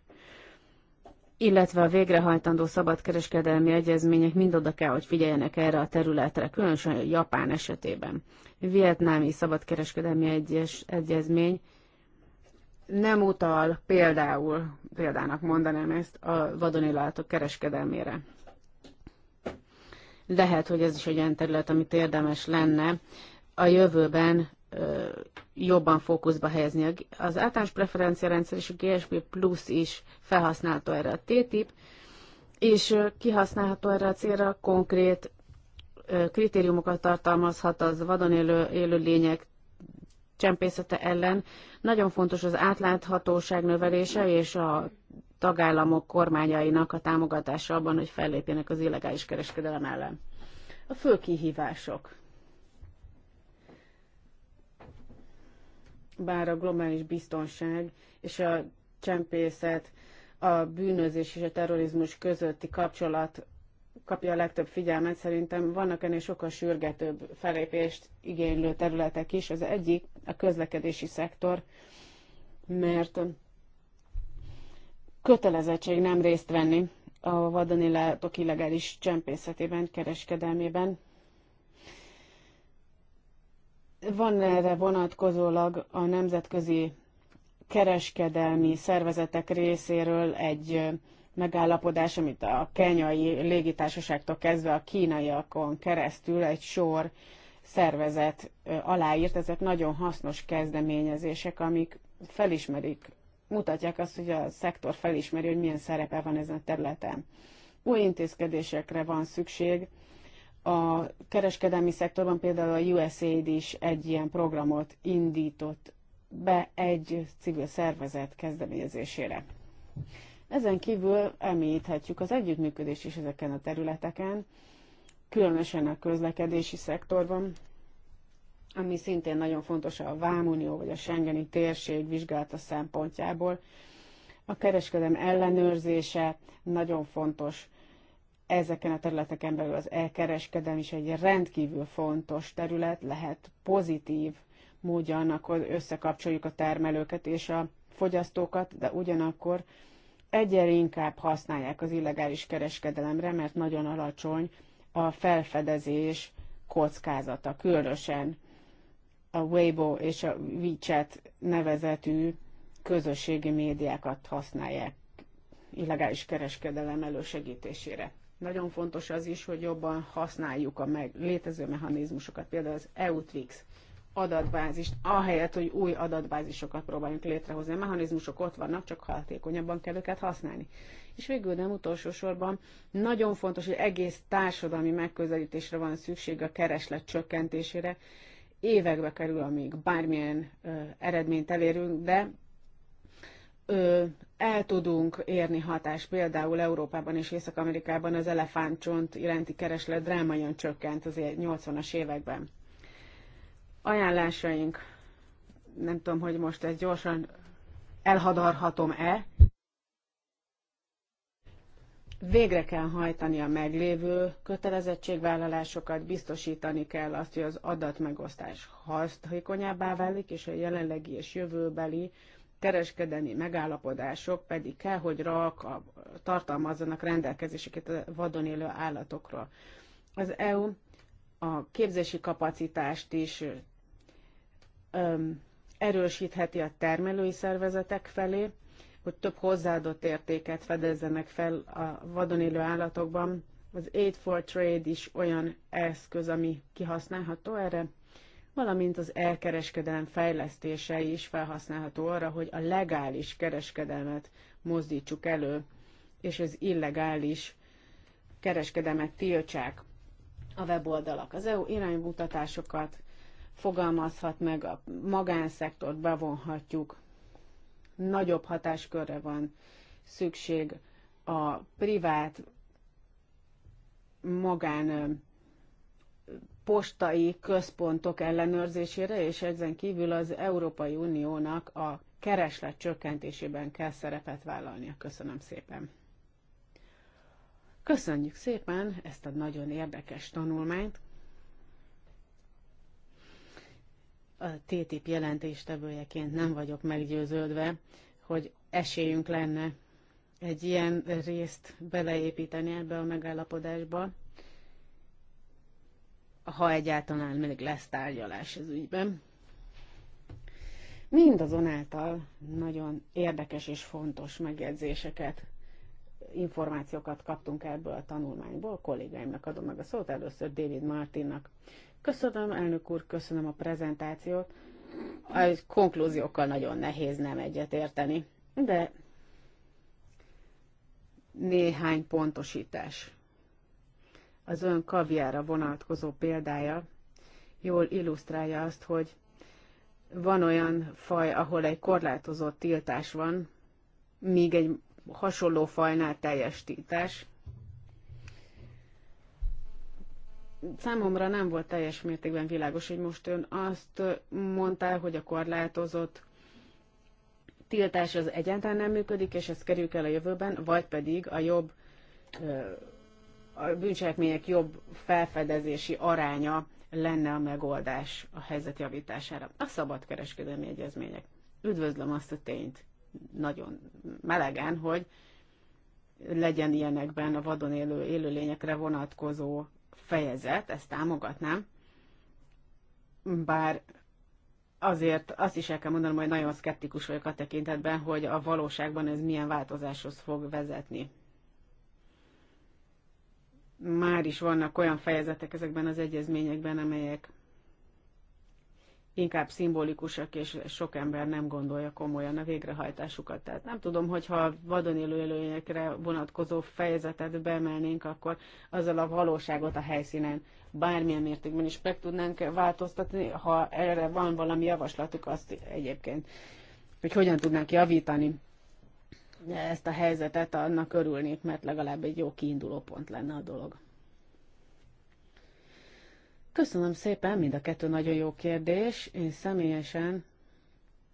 illetve a végrehajtandó szabadkereskedelmi egyezmények mind oda kell, hogy figyeljenek erre a területre, különösen a Japán esetében. Vietnámi szabadkereskedelmi egyes, egyezmény nem utal például, példának mondanám ezt, a vadonillátok kereskedelmére. Lehet, hogy ez is egy olyan terület, amit érdemes lenne a jövőben jobban fókuszba helyezni. Az általános preferencia rendszer és a GSB Plus is felhasználható erre a TTIP, és kihasználható erre a célra konkrét kritériumokat tartalmazhat az vadon élő, élő lények csempészete ellen. Nagyon fontos az átláthatóság növelése és a tagállamok kormányainak a támogatása abban, hogy fellépjenek az illegális kereskedelem ellen. A fő kihívások bár a globális biztonság és a csempészet, a bűnözés és a terrorizmus közötti kapcsolat kapja a legtöbb figyelmet, szerintem vannak ennél sokkal sürgetőbb felépést igénylő területek is. Az egyik a közlekedési szektor, mert kötelezettség nem részt venni a vadonilátok illegális csempészetében, kereskedelmében, van erre vonatkozólag a nemzetközi kereskedelmi szervezetek részéről egy megállapodás, amit a kenyai légitársaságtól kezdve a kínaiakon keresztül egy sor szervezet aláírt. Ezek nagyon hasznos kezdeményezések, amik felismerik, mutatják azt, hogy a szektor felismeri, hogy milyen szerepe van ezen a területen. Új intézkedésekre van szükség, a kereskedelmi szektorban például a USAID is egy ilyen programot indított be egy civil szervezet kezdeményezésére. Ezen kívül említhetjük az együttműködést is ezeken a területeken, különösen a közlekedési szektorban, ami szintén nagyon fontos a Vámunió vagy a Schengeni térség vizsgálata szempontjából. A kereskedelem ellenőrzése nagyon fontos ezeken a területeken belül az elkereskedelem is egy rendkívül fontos terület, lehet pozitív módja annak, hogy összekapcsoljuk a termelőket és a fogyasztókat, de ugyanakkor egyre inkább használják az illegális kereskedelemre, mert nagyon alacsony a felfedezés kockázata, különösen a Weibo és a WeChat nevezetű közösségi médiákat használják illegális kereskedelem elősegítésére. Nagyon fontos az is, hogy jobban használjuk a meg létező mechanizmusokat, például az EUTWIX adatbázist, ahelyett, hogy új adatbázisokat próbáljunk létrehozni. A mechanizmusok ott vannak, csak hatékonyabban kell őket használni. És végül nem utolsó sorban nagyon fontos, hogy egész társadalmi megközelítésre van szükség a kereslet csökkentésére. Évekbe kerül, amíg bármilyen ö, eredményt elérünk, de ö, el tudunk érni hatást. Például Európában és Észak-Amerikában az elefántcsont iránti kereslet drámaian csökkent az 80-as években. Ajánlásaink, nem tudom, hogy most ezt gyorsan elhadarhatom-e, végre kell hajtani a meglévő kötelezettségvállalásokat, biztosítani kell azt, hogy az adatmegosztás hatékonyabbá válik, és a jelenlegi és jövőbeli kereskedelmi megállapodások pedig kell, hogy rak, a, tartalmazzanak rendelkezéseket a vadon élő állatokról. Az EU a képzési kapacitást is öm, erősítheti a termelői szervezetek felé, hogy több hozzáadott értéket fedezzenek fel a vadon élő állatokban. Az Aid for Trade is olyan eszköz, ami kihasználható erre valamint az elkereskedelem fejlesztése is felhasználható arra, hogy a legális kereskedelmet mozdítsuk elő, és az illegális kereskedelmet tiltsák a weboldalak. Az EU iránymutatásokat fogalmazhat meg, a magánszektort bevonhatjuk, nagyobb hatáskörre van szükség a privát magán postai központok ellenőrzésére, és ezen kívül az Európai Uniónak a kereslet csökkentésében kell szerepet vállalnia. Köszönöm szépen! Köszönjük szépen ezt a nagyon érdekes tanulmányt. A TTIP jelentéstevőjeként nem vagyok meggyőződve, hogy esélyünk lenne egy ilyen részt beleépíteni ebbe a megállapodásba, ha egyáltalán még lesz tárgyalás az ügyben. Mindazonáltal nagyon érdekes és fontos megjegyzéseket, információkat kaptunk ebből a tanulmányból. A kollégáimnak adom meg a szót, először David Martinnak. Köszönöm, elnök úr, köszönöm a prezentációt. A konklúziókkal nagyon nehéz nem egyet érteni, de néhány pontosítás az ön kaviára vonatkozó példája jól illusztrálja azt, hogy van olyan faj, ahol egy korlátozott tiltás van, míg egy hasonló fajnál teljes tiltás. Számomra nem volt teljes mértékben világos, hogy most ön azt mondta, hogy a korlátozott tiltás az egyáltalán nem működik, és ez kerüljük el a jövőben, vagy pedig a jobb a bűncselekmények jobb felfedezési aránya lenne a megoldás a helyzet javítására. A szabadkereskedelmi egyezmények. Üdvözlöm azt a tényt nagyon melegen, hogy legyen ilyenekben a vadon élő élőlényekre vonatkozó fejezet, ezt támogatnám. Bár azért azt is el kell mondanom, hogy nagyon szkeptikus vagyok a tekintetben, hogy a valóságban ez milyen változáshoz fog vezetni már is vannak olyan fejezetek ezekben az egyezményekben, amelyek inkább szimbolikusak, és sok ember nem gondolja komolyan a végrehajtásukat. Tehát nem tudom, hogyha vadon élő élőlényekre vonatkozó fejezetet beemelnénk, akkor azzal a valóságot a helyszínen bármilyen mértékben is meg tudnánk változtatni, ha erre van valami javaslatuk, azt egyébként, hogy hogyan tudnánk javítani ezt a helyzetet, annak örülnék, mert legalább egy jó kiinduló pont lenne a dolog. Köszönöm szépen, mind a kettő nagyon jó kérdés. Én személyesen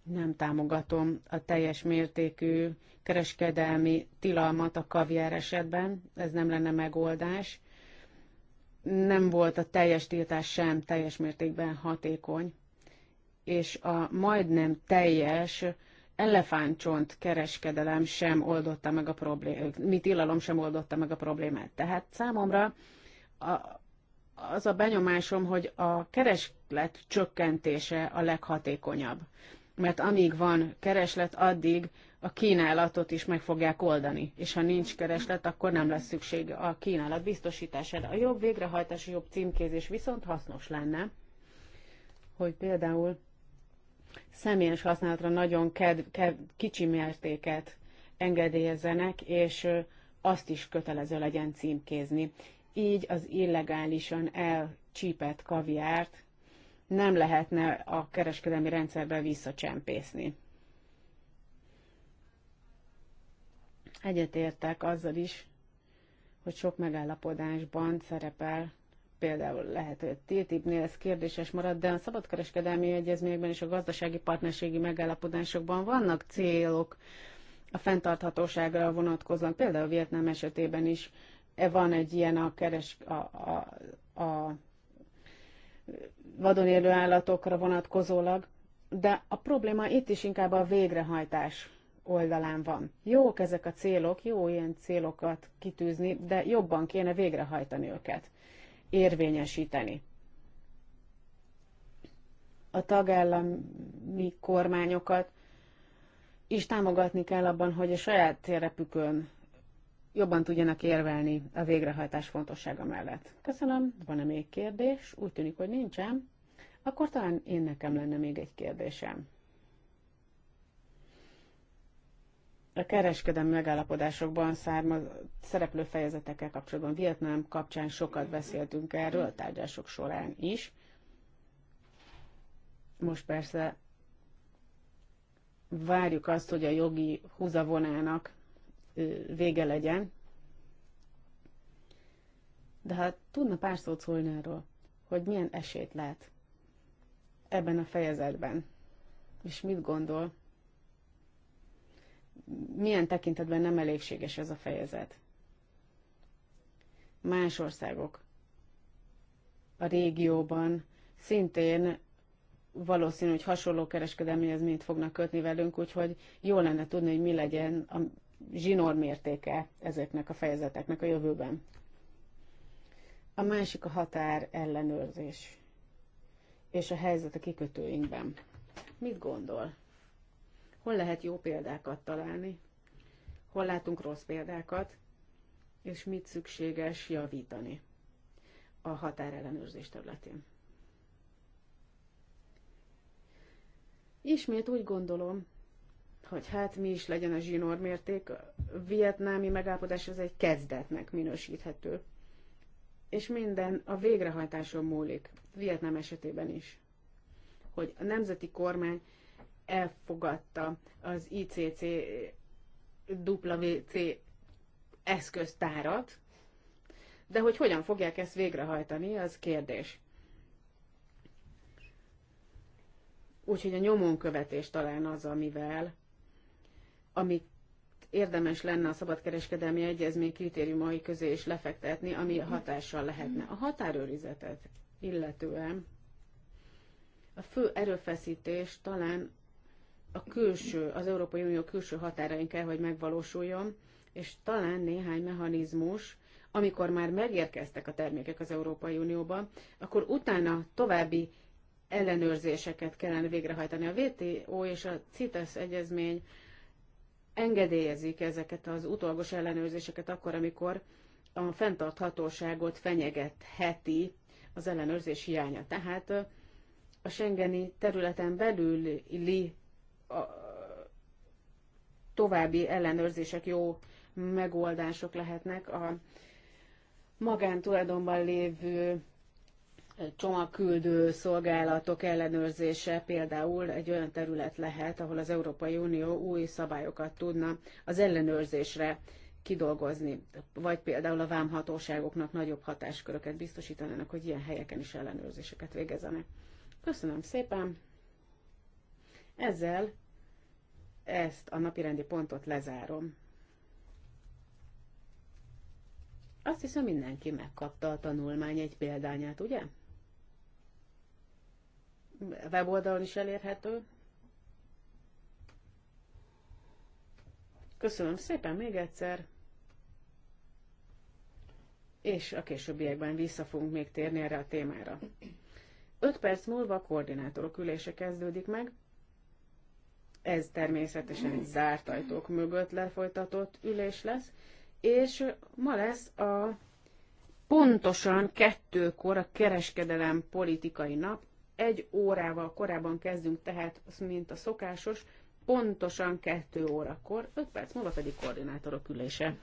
nem támogatom a teljes mértékű kereskedelmi tilalmat a kaviár esetben, ez nem lenne megoldás. Nem volt a teljes tiltás sem teljes mértékben hatékony, és a majdnem teljes elefántcsont kereskedelem sem oldotta meg a problémát, mi tilalom sem oldotta meg a problémát. Tehát számomra a, az a benyomásom, hogy a kereslet csökkentése a leghatékonyabb. Mert amíg van kereslet, addig a kínálatot is meg fogják oldani. És ha nincs kereslet, akkor nem lesz szükség a kínálat biztosítására. A jobb végrehajtás, a jobb címkézés viszont hasznos lenne, hogy például személyes használatra nagyon ked, ked, kicsi mértéket engedélyezzenek, és azt is kötelező legyen címkézni. Így az illegálisan elcsípett kaviárt nem lehetne a kereskedelmi rendszerbe visszacsempészni. Egyetértek azzal is, hogy sok megállapodásban szerepel például lehet, hogy TTIP-nél ez kérdéses marad, de a szabadkereskedelmi egyezményekben és a gazdasági partnerségi megállapodásokban vannak célok a fenntarthatóságra vonatkozóan, például a Vietnám esetében is e van egy ilyen a, keres, a, a, a vadon élő állatokra vonatkozólag, de a probléma itt is inkább a végrehajtás oldalán van. Jók ezek a célok, jó ilyen célokat kitűzni, de jobban kéne végrehajtani őket érvényesíteni. A tagállami kormányokat is támogatni kell abban, hogy a saját térrepükön jobban tudjanak érvelni a végrehajtás fontossága mellett. Köszönöm, van-e még kérdés? Úgy tűnik, hogy nincsen. Akkor talán én nekem lenne még egy kérdésem. a kereskedelmi megállapodásokban származ, szereplő fejezetekkel kapcsolatban Vietnám kapcsán sokat beszéltünk erről a tárgyások során is. Most persze várjuk azt, hogy a jogi húzavonának vége legyen, de hát tudna pár szót szólni arról, hogy milyen esélyt lát ebben a fejezetben, és mit gondol milyen tekintetben nem elégséges ez a fejezet. Más országok a régióban szintén valószínű, hogy hasonló kereskedelmihez mint fognak kötni velünk, úgyhogy jó lenne tudni, hogy mi legyen a zsinór mértéke ezeknek a fejezeteknek a jövőben. A másik a határ ellenőrzés és a helyzet a kikötőinkben. Mit gondol? hol lehet jó példákat találni, hol látunk rossz példákat, és mit szükséges javítani a határellenőrzés területén. Ismét úgy gondolom, hogy hát mi is legyen a zsinórmérték, a vietnámi megállapodás az egy kezdetnek minősíthető. És minden a végrehajtáson múlik, Vietnám esetében is. Hogy a nemzeti kormány elfogadta az ICC WC eszköztárat, de hogy hogyan fogják ezt végrehajtani, az kérdés. Úgyhogy a nyomonkövetés talán az, amivel, amit érdemes lenne a szabadkereskedelmi egyezmény kritériumai közé is lefektetni, ami hatással lehetne. A határőrizetet illetően a fő erőfeszítés talán a külső, az Európai Unió külső határain kell, hogy megvalósuljon, és talán néhány mechanizmus, amikor már megérkeztek a termékek az Európai Unióba, akkor utána további ellenőrzéseket kellene végrehajtani. A VTO és a CITES egyezmény engedélyezik ezeket az utolgos ellenőrzéseket akkor, amikor a fenntarthatóságot fenyegetheti az ellenőrzés hiánya. Tehát a Schengeni területen belüli a további ellenőrzések jó megoldások lehetnek a magántulajdonban lévő csomagküldő szolgálatok ellenőrzése például egy olyan terület lehet, ahol az Európai Unió új szabályokat tudna az ellenőrzésre kidolgozni, vagy például a vámhatóságoknak nagyobb hatásköröket biztosítanának, hogy ilyen helyeken is ellenőrzéseket végezzenek. Köszönöm szépen! Ezzel ezt a napirendi pontot lezárom. Azt hiszem mindenki megkapta a tanulmány egy példányát, ugye? Weboldalon is elérhető. Köszönöm szépen még egyszer, és a későbbiekben vissza fogunk még térni erre a témára. Öt perc múlva a koordinátorok ülése kezdődik meg, ez természetesen egy zárt ajtók mögött lefolytatott ülés lesz, és ma lesz a pontosan kettőkor a kereskedelem politikai nap. Egy órával korábban kezdünk tehát, mint a szokásos, pontosan kettő órakor, öt perc múlva pedig koordinátorok ülése.